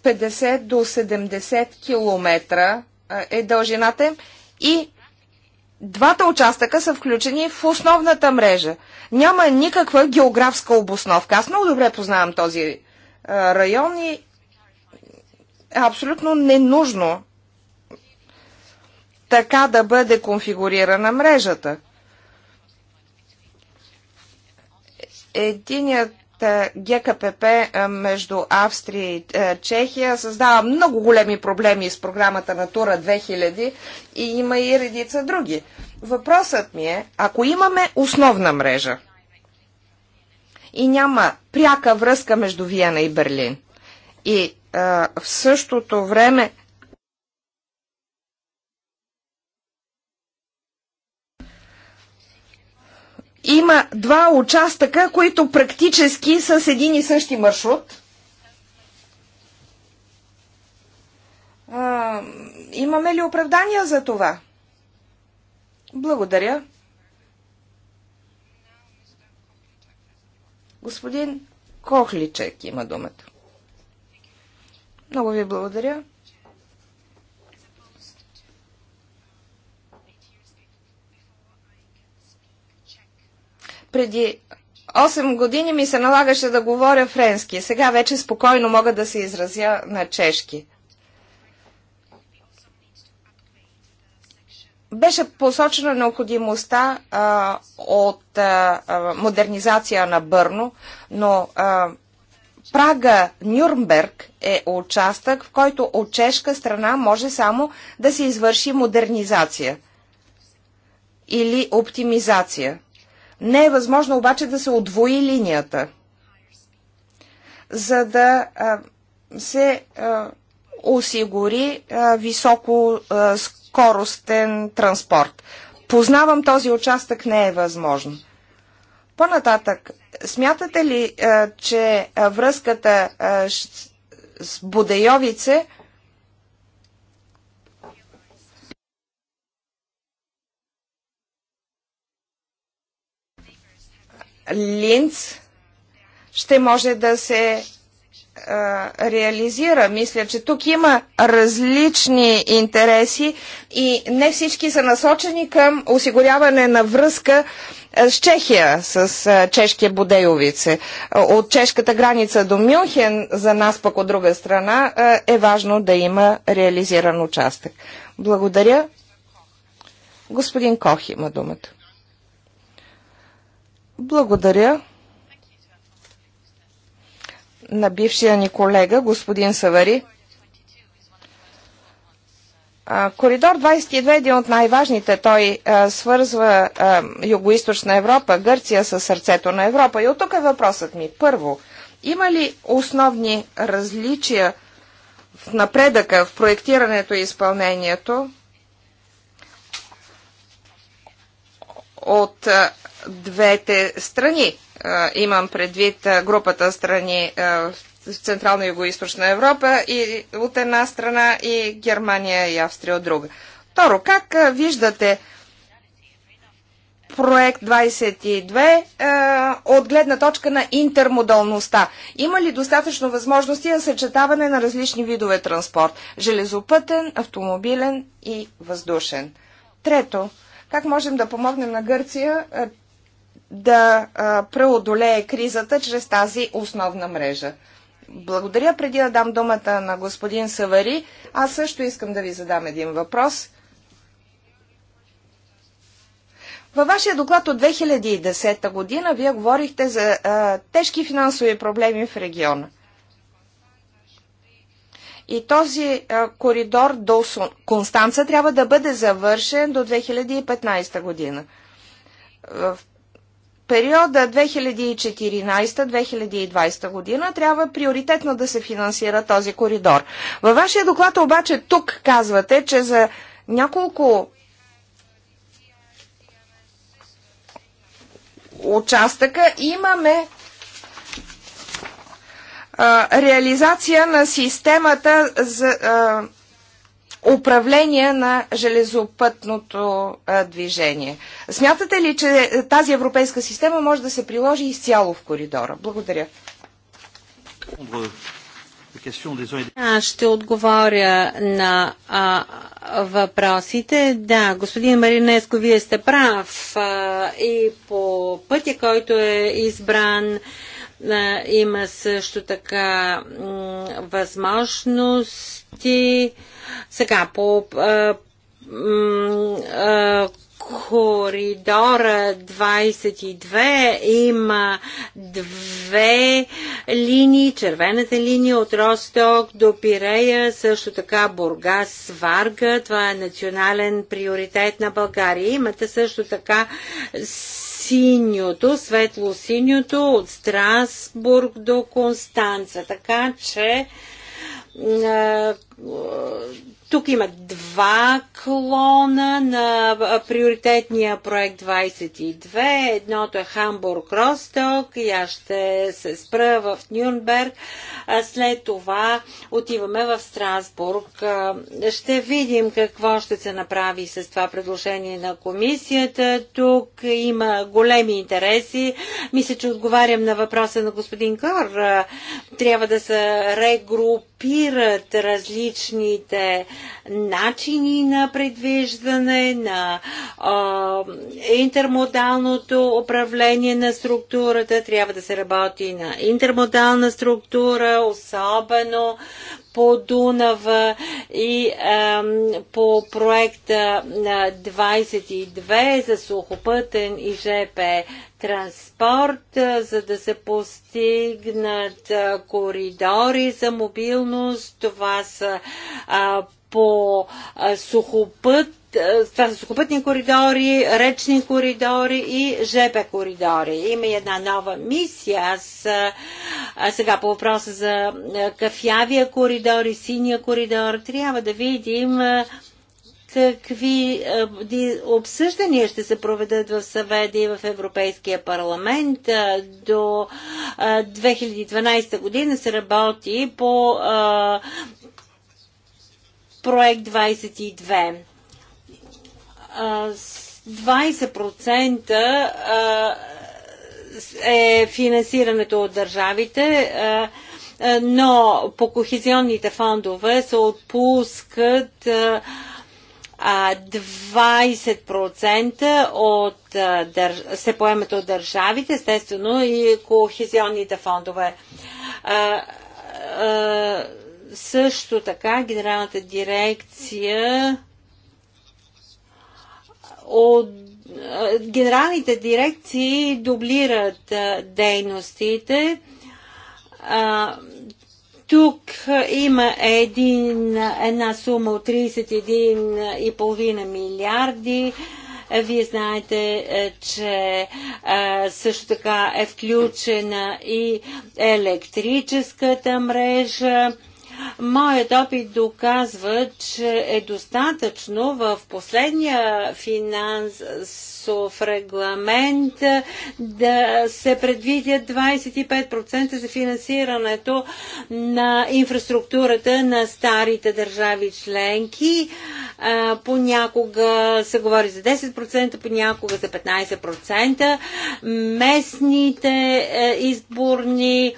Speaker 2: 50 до 70 км е дължината им и двата участъка са включени в основната мрежа. Няма никаква географска обосновка. Аз много добре познавам този район и е абсолютно ненужно така да бъде конфигурирана мрежата. Единият е, ГКПП е, между Австрия и е, Чехия създава много големи проблеми с програмата Натура 2000 и има и редица други. Въпросът ми е, ако имаме основна мрежа и няма пряка връзка между Виена и Берлин и а, в същото време има два участъка, които практически са с един и същи маршрут. А, имаме ли оправдания за това? Благодаря. Господин Кохличек има думата. Много ви благодаря. Преди 8 години ми се налагаше да говоря френски. Сега вече спокойно мога да се изразя на чешки. Беше посочена необходимостта а, от а, модернизация на Бърно, но а, Прага Нюрнберг е участък, в който от чешка страна може само да се извърши модернизация или оптимизация. Не е възможно обаче да се отвои линията, за да се осигури високо скоростен транспорт. Познавам този участък, не е възможно. По-нататък, смятате ли, че връзката с Будейовице – Линц ще може да се а, реализира. Мисля, че тук има различни интереси и не всички са насочени към осигуряване на връзка с Чехия, с а, чешкия Бодейовице. От чешката граница до Мюнхен, за нас пък от друга страна, а, е важно да има реализиран участък. Благодаря. Господин Кох има думата. Благодаря на бившия ни колега, господин Савари. Коридор 22 е един от най-важните. Той свързва Юго-Источна Европа, Гърция с сърцето на Европа. И от тук е въпросът ми. Първо, има ли основни различия в напредъка, в проектирането и изпълнението от двете страни. Имам предвид групата страни в Централна и Юго-Источна Европа и от една страна и Германия и Австрия от друга. Второ, как виждате проект 22 от гледна точка на интермодалността. Има ли достатъчно възможности за съчетаване на различни видове транспорт? Железопътен, автомобилен и въздушен. Трето, как можем да помогнем на Гърция, да преодолее кризата чрез тази основна мрежа. Благодаря. Преди да дам думата на господин Савари, аз също искам да ви задам един въпрос. Във вашия доклад от 2010 година вие говорихте за а, тежки финансови проблеми в региона. И този а, коридор до Констанца трябва да бъде завършен до 2015 година. В периода 2014-2020 година трябва приоритетно да се финансира този коридор. Във вашия доклад обаче тук казвате, че за няколко участъка имаме а, реализация на системата за а, управление на железопътното движение. Смятате ли, че тази европейска система може
Speaker 3: да се приложи изцяло в
Speaker 2: коридора? Благодаря.
Speaker 3: Аз ще отговоря на а, въпросите. Да, господин Маринеско, вие сте прав а, и по пътя, който е избран има също така възможности. Сега, по коридора 22 има две линии. Червената линия от Росток до Пирея, също така Бургас, Варга. Това е национален приоритет на България. Имате също така синьото, светло-синьото от Страсбург до Констанца. Така че тук има два клона на приоритетния проект 22. Едното е Хамбург Росток и аз ще се спра в Нюрнберг. а След това отиваме в Страсбург. Ще видим какво ще се направи с това предложение на комисията. Тук има големи интереси. Мисля, че отговарям на въпроса на господин Кор. Трябва да се регрупират различните начини на предвиждане, на а, интермодалното управление на структурата. Трябва да се работи на интермодална структура, особено по Дунава и а, по проекта 22 за сухопътен и ЖП транспорт, за да се постигнат коридори за мобилност. Това са а, по сухопът, това са сухопътни коридори, речни коридори и ЖП коридори. Има и една нова мисия. Аз сега по въпроса за кафявия коридор и синия коридор трябва да видим какви обсъждания ще се проведат в съвета и в Европейския парламент. До 2012 година се работи по проект 22. 20% е финансирането от държавите, но по кохезионните фондове се отпускат 20% от, се поемат от държавите, естествено и кохезионните фондове. Също така генералната дирекция от генералните дирекции дублират дейностите. Тук има един, една сума от 31,5 милиарди. Вие знаете, е, че също така е включена и електрическата мрежа Моят опит доказва, че е достатъчно в последния финансов регламент да се предвидят 25% за финансирането на инфраструктурата на старите държави членки. Понякога се говори за 10%, понякога за 15%. Местните е, изборни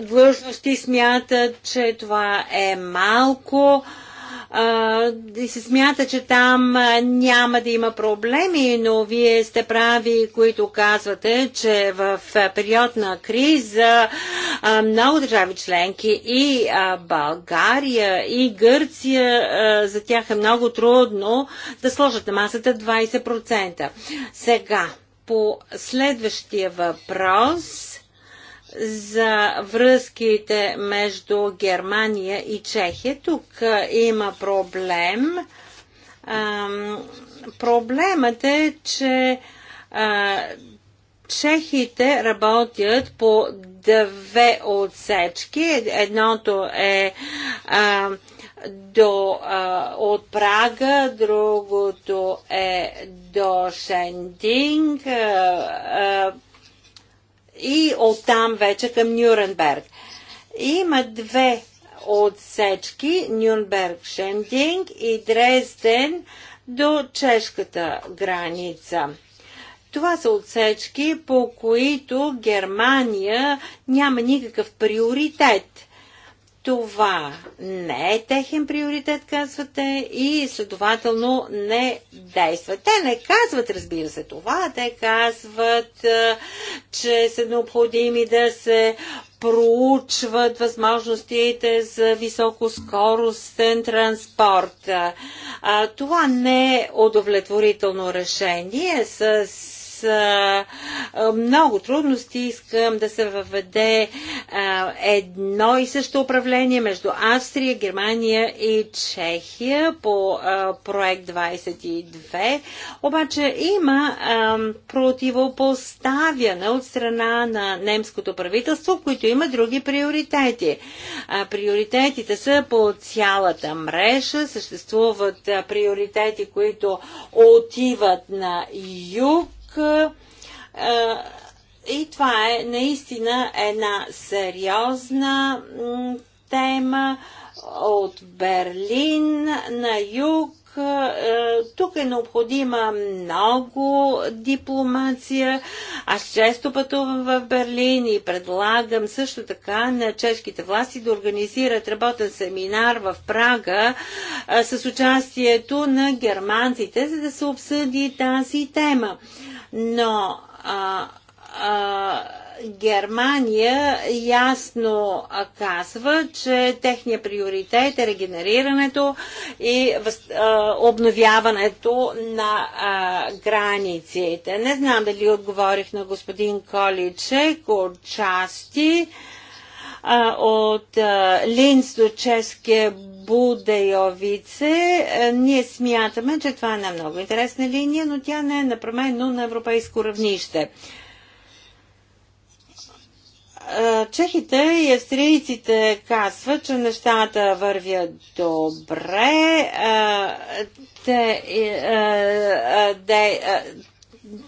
Speaker 3: длъжности смятат, че това е малко и се смята, че там няма да има проблеми, но вие сте прави, които казвате, че в период на криза много държави членки и България и Гърция за тях е много трудно да сложат на масата 20%. Сега, по следващия въпрос за връзките между Германия и Чехия. Тук има проблем. Проблемът е, че чехите работят по две отсечки. Едното е до, от Прага, другото е до Шендинг и оттам вече към Нюрнберг. Има две отсечки Нюрнберг Шендинг и Дрезден до чешката граница. Това са отсечки, по които Германия няма никакъв приоритет – това не е техен приоритет, казвате, и следователно не действат. Те не казват, разбира се, това. Те казват, че са необходими да се проучват възможностите за високоскоростен транспорт. това не е удовлетворително решение. С а, много трудности. Искам да се въведе едно и също управление между Австрия, Германия и Чехия по проект 22. Обаче има противопоставяне от страна на немското правителство, които има други приоритети. Приоритетите са по цялата мрежа, съществуват приоритети, които отиват на юг, и това е наистина една сериозна тема от Берлин на юг. Тук е необходима много дипломация. Аз често пътувам в Берлин и предлагам също така на чешките власти да организират работен семинар в Прага с участието на германците, за да се обсъди тази тема. Но а, а, Германия ясно казва, че техният приоритет е регенерирането и обновяването на границите. Не знам дали отговорих на господин Количек от части от Линц до Ческия Будейовице. Е, ние смятаме, че това е една много интересна линия, но тя не е напременно на европейско равнище. Е, чехите и австрийците казват, че нещата вървят добре. Е, те,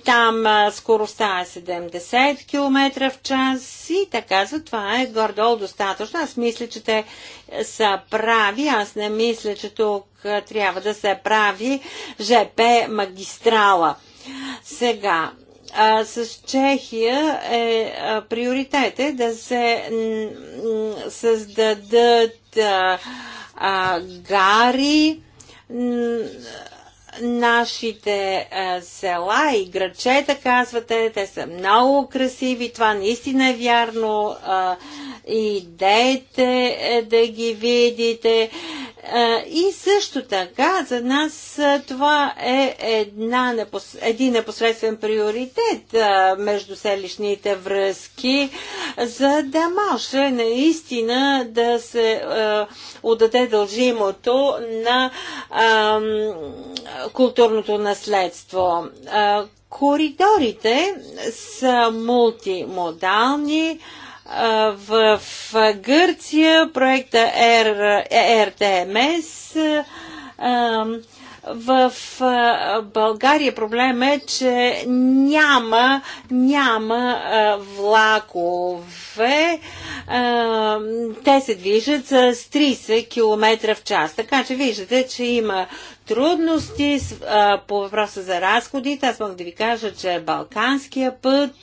Speaker 3: там а, скоростта е 70 км в час и така, за това е гордо достатъчно. Аз мисля, че те са прави. Аз не мисля, че тук трябва да се прави ЖП магистрала. Сега, а, с Чехия е а, приоритет е да се създадат а, а, гари, нашите а, села и грачета, казвате, те са много красиви, това наистина е вярно. А, идеете е, да ги видите. А, и също така, за нас а, това е една непос... един непосредствен приоритет а, между селищните връзки, за да може наистина да се а, отдаде дължимото на а, културното наследство. А, коридорите са мултимодални. А, в, в Гърция проекта RTMS. Е, РТМС в България проблем е, че няма, няма влакове. Те се движат с 30 км в час. Така че виждате, че има трудности по въпроса за разходите. Аз мога да ви кажа, че Балканския път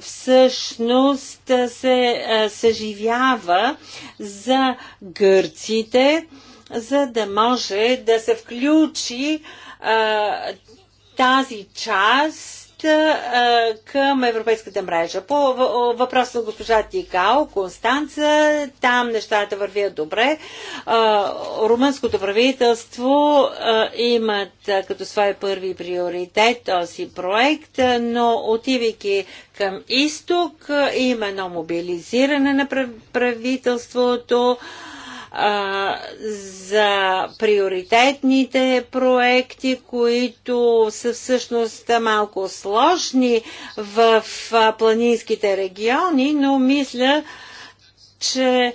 Speaker 3: всъщност се съживява за гърците за да може да се включи а, тази част а, към европейската мрежа. По въпрос на госпожа Тикао, Констанца, там нещата вървят добре. А, румънското правителство а, имат като свой първи приоритет този проект, но отивайки към изток, има едно мобилизиране на правителството. А, за приоритетните проекти, които са всъщност малко сложни в планинските региони, но мисля, че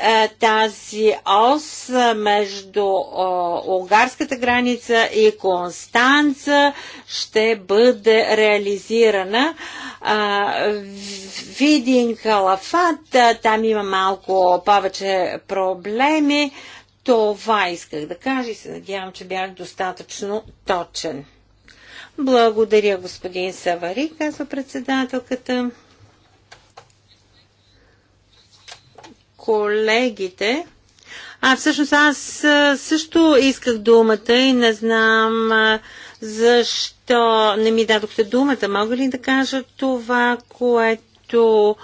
Speaker 3: е, тази ос между унгарската граница и Констанца ще бъде реализирана. Е, Видин Калафат, е, там има малко повече проблеми. Това исках да кажа и се надявам, че бях достатъчно точен. Благодаря, господин Савари, казва председателката. колегите. А, всъщност аз също исках думата и не знам защо не ми дадохте думата. Мога ли да кажа това, което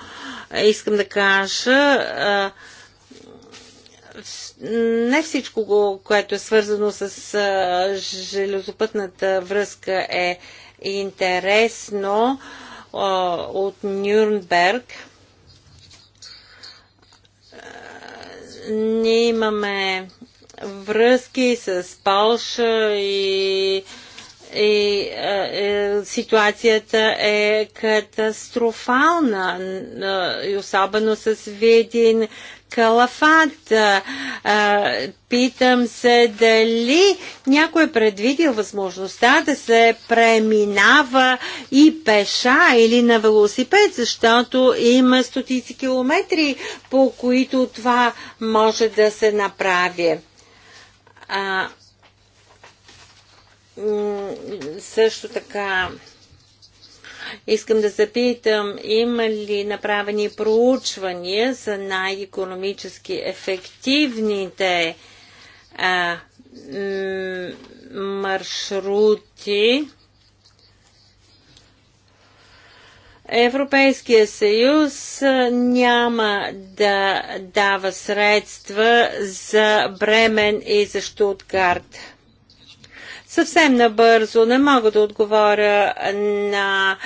Speaker 3: искам да кажа? Не всичко, което е свързано с железопътната връзка е интересно от Нюрнберг – Ние имаме връзки с Полша и и е, е ситуацията е катастрофална, е, и особено с Видин калафат. А, питам се дали някой е предвидил възможността да се преминава и пеша или на велосипед, защото има стотици километри, по които това може да се направи. А, също така Искам да запитам, има ли направени проучвания за най-економически ефективните а, маршрути? Европейския съюз няма да дава средства за Бремен и за Штутгарт. Съвсем набързо не мога да отговоря на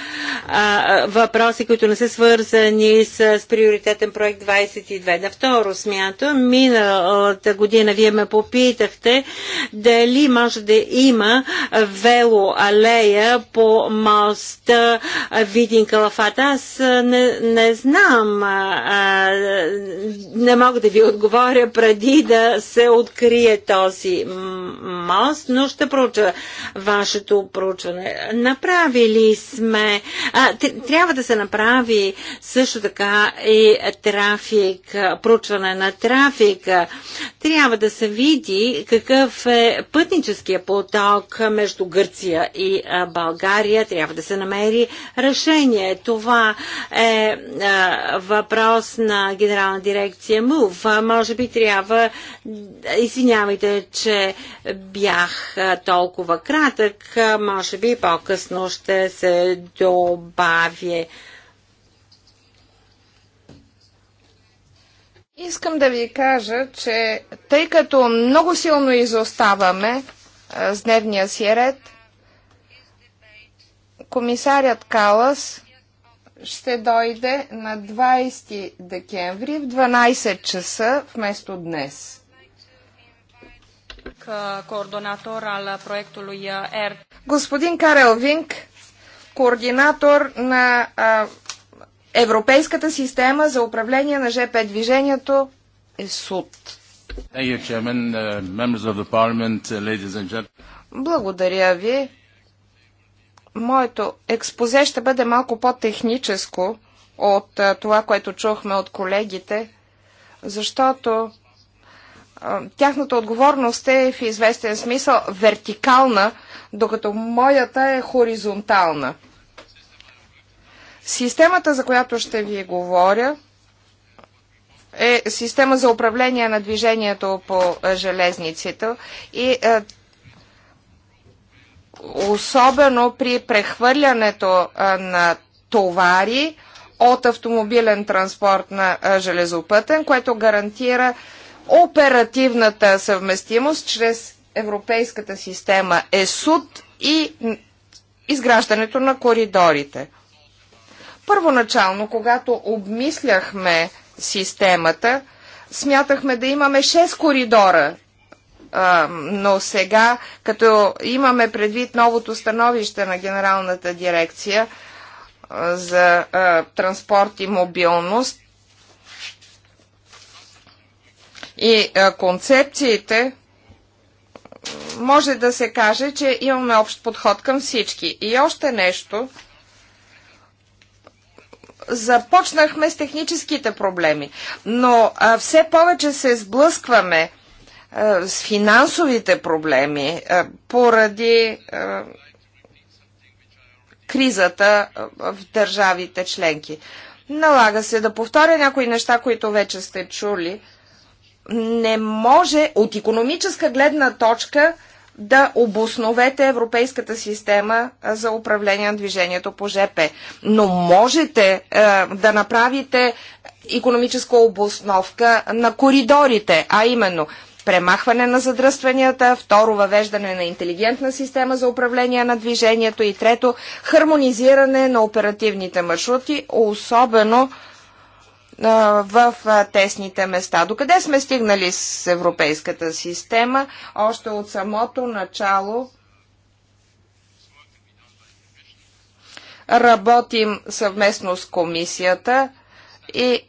Speaker 3: а, въпроси, които не са свързани с, с приоритетен проект 22. На второ смято, миналата година вие ме попитахте дали може да има велоалея по моста Видин Калафат. Аз не, не знам, а, не мога да ви отговоря преди да се открие този мост, но ще проуча получа вашето проучване. Направили сме, а, трябва да се направи също така и трафик, проучване на трафика. Трябва да се види какъв е пътническия поток между Гърция и България. Трябва да се намери решение. Това е а, въпрос на генерална дирекция МУВ. Може би трябва, извинявайте, че бях толкова толкова кратък. Може би по-късно ще се добавя. Искам
Speaker 2: да ви кажа, че тъй като много силно изоставаме с дневния си ред, комисарят Калас ще дойде на 20 декември в 12 часа вместо днес
Speaker 3: коордонатор ал проектului ЕР.
Speaker 2: Господин Карел Винк, координатор на а, uh, Европейската система за управление на ЖП движението е суд. Uh, uh, Благодаря ви. Моето експозе ще бъде малко по-техническо от това, което чухме от колегите, защото тяхната отговорност е в известен смисъл вертикална, докато моята е хоризонтална. Системата, за която ще ви говоря, е система за управление на движението по железниците и е, особено при прехвърлянето е, на товари от автомобилен транспорт на е, железопътен, което гарантира е, оперативната съвместимост чрез Европейската система ЕСУД и изграждането на коридорите. Първоначално, когато обмисляхме системата, смятахме да имаме 6 коридора, но сега, като имаме предвид новото становище на Генералната дирекция за транспорт и мобилност, и концепциите, може да се каже, че имаме общ подход към всички. И още нещо. Започнахме с техническите проблеми, но а, все повече се сблъскваме а, с финансовите проблеми а, поради а, кризата в държавите членки. Налага се да повторя някои неща, които вече сте чули. А, не може от економическа гледна точка да обосновете европейската система за управление на движението по ЖП. Но можете е, да направите економическа обосновка на коридорите, а именно премахване на задръстванията, второ въвеждане на интелигентна система за управление на движението и трето хармонизиране на оперативните маршрути, особено в тесните места. Докъде сме стигнали с европейската система? Още от самото начало работим съвместно с комисията и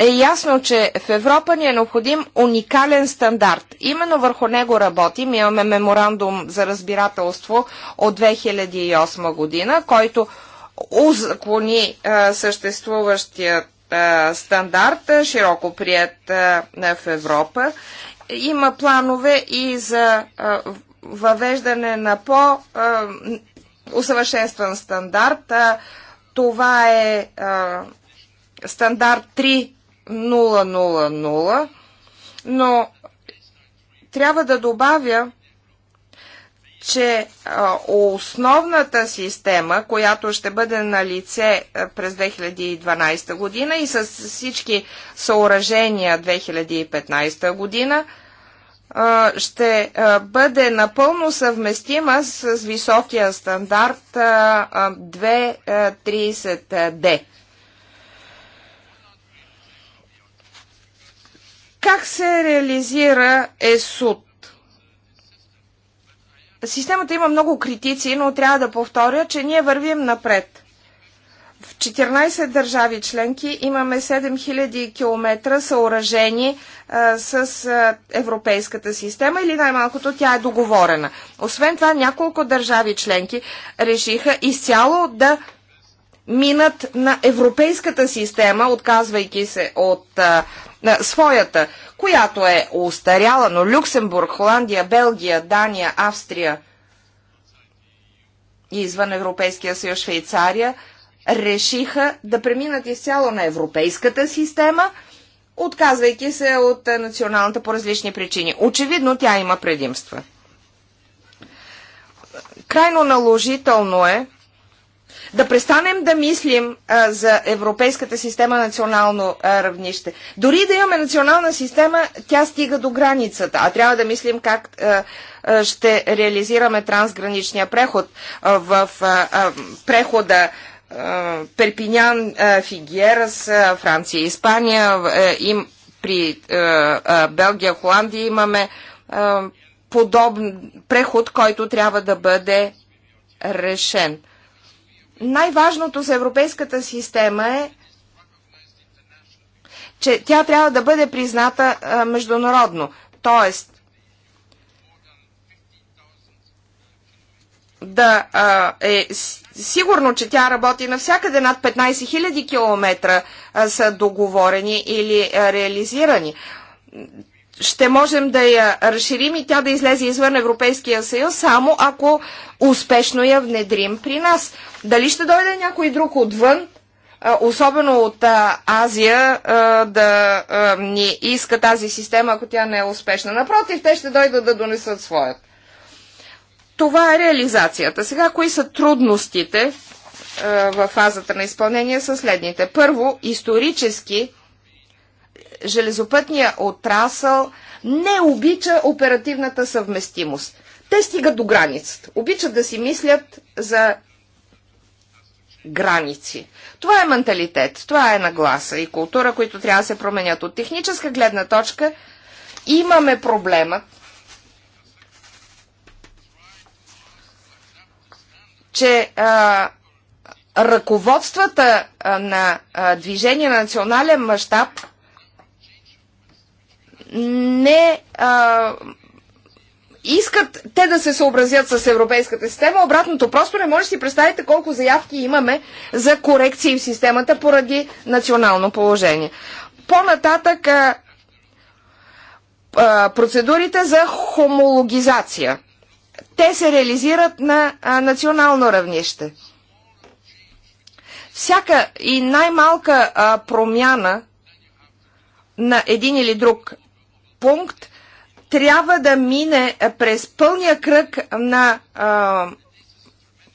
Speaker 2: е ясно, че в Европа ни е необходим уникален стандарт. Именно върху него работим. Имаме меморандум за разбирателство от 2008 година, който узакони съществуващият стандарт, широко прият в Европа. Има планове и за въвеждане на по-усъвършенстван стандарт. Това е стандарт 3000, но трябва да добавя, че основната система, която ще бъде на лице през 2012 година и с всички съоръжения 2015 година, ще бъде напълно съвместима с високия стандарт 230D. Как се реализира ЕСУД? Системата има много критици, но трябва да повторя, че ние вървим напред. В 14 държави членки имаме 7000 км съоръжени а, с а, европейската система или най-малкото тя е договорена. Освен това, няколко държави членки решиха изцяло да минат на европейската система, отказвайки се от а, на своята която е устаряла, но Люксембург, Холандия, Белгия, Дания, Австрия и извън Европейския съюз Швейцария решиха да преминат изцяло на европейската система, отказвайки се от националната по различни причини. Очевидно тя има предимства. Крайно наложително е да престанем да мислим а, за европейската система национално а, равнище. Дори да имаме национална система, тя стига до границата, а трябва да мислим как а, а, ще реализираме трансграничния преход а, в а, а, прехода. А, Перпинян, а, Фигерас, а, Франция, Испания, им, при Белгия, Холандия имаме подобен преход, който трябва да бъде решен най-важното с европейската система е, че тя трябва да бъде призната а, международно. Тоест, да а, е сигурно, че тя работи навсякъде над 15 000 км а, са договорени или а, реализирани ще можем да я разширим и тя да излезе извън Европейския съюз, само ако успешно я внедрим при нас. Дали ще дойде някой друг отвън, особено от Азия, да ни иска тази система, ако тя не е успешна. Напротив, те ще дойдат да донесат своят. Това е реализацията. Сега, кои са трудностите в фазата на изпълнение са следните. Първо, исторически железопътния отрасъл не обича оперативната съвместимост. Те стигат до границата. Обичат да си мислят за граници. Това е менталитет, това е нагласа и култура, които трябва да се променят. От техническа гледна точка имаме проблемът, че а, ръководствата а, на а, движение на национален мащаб не а, искат те да се съобразят с европейската система, обратното просто не може да си представите колко заявки имаме за корекции в системата поради национално положение. По-нататък а, а, процедурите за хомологизация. Те се реализират на а, национално равнище. Всяка и най-малка промяна на един или друг пункт трябва да мине през пълния кръг на а,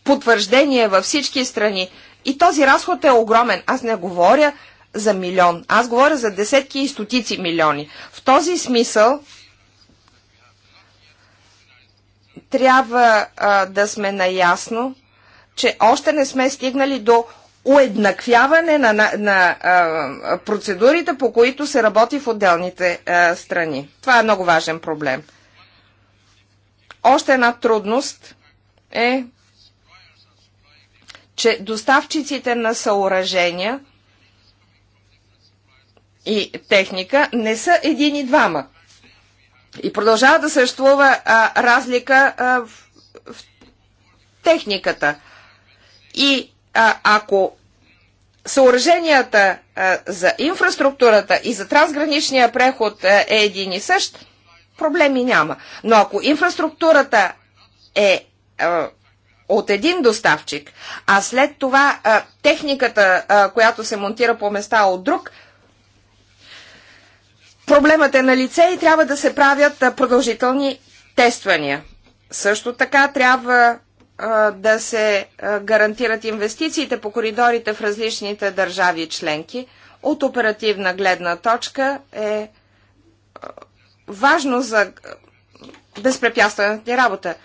Speaker 2: потвърждение във всички страни. И този разход е огромен. Аз не говоря за милион. Аз говоря за десетки и стотици милиони. В този смисъл трябва а, да сме наясно, че още не сме стигнали до уеднаквяване на, на, на а, процедурите, по които се работи в отделните а, страни. Това е много важен проблем. Още една трудност е, че доставчиците на съоръжения и техника не са един и двама. И продължава да съществува а, разлика а, в, в техниката. И а, ако съоръженията а, за инфраструктурата и за трансграничния преход а, е един и същ, проблеми няма. Но ако инфраструктурата е а, от един доставчик, а след това а, техниката, а, която се монтира по места от друг, проблемът е на лице и трябва да се правят а, продължителни тествания. Също така трябва да се гарантират инвестициите по коридорите в различните държави членки, от оперативна гледна точка е важно за безпрепятствената ни работа.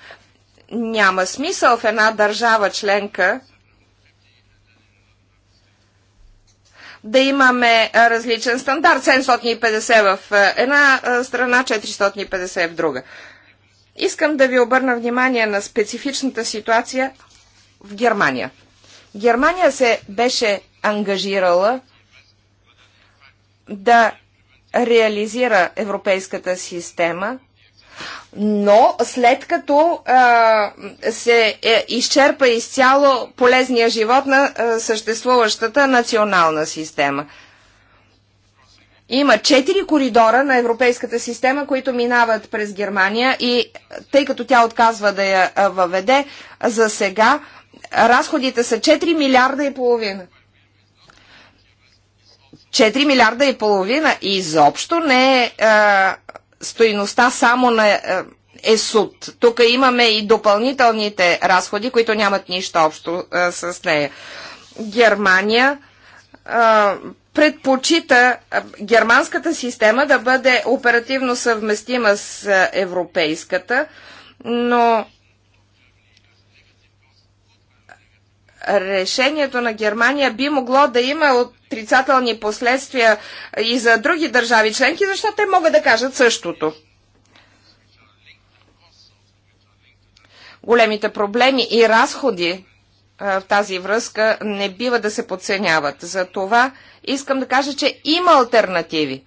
Speaker 2: Няма смисъл в една държава членка да имаме различен стандарт. 750 в една страна, 450 в друга. Искам да ви обърна внимание на специфичната ситуация в Германия. Германия се беше ангажирала да реализира европейската система, но след като а, се е, изчерпа изцяло полезния живот на а, съществуващата национална система – има четири коридора на европейската система, които минават през Германия и тъй като тя отказва да я въведе, за сега разходите са 4 милиарда и половина. 4 милиарда и половина и изобщо не е, стоиността само на е, ЕСУД. Тук имаме и допълнителните разходи, които нямат нищо общо с нея. Германия предпочита германската система да бъде оперативно съвместима с европейската, но решението на Германия би могло да има отрицателни последствия и за други държави членки, защото те могат да кажат същото. Големите проблеми и разходи в тази връзка не бива да се подценяват. За това искам да кажа, че има альтернативи.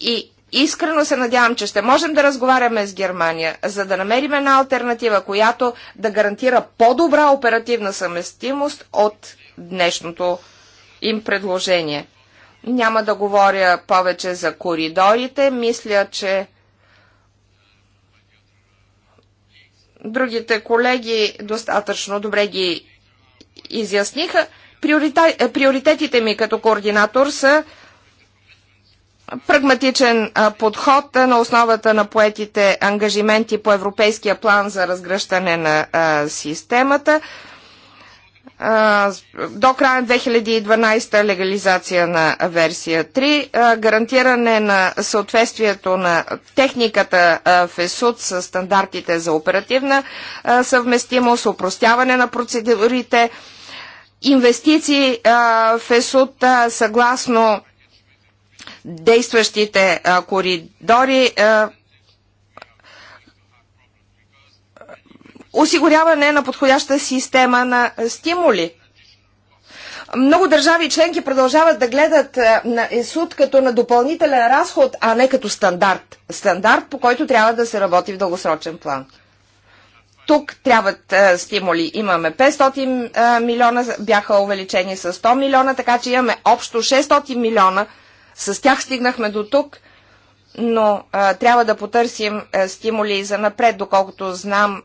Speaker 2: И искрено се надявам, че ще можем да разговаряме с Германия, за да намерим една альтернатива, която да гарантира по-добра оперативна съместимост от днешното им предложение. Няма да говоря повече за коридорите. Мисля, че другите колеги достатъчно добре ги изясниха. Е, приоритетите ми като координатор са прагматичен подход на основата на поетите ангажименти по Европейския план за разгръщане на системата, до края 2012 легализация на версия 3, гарантиране на съответствието на техниката в ЕСУД с стандартите за оперативна съвместимост, упростяване на процедурите, инвестиции в ЕСУД съгласно действащите коридори, осигуряване на подходяща система на е, стимули. Много държави и членки продължават да гледат е, на ЕСУД като на допълнителен разход, а не като стандарт. Стандарт, по който трябва да се работи в дългосрочен план. Тук трябват е, стимули. Имаме 500 милиона, бяха увеличени с 100 милиона, така че имаме общо 600 милиона. С тях стигнахме до тук, но трябва да потърсим стимули за напред, доколкото знам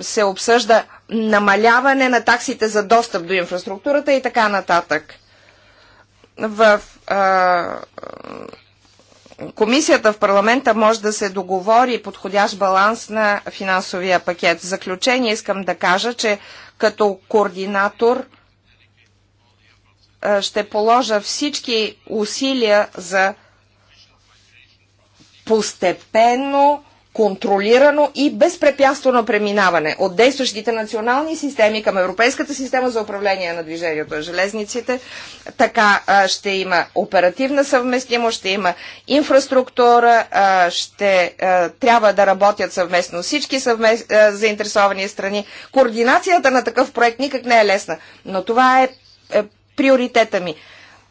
Speaker 2: се обсъжда намаляване на таксите за достъп до инфраструктурата и така нататък. В а, комисията в парламента може да се договори подходящ баланс на финансовия пакет. В заключение искам да кажа, че като координатор ще положа всички усилия за постепенно контролирано и безпрепятствено преминаване от действащите национални системи към Европейската система за управление на движението на железниците. Така ще има оперативна съвместимост, ще има инфраструктура, ще трябва да работят съвместно всички съвмест... заинтересовани страни. Координацията на такъв проект никак не е лесна, но това е, е приоритета ми.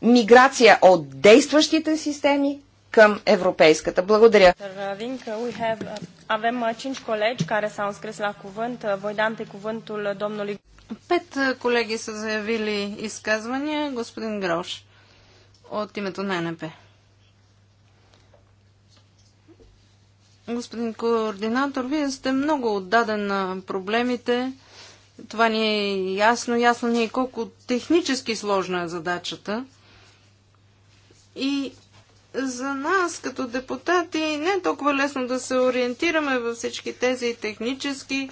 Speaker 2: Миграция от действащите системи към европейската. Благодаря.
Speaker 3: Uh, avem uh, cinci colegi care s-au înscris la cuvânt. Uh, voi da întâi cuvântul domnului...
Speaker 1: Пет колеги са заявили изказвания. Господин Грош от името на НП. Господин координатор, вие сте много отдаден на проблемите. Това ни е ясно. Ясно ни е колко технически сложна е задачата. И за нас като депутати не е толкова лесно да се ориентираме във всички тези технически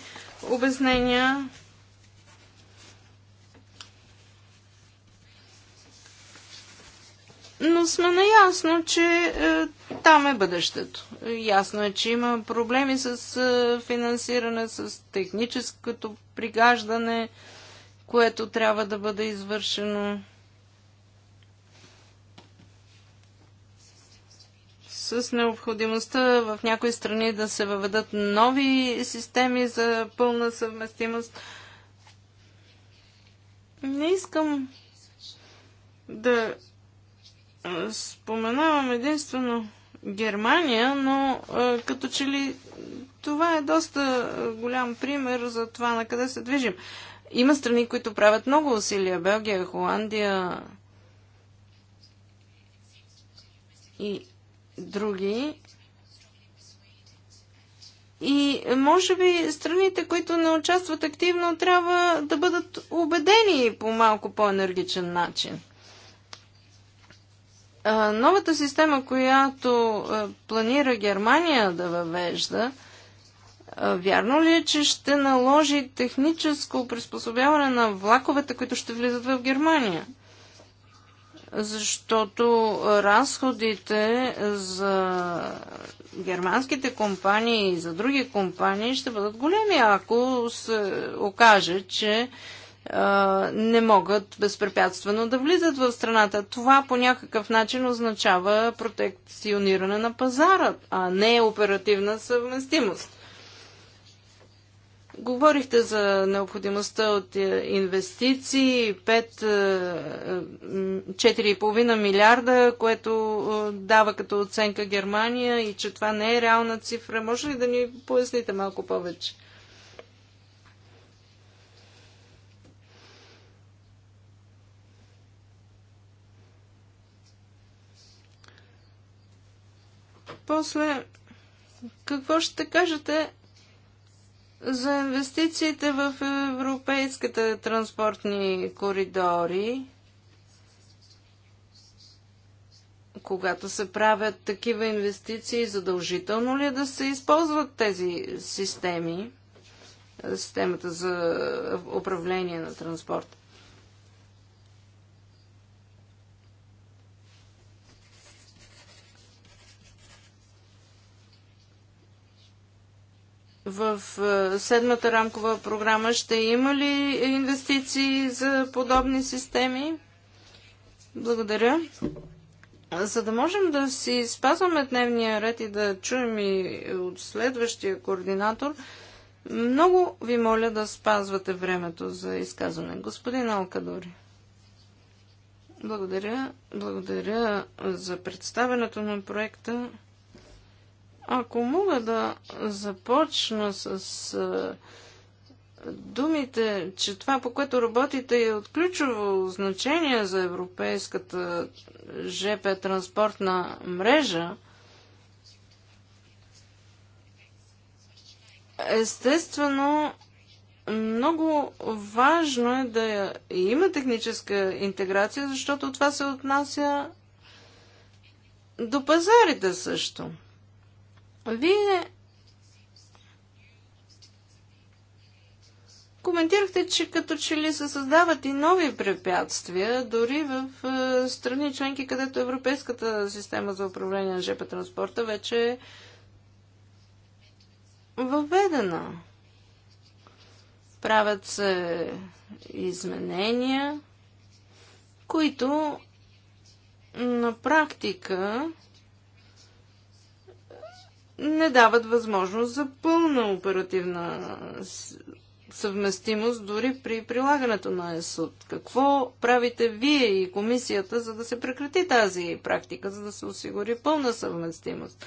Speaker 1: обяснения. Но сме наясно, че е, там е бъдещето. Ясно е, че има проблеми с е, финансиране, с техническото пригаждане, което трябва да бъде извършено. с необходимостта в някои страни да се въведат нови системи за пълна съвместимост. Не искам да споменавам единствено Германия, но като че ли това е доста голям пример за това на къде се движим. Има страни, които правят много усилия. Белгия, Холандия и други. И може би страните, които не участват активно, трябва да бъдат убедени по малко по-енергичен начин. Новата система, която планира Германия да въвежда, Вярно ли е, че ще наложи техническо приспособяване на влаковете, които ще влизат в Германия? защото разходите за германските компании и за други компании ще бъдат големи, ако се окаже, че не могат безпрепятствено да влизат в страната. Това по някакъв начин означава протекциониране на пазара, а не оперативна съвместимост. Говорихте за необходимостта от е, инвестиции 4,5 е, е, милиарда, което дава като оценка Германия и че това не е реална цифра. Може ли да ни поясните малко повече? После, какво ще кажете за инвестициите в европейските транспортни коридори, когато се правят такива инвестиции, задължително ли е да се използват тези системи, системата за управление на транспорта? в е, седмата рамкова програма ще има ли инвестиции за подобни системи? Благодаря. За да можем да си спазваме дневния ред и да чуем и от следващия координатор, много ви моля да спазвате времето за изказване. Господин Алкадори. Благодаря. Благодаря за представенето на проекта. Ако мога да започна с думите, че това, по което работите, е от ключово значение за европейската ЖП транспортна мрежа, естествено, много важно е да има техническа интеграция, защото това се отнася до пазарите също. Вие коментирахте, че като че ли се създават и нови препятствия, дори в е, страни членки, където Европейската система за управление на ЖП транспорта вече е въведена. Правят се изменения, които на практика не дават възможност за пълна оперативна съвместимост дори при прилагането на ЕСУД. Какво правите вие и комисията, за да се прекрати тази практика, за да се осигури пълна съвместимост?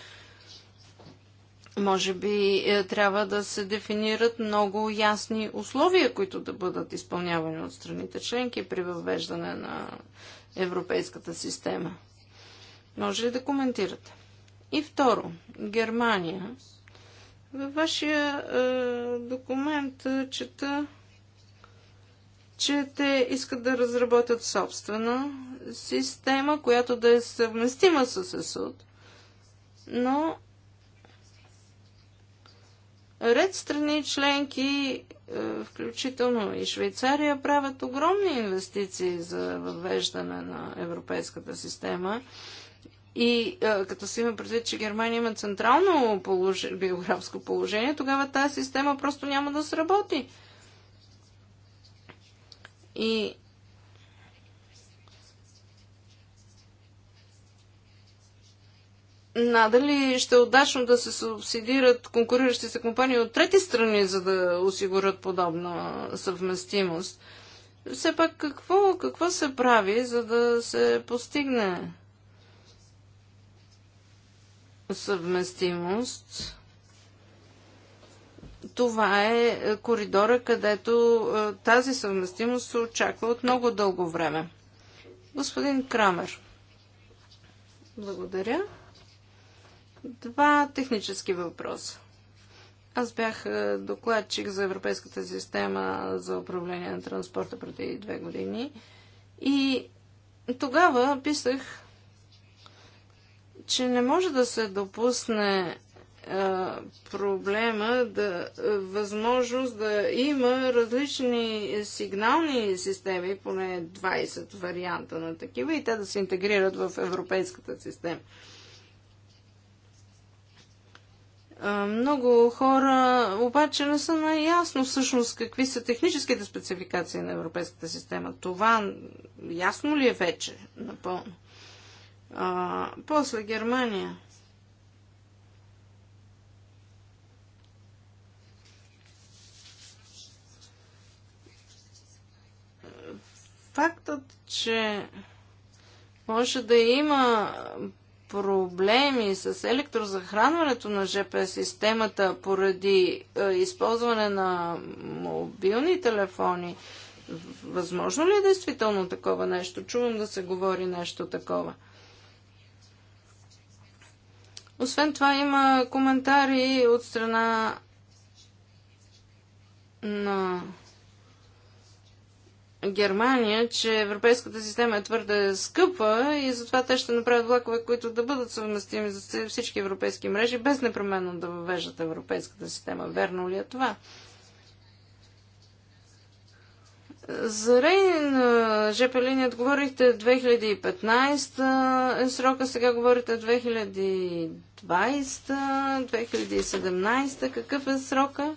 Speaker 1: Може би е, трябва да се дефинират много ясни условия, които да бъдат изпълнявани от страните членки при въвеждане на европейската система. Може ли да коментирате? И второ, Германия. Във вашия е, документ е, чета, че те искат да разработят собствена система, която да е съвместима с ЕСУД, но ред страни членки, е, включително и Швейцария, правят огромни инвестиции за въвеждане на европейската система. Е, и а, е, като си има предвид, че Германия има централно положи, биографско положение, тогава тази система просто няма да сработи. И надали ще е удачно да се субсидират конкуриращи се компании от трети страни, за да осигурят подобна съвместимост. Все пак какво, какво се прави, за да се постигне съвместимост. Това е коридора, където е, тази съвместимост се очаква от много дълго време. Господин Крамер, благодаря. Два технически въпроса. Аз бях е, докладчик за Европейската система за управление на транспорта преди две години и тогава писах че не може да се допусне проблема, да, възможност да има различни сигнални системи, поне 20 варианта на такива, и те да се интегрират в европейската система. Много хора обаче не са наясно всъщност какви са техническите спецификации на европейската система. Това ясно ли е вече напълно? А, после Германия. Фактът, че може да има проблеми с електрозахранването на ЖП системата поради е, използване на мобилни телефони, възможно ли е действително такова нещо? Чувам да се говори нещо такова. Освен това има коментари от страна на Германия, че европейската система е твърде скъпа и затова те ще направят влакове, които да бъдат съвместими за всички европейски мрежи, без непременно да въвеждат европейската система. Верно ли е това? За Рейн ЖП линия отговорихте 2015 е срока, сега говорите 2020, 2017. Какъв е срока?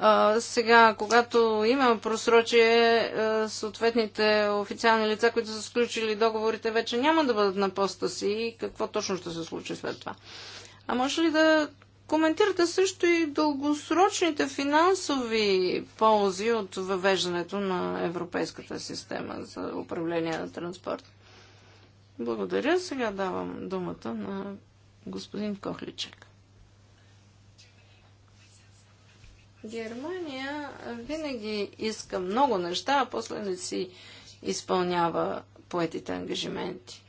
Speaker 1: А, сега, когато има просрочие, е, съответните официални лица, които са сключили договорите, вече няма да бъдат на поста си и какво точно ще се случи след това. А може ли да коментирате също и дългосрочните финансови ползи от въвеждането на европейската система за управление на транспорт? Благодаря. Сега давам думата на господин Кохличек. Германия винаги иска много неща, а после не си изпълнява поетите ангажименти.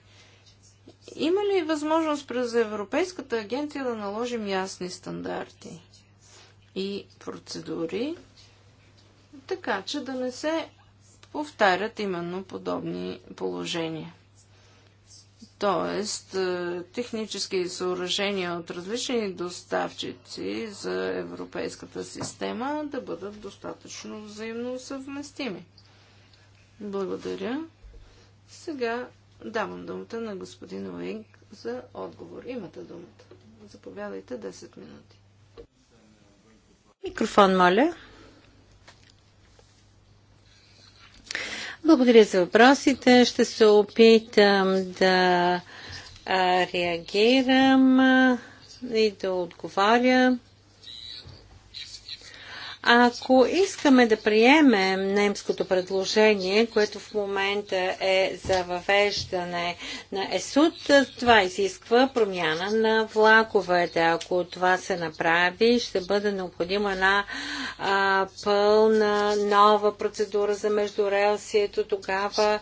Speaker 1: Има ли възможност през Европейската агенция да наложим ясни стандарти и процедури, така че да не се повтарят именно подобни положения? Тоест, е, технически съоръжения от различни доставчици за европейската система да бъдат достатъчно взаимно съвместими. Благодаря. Сега давам думата на господин Уинг за отговор. Имате думата. Заповядайте 10 минути.
Speaker 3: Микрофон, моля. Благодаря за въпросите. Ще се опитам да реагирам и да отговарям. Ако искаме да приемем немското предложение, което в момента е за въвеждане на ЕСУД, това изисква промяна на влаковете. Ако това се направи, ще бъде необходима една а, пълна нова процедура за междурелсието. Тогава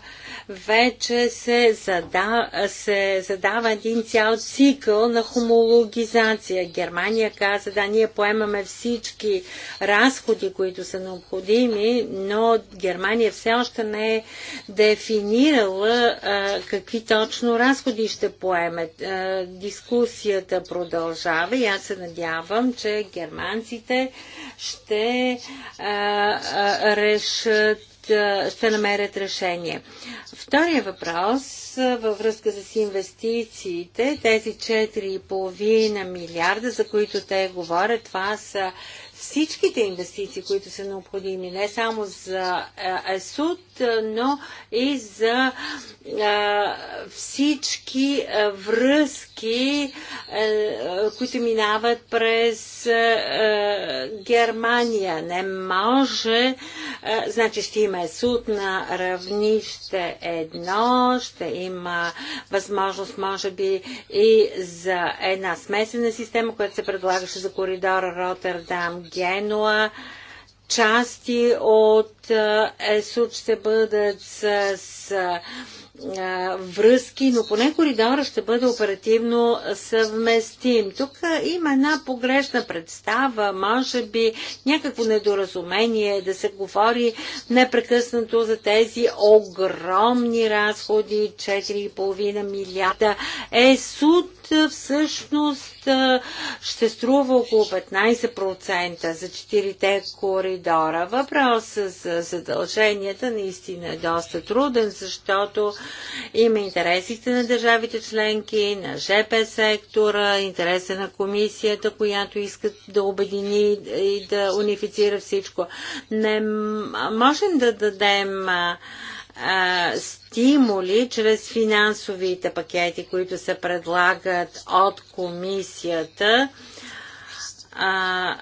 Speaker 3: вече се, задава, се задава един цял цикъл на хомологизация. Германия каза, да, ние поемаме всички разходи, разходи, които са необходими, но Германия все още не е дефинирала а, какви точно разходи ще поемет. А, дискусията продължава и аз се надявам, че германците ще а, а, решат ще намерят решение. Втория въпрос във връзка с инвестициите, тези 4,5 милиарда, за които те говорят, това са всичките инвестиции, които са необходими, не само за ЕСУД, но и за всички връзки, които минават през Германия. Не може, значи ще има ЕСУД на равнище едно, ще има възможност, може би, и за една смесена система, която се предлагаше за коридора Роттердам Генуа. Части от ЕСУД ще бъдат с, с връзки, но поне коридора ще бъде оперативно съвместим. Тук има една погрешна представа, може би някакво недоразумение да се говори непрекъснато за тези огромни разходи, 4,5 милиарда. Е, суд всъщност ще струва около 15% за 4 те коридора. Въпросът за задълженията наистина е доста труден, защото има интересите на държавите членки, на ЖП сектора, интереса на комисията, която иска да обедини и да унифицира всичко. Не можем да дадем а, а, стимули чрез финансовите пакети, които се предлагат от комисията. А,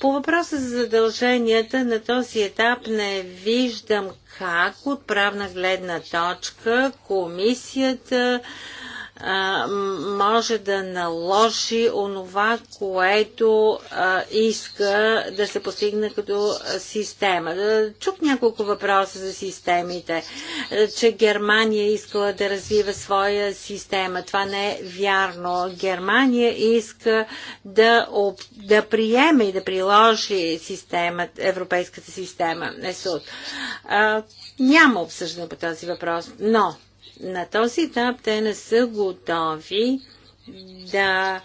Speaker 3: по въпроса за задълженията на този етап не виждам как от правна гледна точка комисията може да наложи онова, което иска да се постигне като система. Чук няколко въпроса за системите. Че Германия искала да развива своя система. Това не е вярно. Германия иска да, об, да приеме и да приложи системата, европейската система. Не суд. няма обсъждане по този въпрос, но на този етап те не са готови да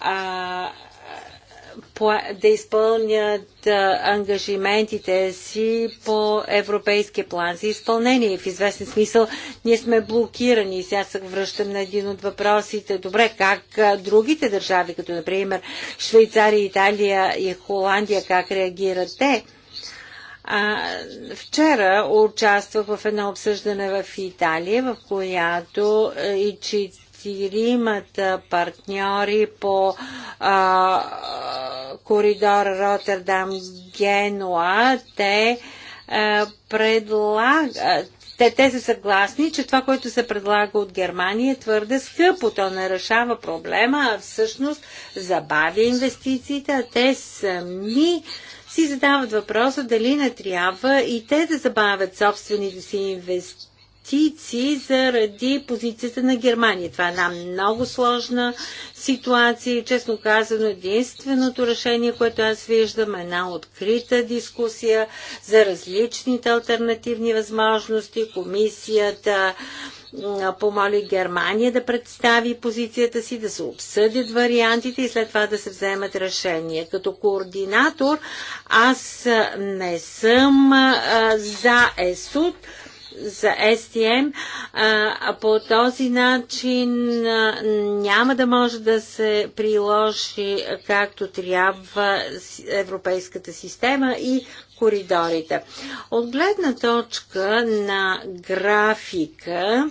Speaker 3: а, да изпълнят ангажиментите си по европейския план за изпълнение. В известен смисъл ние сме блокирани. Сега се връщам на един от въпросите. Добре, как другите държави, като например Швейцария, Италия и Холандия, как реагират те? А, вчера участвах в едно обсъждане в Италия, в която е, и четиримата партньори по а, коридор Роттердам Генуа, те а, е, предлагат те, те са съгласни, че това, което се предлага от Германия е твърде скъпо. То не решава проблема, а всъщност забавя инвестициите, а те сами си задават въпроса дали не трябва и те да забавят собствените си инвестиции заради позицията на Германия. Това е една много сложна ситуация и честно казано единственото решение, което аз виждам е една открита дискусия за различните альтернативни възможности. Комисията помоли Германия да представи позицията си, да се обсъдят вариантите и след това да се вземат решения. Като координатор аз не съм за ЕСУД, за СТМ. По този начин няма да може да се приложи както трябва европейската система и коридорите. От гледна точка на графика,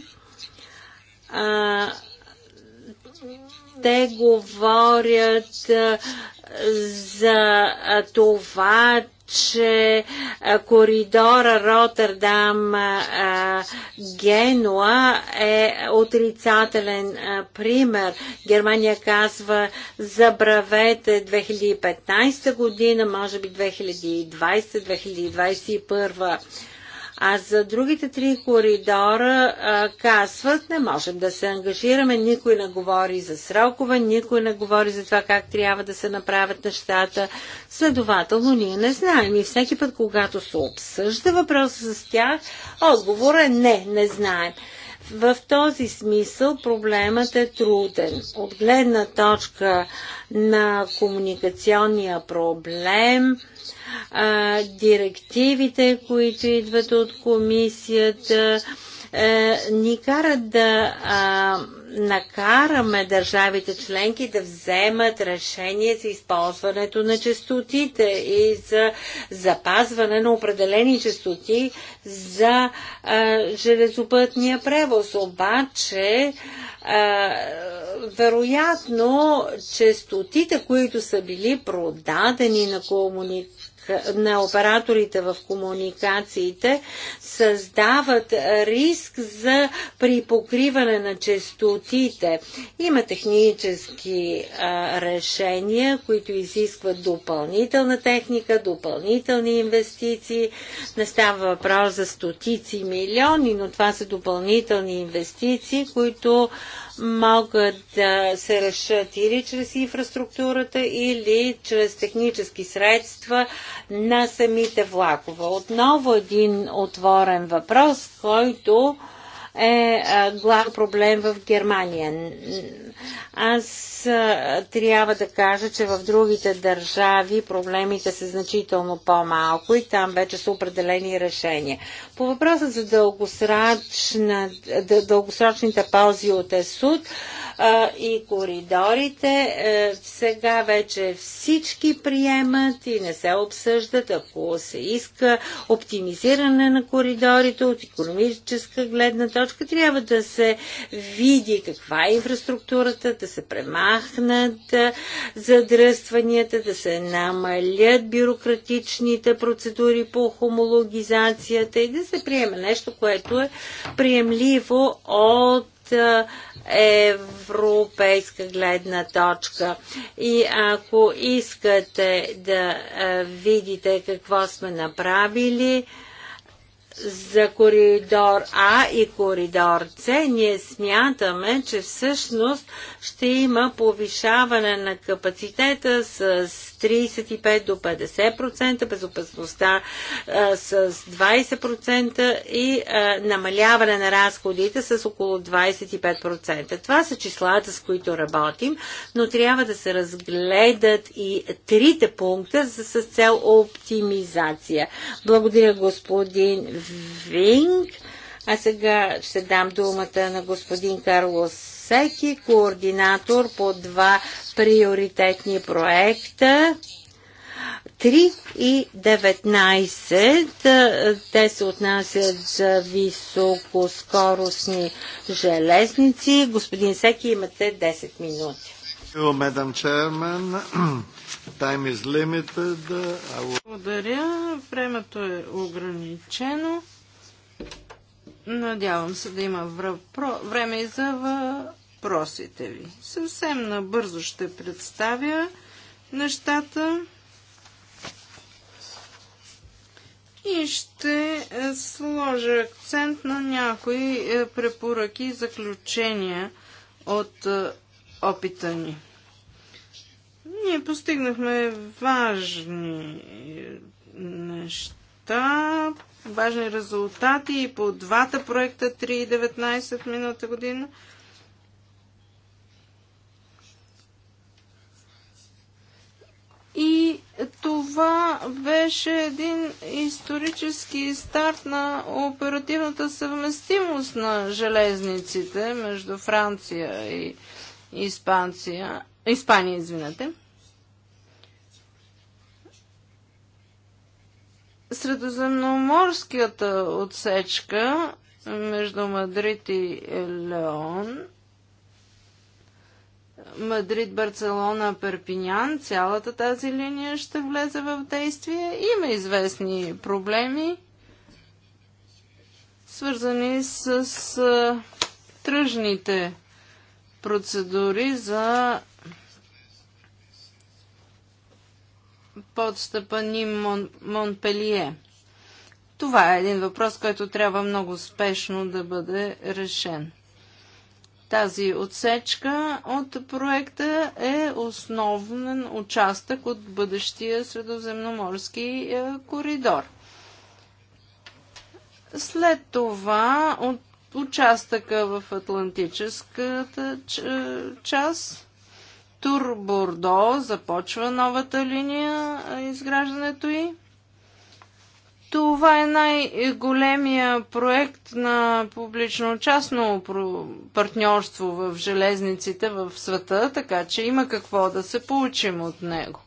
Speaker 3: а, те говорят за това, че коридора Роттердам Генуа е отрицателен пример. Германия казва забравете 2015 година, може би 2020-2021 а за другите три коридора а, казват, не можем да се ангажираме, никой не говори за срокове, никой не говори за това как трябва да се направят нещата. Следователно, ние не знаем. И всеки път, когато се обсъжда въпроса с тях, отговор е не, не знаем. В този смисъл проблемът е труден. От гледна точка на комуникационния проблем, а, директивите, които идват от комисията, а, е, ни карат да а, накараме държавите членки да вземат решение за използването на частотите и за запазване на определени частоти за а, железопътния превоз. Обаче, а, вероятно, честотите, които са били продадени на комуникацията, на операторите в комуникациите създават риск за припокриване на частотите. Има технически а, решения, които изискват допълнителна техника, допълнителни инвестиции. Не става въпрос за стотици милиони, но това са допълнителни инвестиции, които могат да се решат или чрез инфраструктурата, или чрез технически средства на самите влакове. Отново един отворен въпрос, който е главен проблем в Германия. Аз трябва да кажа, че в другите държави проблемите са значително по-малко и там вече са определени решения. По въпроса за дългосрочните паузи от ЕСУД, а, и коридорите. А, е, сега вече всички приемат и не се обсъждат, ако се иска оптимизиране на коридорите от економическа гледна точка, трябва да се види каква е инфраструктурата, да се премахнат е, задръстванията, да се намалят бюрократичните процедури по хомологизацията и да се приеме нещо, което е приемливо от е, европейска гледна точка. И ако искате да е, видите какво сме направили, за коридор А и коридор С, ние смятаме, че всъщност ще има повишаване на капацитета с 35 до 50%, безопасността а, с 20% и а, намаляване на разходите с около 25%. Това са числата, с които работим, но трябва да се разгледат и трите пункта с, с цел оптимизация. Благодаря господин Винг. А сега ще дам думата на господин Карлос всеки координатор по два приоритетни проекта. 3 и 19. Те се отнасят за високоскоростни железници. Господин Секи, имате 10 минути.
Speaker 1: Благодаря. Времето е ограничено. Надявам се да има въпро... време и за въпросите ви. Съвсем набързо ще представя нещата и ще е, сложа акцент на някои е, препоръки и заключения от е, опита ни. Ние постигнахме важни неща важни резултати и по двата проекта 3.19 и миналата година. И това беше един исторически старт на оперативната съвместимост на железниците между Франция и Испанция, Испания, извинете. средоземноморската отсечка между Мадрид и Леон, Мадрид, Барселона, Перпинян, цялата тази линия ще влезе в действие. Има известни проблеми, свързани с тръжните процедури за подстъпа ни Мон, Монпелие. Това е един въпрос, който трябва много спешно да бъде решен. Тази отсечка от проекта е основен участък от бъдещия средоземноморски е, коридор. След това от участъка в Атлантическата част Тур Бордо започва новата линия, изграждането й. Това е най-големия проект на публично-частно партньорство в железниците в света, така че има какво да се получим от него.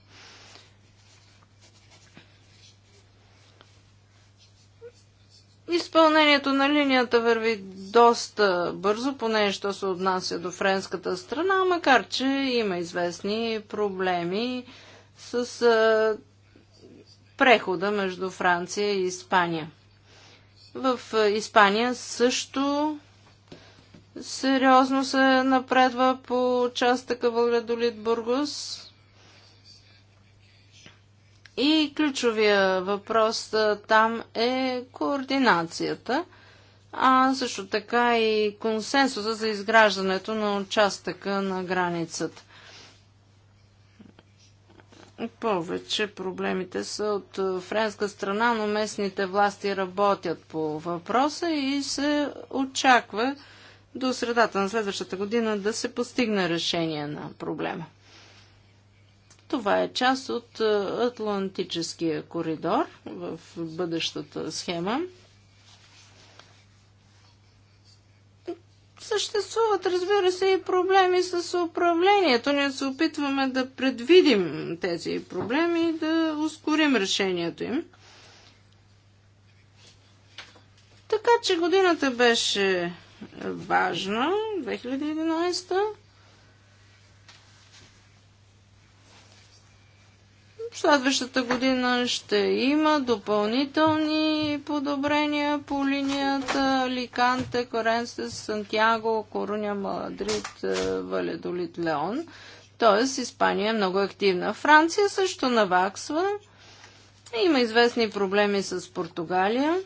Speaker 1: Изпълнението на линията върви доста бързо, поне що се отнася до френската страна, макар че има известни проблеми с а, прехода между Франция и Испания. В Испания също сериозно се напредва по частъка Валградолит бургус и ключовия въпрос там е координацията, а също така и консенсуса за изграждането на участъка на границата. Повече проблемите са от френска страна, но местните власти работят по въпроса и се очаква до средата на следващата година да се постигне решение на проблема. Това е част от е, Атлантическия коридор в бъдещата схема. Съществуват, разбира се, и проблеми с управлението. Ние се опитваме да предвидим тези проблеми и да ускорим решението им. Така че годината беше важна, 2011. Следващата година ще има допълнителни подобрения по линията Ликанте, Коренсе, Сантьяго, Коруня, Мадрид, е, Валедолит, Леон. Тоест Испания е много активна. Франция също наваксва. Има известни проблеми с Португалия.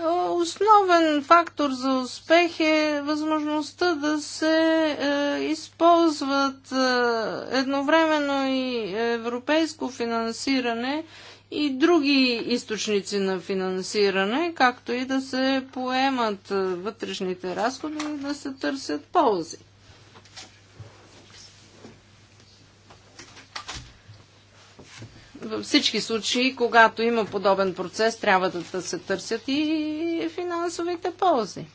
Speaker 1: Е, основен фактор за успех е възможността да се е, използват е, едновременно и европейско финансиране и други източници на финансиране, както и да се поемат вътрешните разходи и да се търсят ползи. Във всички случаи, когато има подобен процес, трябва да се търсят и финансовите ползи.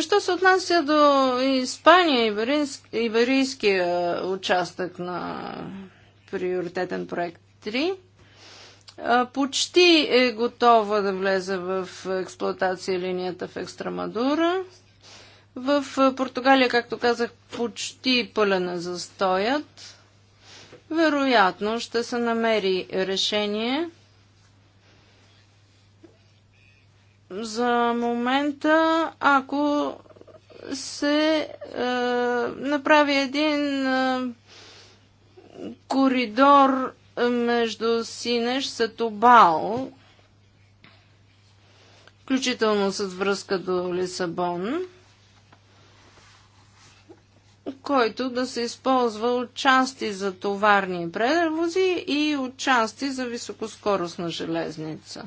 Speaker 1: Що се отнася до Испания, Иберинск, Иберийския участък на приоритетен проект 3, почти е готова да влезе в експлоатация линията в Екстрамадура. В Португалия, както казах, почти пълен е застоят вероятно ще се намери решение. За момента, ако се е, направи един е, коридор е, между Синеш и включително с връзка до Лисабон, който да се използва от части за товарни превози и от части за високоскоростна железница.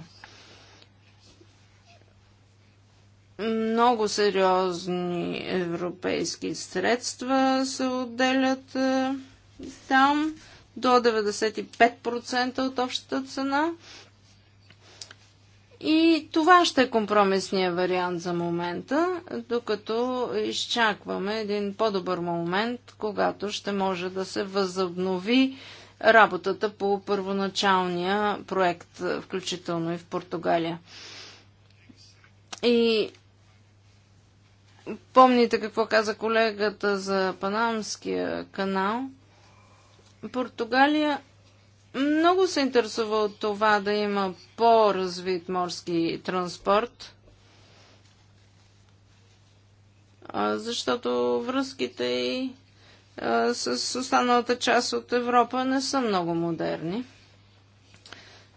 Speaker 1: Много сериозни европейски средства се отделят е, там до 95% от общата цена и това ще е компромисния вариант за момента, докато изчакваме един по-добър момент, когато ще може да се възобнови работата по първоначалния проект, включително и в Португалия. И помните какво каза колегата за Панамския канал. Португалия много се интересува от това да има по-развит морски транспорт, защото връзките и с останалата част от Европа не са много модерни.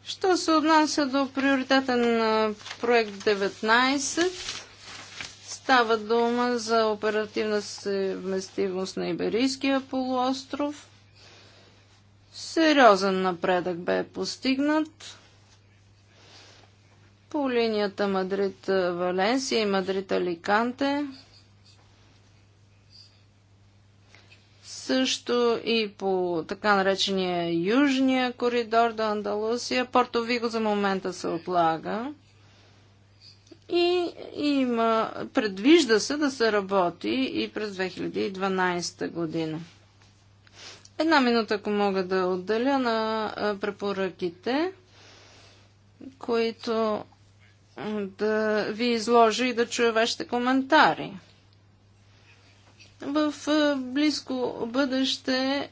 Speaker 1: Що се отнася до приоритета на проект 19, става дума за оперативна съвместимост на Иберийския полуостров – Сериозен напредък бе постигнат по линията Мадрид-Валенсия е, и Мадрид-Аликанте. Също и по така наречения Южния коридор до Андалусия. Порто Виго за момента се отлага. И има, предвижда се да се работи и през 2012 година. Една минута, ако мога да отделя на препоръките, които да ви изложа и да чуя вашите коментари. В близко бъдеще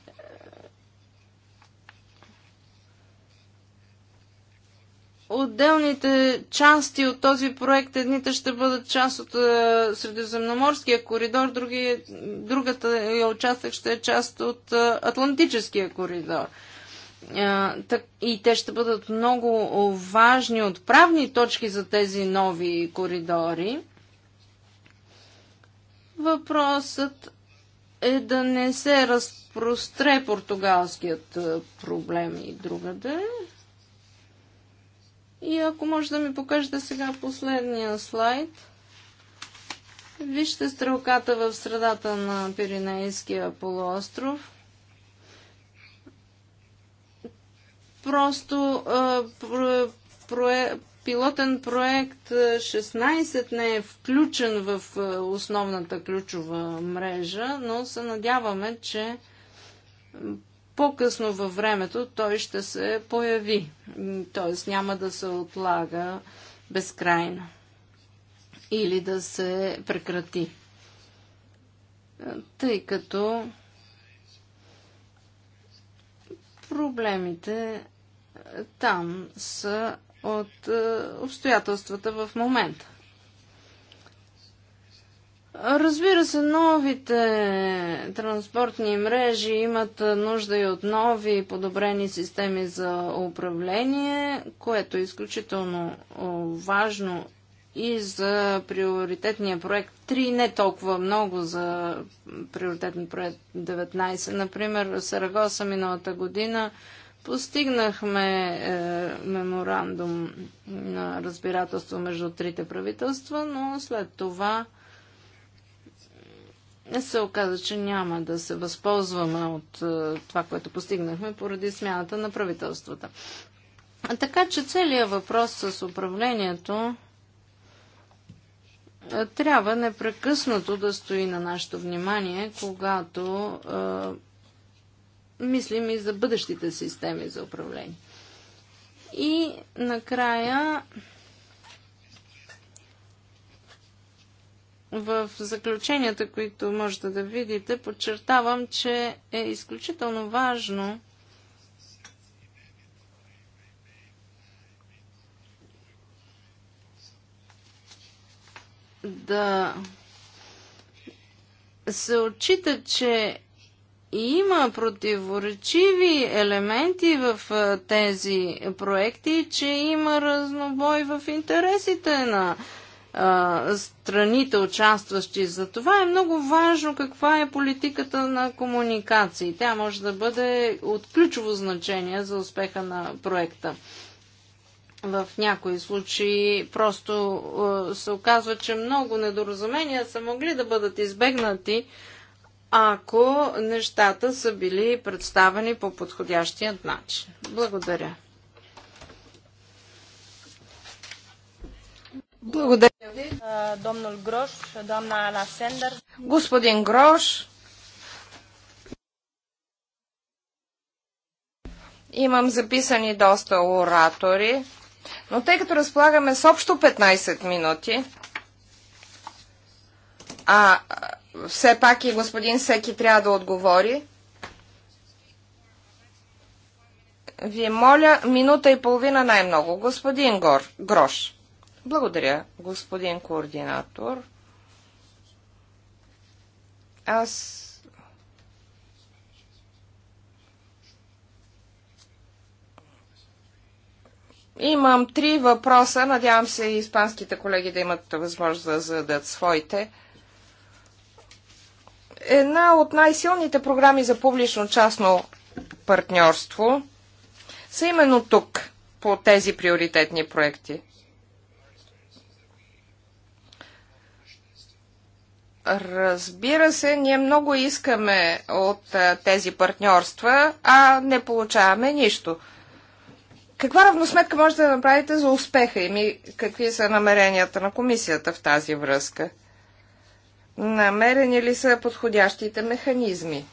Speaker 1: отделните части от този проект, едните ще бъдат част от е, Средиземноморския коридор, други, другата е, участък ще е част от е, Атлантическия коридор. И те ще бъдат много важни отправни точки за тези нови коридори. Въпросът е да не се разпростре португалският проблем и другаде. Да и ако може да ми покажете сега последния слайд. Вижте стрелката в средата на Пиренейския полуостров. Просто а, про, про, пилотен проект 16 не е включен в основната ключова мрежа, но се надяваме, че по-късно във времето той ще се появи, т.е. няма да се отлага безкрайно или да се прекрати. Тъй като проблемите там са от е, обстоятелствата в момента. Разбира се, новите транспортни мрежи имат нужда и от нови подобрени системи за управление, което е изключително важно и за приоритетния проект 3, не толкова много за приоритетен проект 19. Например, Сарагоса миналата година постигнахме е, меморандум на разбирателство между трите правителства, но след това се оказа, че няма да се възползваме от е, това, което постигнахме поради смяната на правителствата. Така че целият въпрос с управлението е, трябва непрекъснато да стои на нашето внимание, когато е, мислим и за бъдещите системи за управление. И накрая В заключенията, които можете да видите, подчертавам, че е изключително важно да се отчита, че има противоречиви елементи в тези проекти, че има разнобой в интересите на страните участващи. За това е много важно каква е политиката на комуникации. Тя може да бъде от ключово значение за успеха на проекта. В някои случаи просто се оказва, че много недоразумения са могли да бъдат избегнати, ако нещата са били представени по подходящият начин. Благодаря.
Speaker 2: Благодаря
Speaker 3: ви. Домнул Грош, домна Ана Сендър.
Speaker 2: Господин Грош, имам записани доста оратори, но тъй като разполагаме с общо 15 минути, а все пак и господин Секи трябва да отговори, ви моля минута и половина най-много. Господин Гор, Грош. Благодаря, господин координатор. Аз Имам три въпроса. Надявам се и испанските колеги да имат възможност да зададат своите. Една от най-силните програми за публично-частно партньорство са именно тук, по тези приоритетни проекти. Разбира се, ние много искаме от тези партньорства, а не получаваме нищо. Каква равносметка може да направите за успеха им и какви са намеренията на комисията в тази връзка? Намерени ли са подходящите механизми?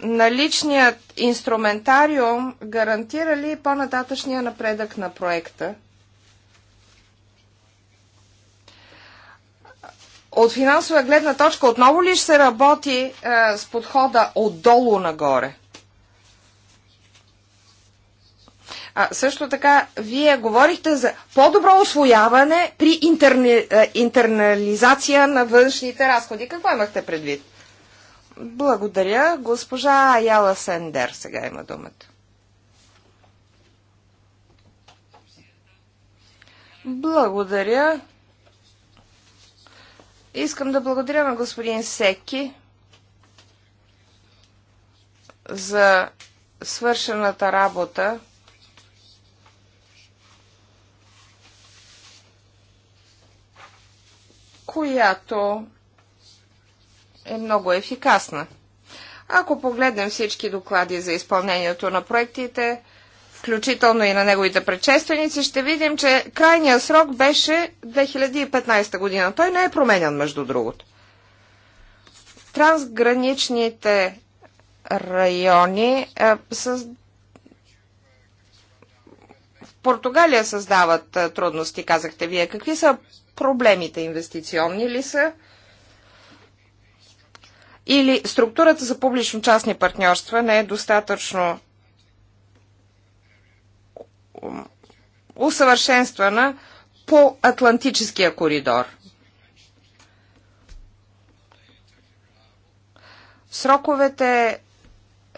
Speaker 2: Наличният инструментариум гарантира ли по-нататъчния напредък на проекта? От финансова гледна точка отново ли ще се работи е, с подхода отдолу нагоре? А, също така, вие говорихте за по-добро освояване при интерни, е, интернализация на външните разходи. Какво имахте предвид? Благодаря. Госпожа Аяла Сендер сега има думата. Благодаря. Искам да благодаря на господин Секи за свършената работа. която е много ефикасна. Ако погледнем всички доклади за изпълнението на проектите, включително и на неговите предшественици, ще видим, че крайният срок беше 2015 година. Той не е променен, между другото. Трансграничните райони а, в Португалия създават а, трудности, казахте вие. Какви са проблемите? Инвестиционни ли са? Или структурата за публично-частни партньорства не е достатъчно усъвършенствана по Атлантическия коридор. Сроковете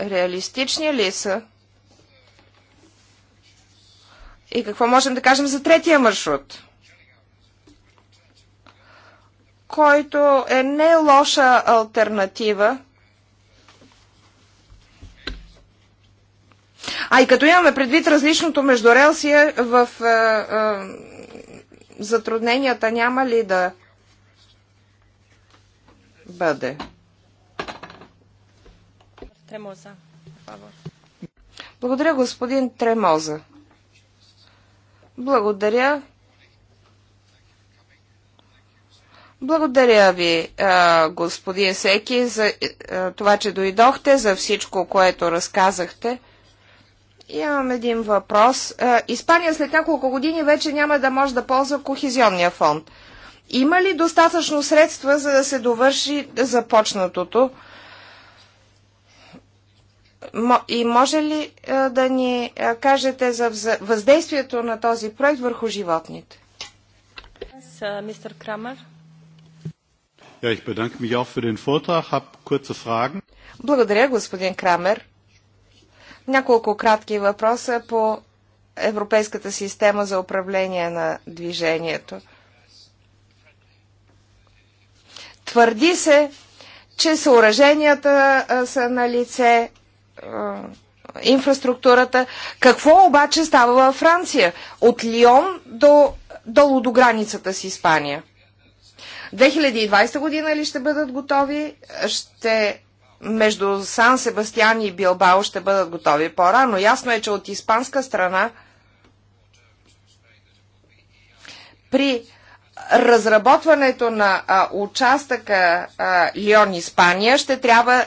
Speaker 2: реалистични ли са? И какво можем да кажем за третия маршрут? Който е не лоша альтернатива А и като имаме предвид различното между релсия в е, е, затрудненията няма ли да бъде? Тремоза. Благодаря, господин Тремоза. Благодаря. Благодаря ви, е, господин Секи, за е, е, това, че дойдохте, за всичко, което разказахте. Имам един въпрос. Е, Испания след няколко години вече няма да може да ползва кохезионния фонд. Има ли достатъчно средства, за да се довърши започнатото? И може ли е, да ни е, кажете за въздействието на този проект върху животните?
Speaker 3: Мистер Крамер.
Speaker 2: Благодаря, господин Крамер. Няколко кратки въпроса по Европейската система за управление на движението. Твърди се, че съоръженията са на лице, инфраструктурата. Какво обаче става във Франция? От Лион до, долу до границата с Испания. 2020 година ли ще бъдат готови? Ще между Сан Себастьян и Билбао ще бъдат готови по-рано. Ясно е, че от испанска страна при разработването на а, участъка Лион Испания ще трябва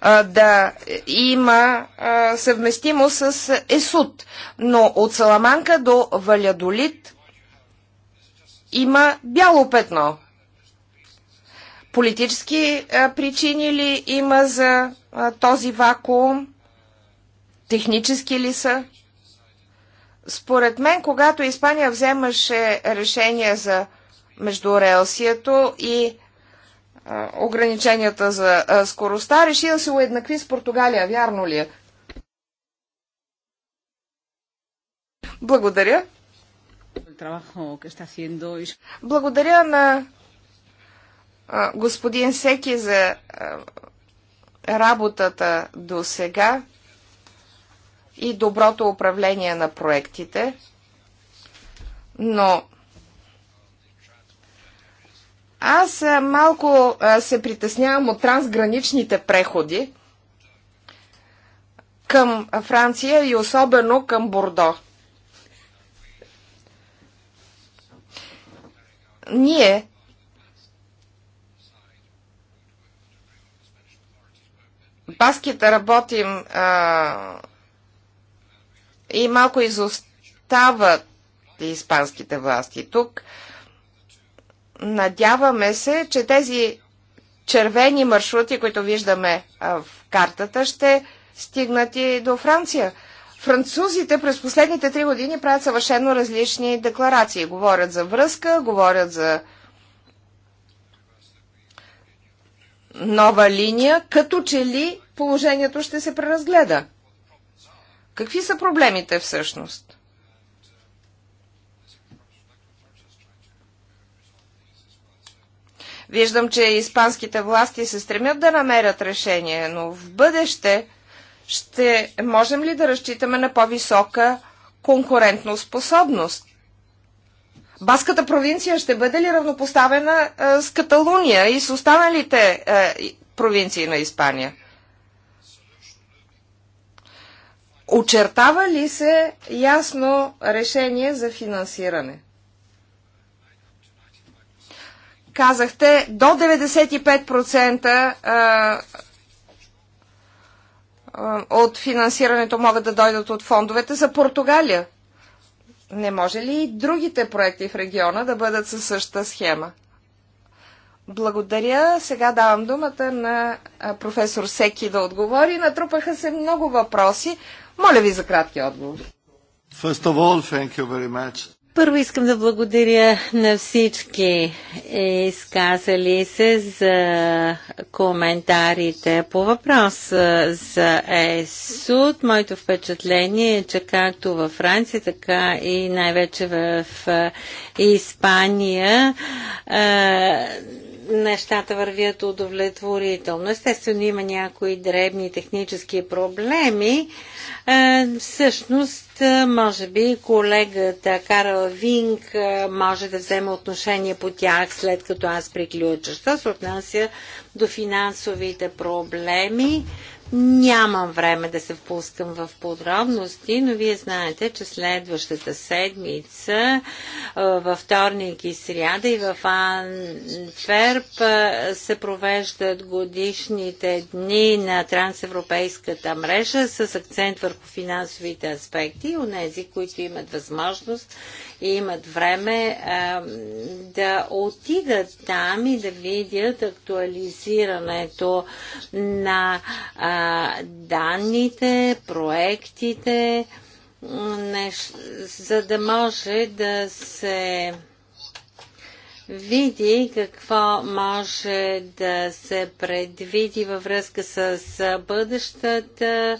Speaker 2: а, да има а, съвместимо с Есуд. Но от Саламанка до Валядолит има бяло петно – Политически причини ли има за този вакуум? Технически ли са? Според мен, когато Испания вземаше решение за междурелсието и ограниченията за скоростта, реши да се уеднакви с Португалия. Вярно ли е? Благодаря. Благодаря на господин Секи за работата до сега и доброто управление на проектите, но аз малко се притеснявам от трансграничните преходи към Франция и особено към Бордо. Ние Паски работим а, и малко изостават испанските власти тук. Надяваме се, че тези червени маршрути, които виждаме а, в картата, ще стигнат и до Франция. Французите през последните три години правят съвършено различни декларации. Говорят за връзка, говорят за нова линия, като че ли положението ще се преразгледа. Какви са проблемите всъщност? Виждам, че испанските власти се стремят да намерят решение, но в бъдеще ще можем ли да разчитаме на по-висока конкурентно способност? Баската провинция ще бъде ли равнопоставена а, е, с Каталуния и с останалите а, е, провинции на Испания? Очертава ли се ясно решение за финансиране? Казахте до 95% от финансирането могат да дойдат от фондовете за Португалия. Не може ли и другите проекти в региона да бъдат със същата схема? Благодаря. Сега давам думата на професор Секи да отговори. Натрупаха се много въпроси. Моля ви за кратки отговори.
Speaker 3: Първо искам да благодаря на всички е, изказали се за коментарите по въпрос за ЕСУД. Моето впечатление е, че както във Франция, така и най-вече в е, Испания е, нещата вървят удовлетворително. Естествено има някои дребни технически проблеми, е, всъщност, е, може би колегата Карл Винг е, може да вземе отношение по тях след като аз приключа. Що се отнася до финансовите проблеми, Нямам време да се впускам в подробности, но вие знаете, че следващата седмица, във вторник и сряда и в Анферп се провеждат годишните дни на трансевропейската мрежа с акцент върху финансовите аспекти и нези, които имат възможност имат време а, да отидат там и да видят актуализирането на а, данните, проектите, неш... за да може да се види какво може да се предвиди във връзка с бъдещата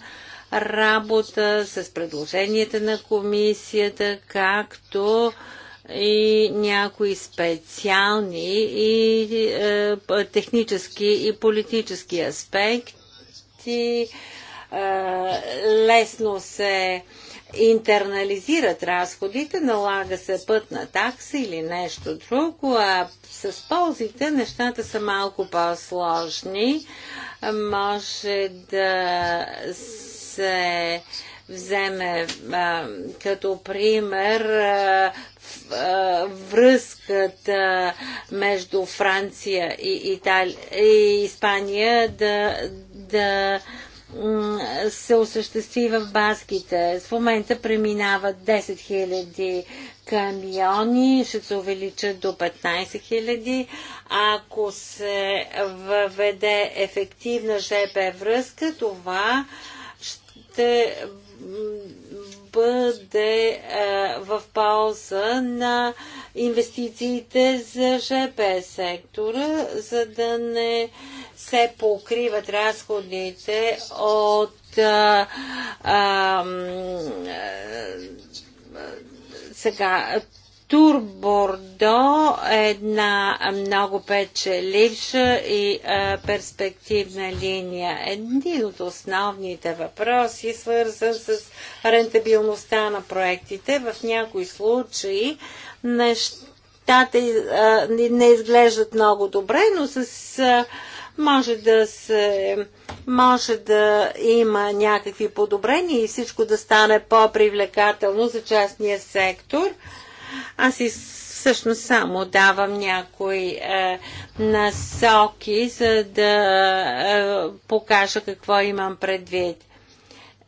Speaker 3: работа с предложенията на комисията, както и някои специални и е, технически и политически аспекти. Е, лесно се интернализират разходите, налага се пътна такса или нещо друго, а с ползите нещата са малко по-сложни. Може да се вземе а, като пример а, а, връзката между Франция и, Итали... и Испания да, да се осъществи в Баските. В момента преминават 10 000 камиони, ще се увеличат до 15 000. Ако се въведе ефективна ЖП връзка, това а, ще бъде а, е, в пауза на инвестициите за ЖП сектора, за да не се покриват разходите от а, е, а, е, сега Артур Бордо е една много печеливша и а, е, перспективна линия. Един от основните въпроси свързан с рентабилността на проектите. В някои случаи нещата а, е, не изглеждат много добре, но с а, е, може да се може да има някакви подобрения и всичко да стане по-привлекателно за частния сектор. Аз и всъщност само давам някои е, насоки, за да е, покажа какво имам предвид.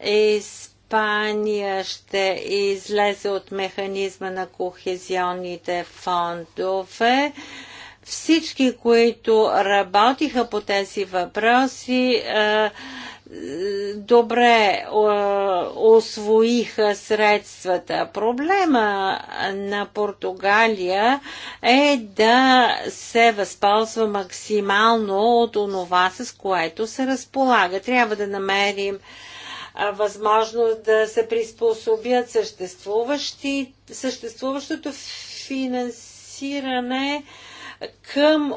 Speaker 3: Испания ще излезе от механизма на кохезионните фондове. Всички, които работиха по тези въпроси, е, добре освоиха средствата. Проблема на Португалия е да се възползва максимално от онова, с което се разполага. Трябва да намерим възможност да се приспособят съществуващи, съществуващото финансиране към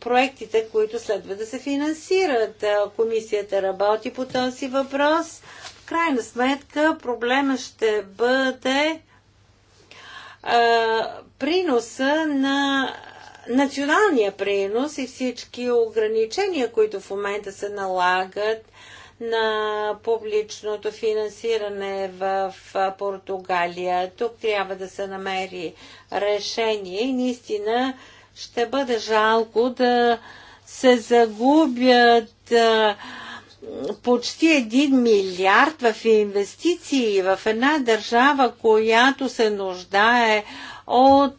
Speaker 3: проектите, които следва да се финансират. Комисията работи по този въпрос. В крайна сметка проблема ще бъде а, приноса на националния принос и всички ограничения, които в момента се налагат на публичното финансиране в Португалия. Тук трябва да се намери решение и наистина ще бъде жалко да се загубят а, почти 1 милиард в инвестиции в една държава, която се нуждае от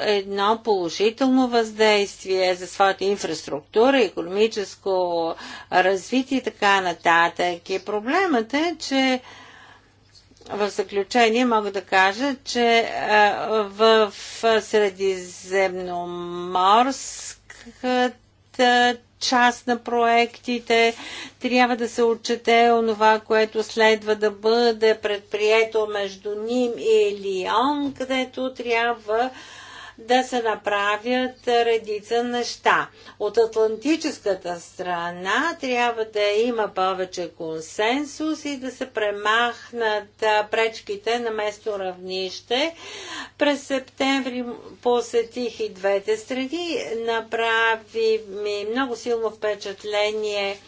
Speaker 3: едно положително въздействие за своята инфраструктура, економическо развитие и така нататък. И проблемът е, че в заключение мога да кажа, че е, в средиземноморската част на проектите трябва да се отчете онова, което следва да бъде предприето между Ним и Лион, където трябва да се направят редица неща. От атлантическата страна трябва да има повече консенсус и да се премахнат пречките на место равнище. През септември посетих и двете среди. Направи ми много силно впечатление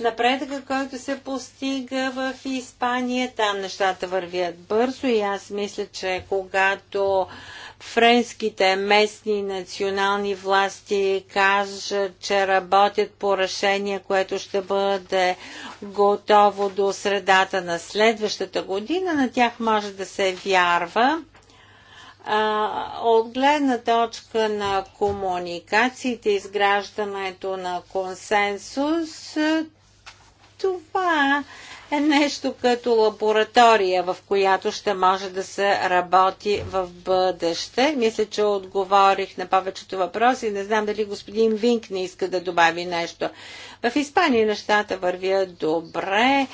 Speaker 3: напредъка, който се постига в Испания. Там нещата вървят бързо и аз мисля, че когато френските местни и национални власти кажат, че работят по решение, което ще бъде готово до средата на следващата година, на тях може да се вярва. От гледна точка на комуникациите, изграждането на консенсус, това е е нещо като лаборатория, в която ще може да се работи в бъдеще. Мисля, че отговорих на повечето въпроси. Не знам дали господин Винк не иска да добави нещо. В Испания нещата вървят добре.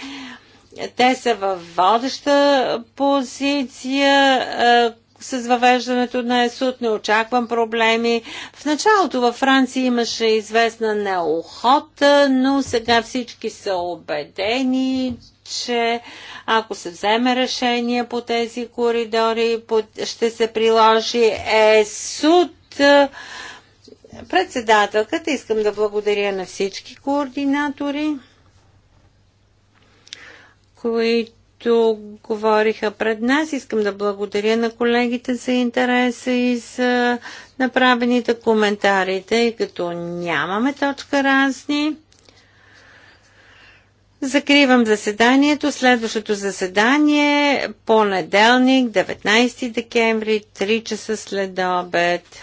Speaker 3: Те са в водеща позиция с въвеждането на ЕСУД, не очаквам проблеми. В началото във Франция имаше известна неохота, но сега всички са убедени, че ако се вземе решение по тези коридори, ще се приложи ЕСУД. Председателката, искам да благодаря на всички координатори, които които говориха пред нас. Искам да благодаря на колегите за интереса и за направените коментари, тъй като нямаме точка разни. Закривам заседанието. Следващото заседание е понеделник, 19 декември, 3 часа след обед.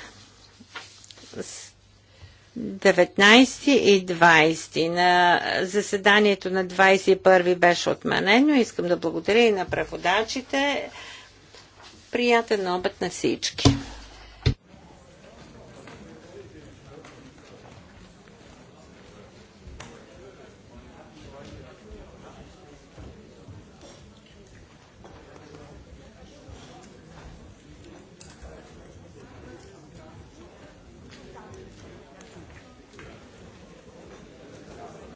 Speaker 3: 19 и 20. На заседанието на 21 беше отменено. Искам да благодаря и на преводачите. Приятен обед на всички!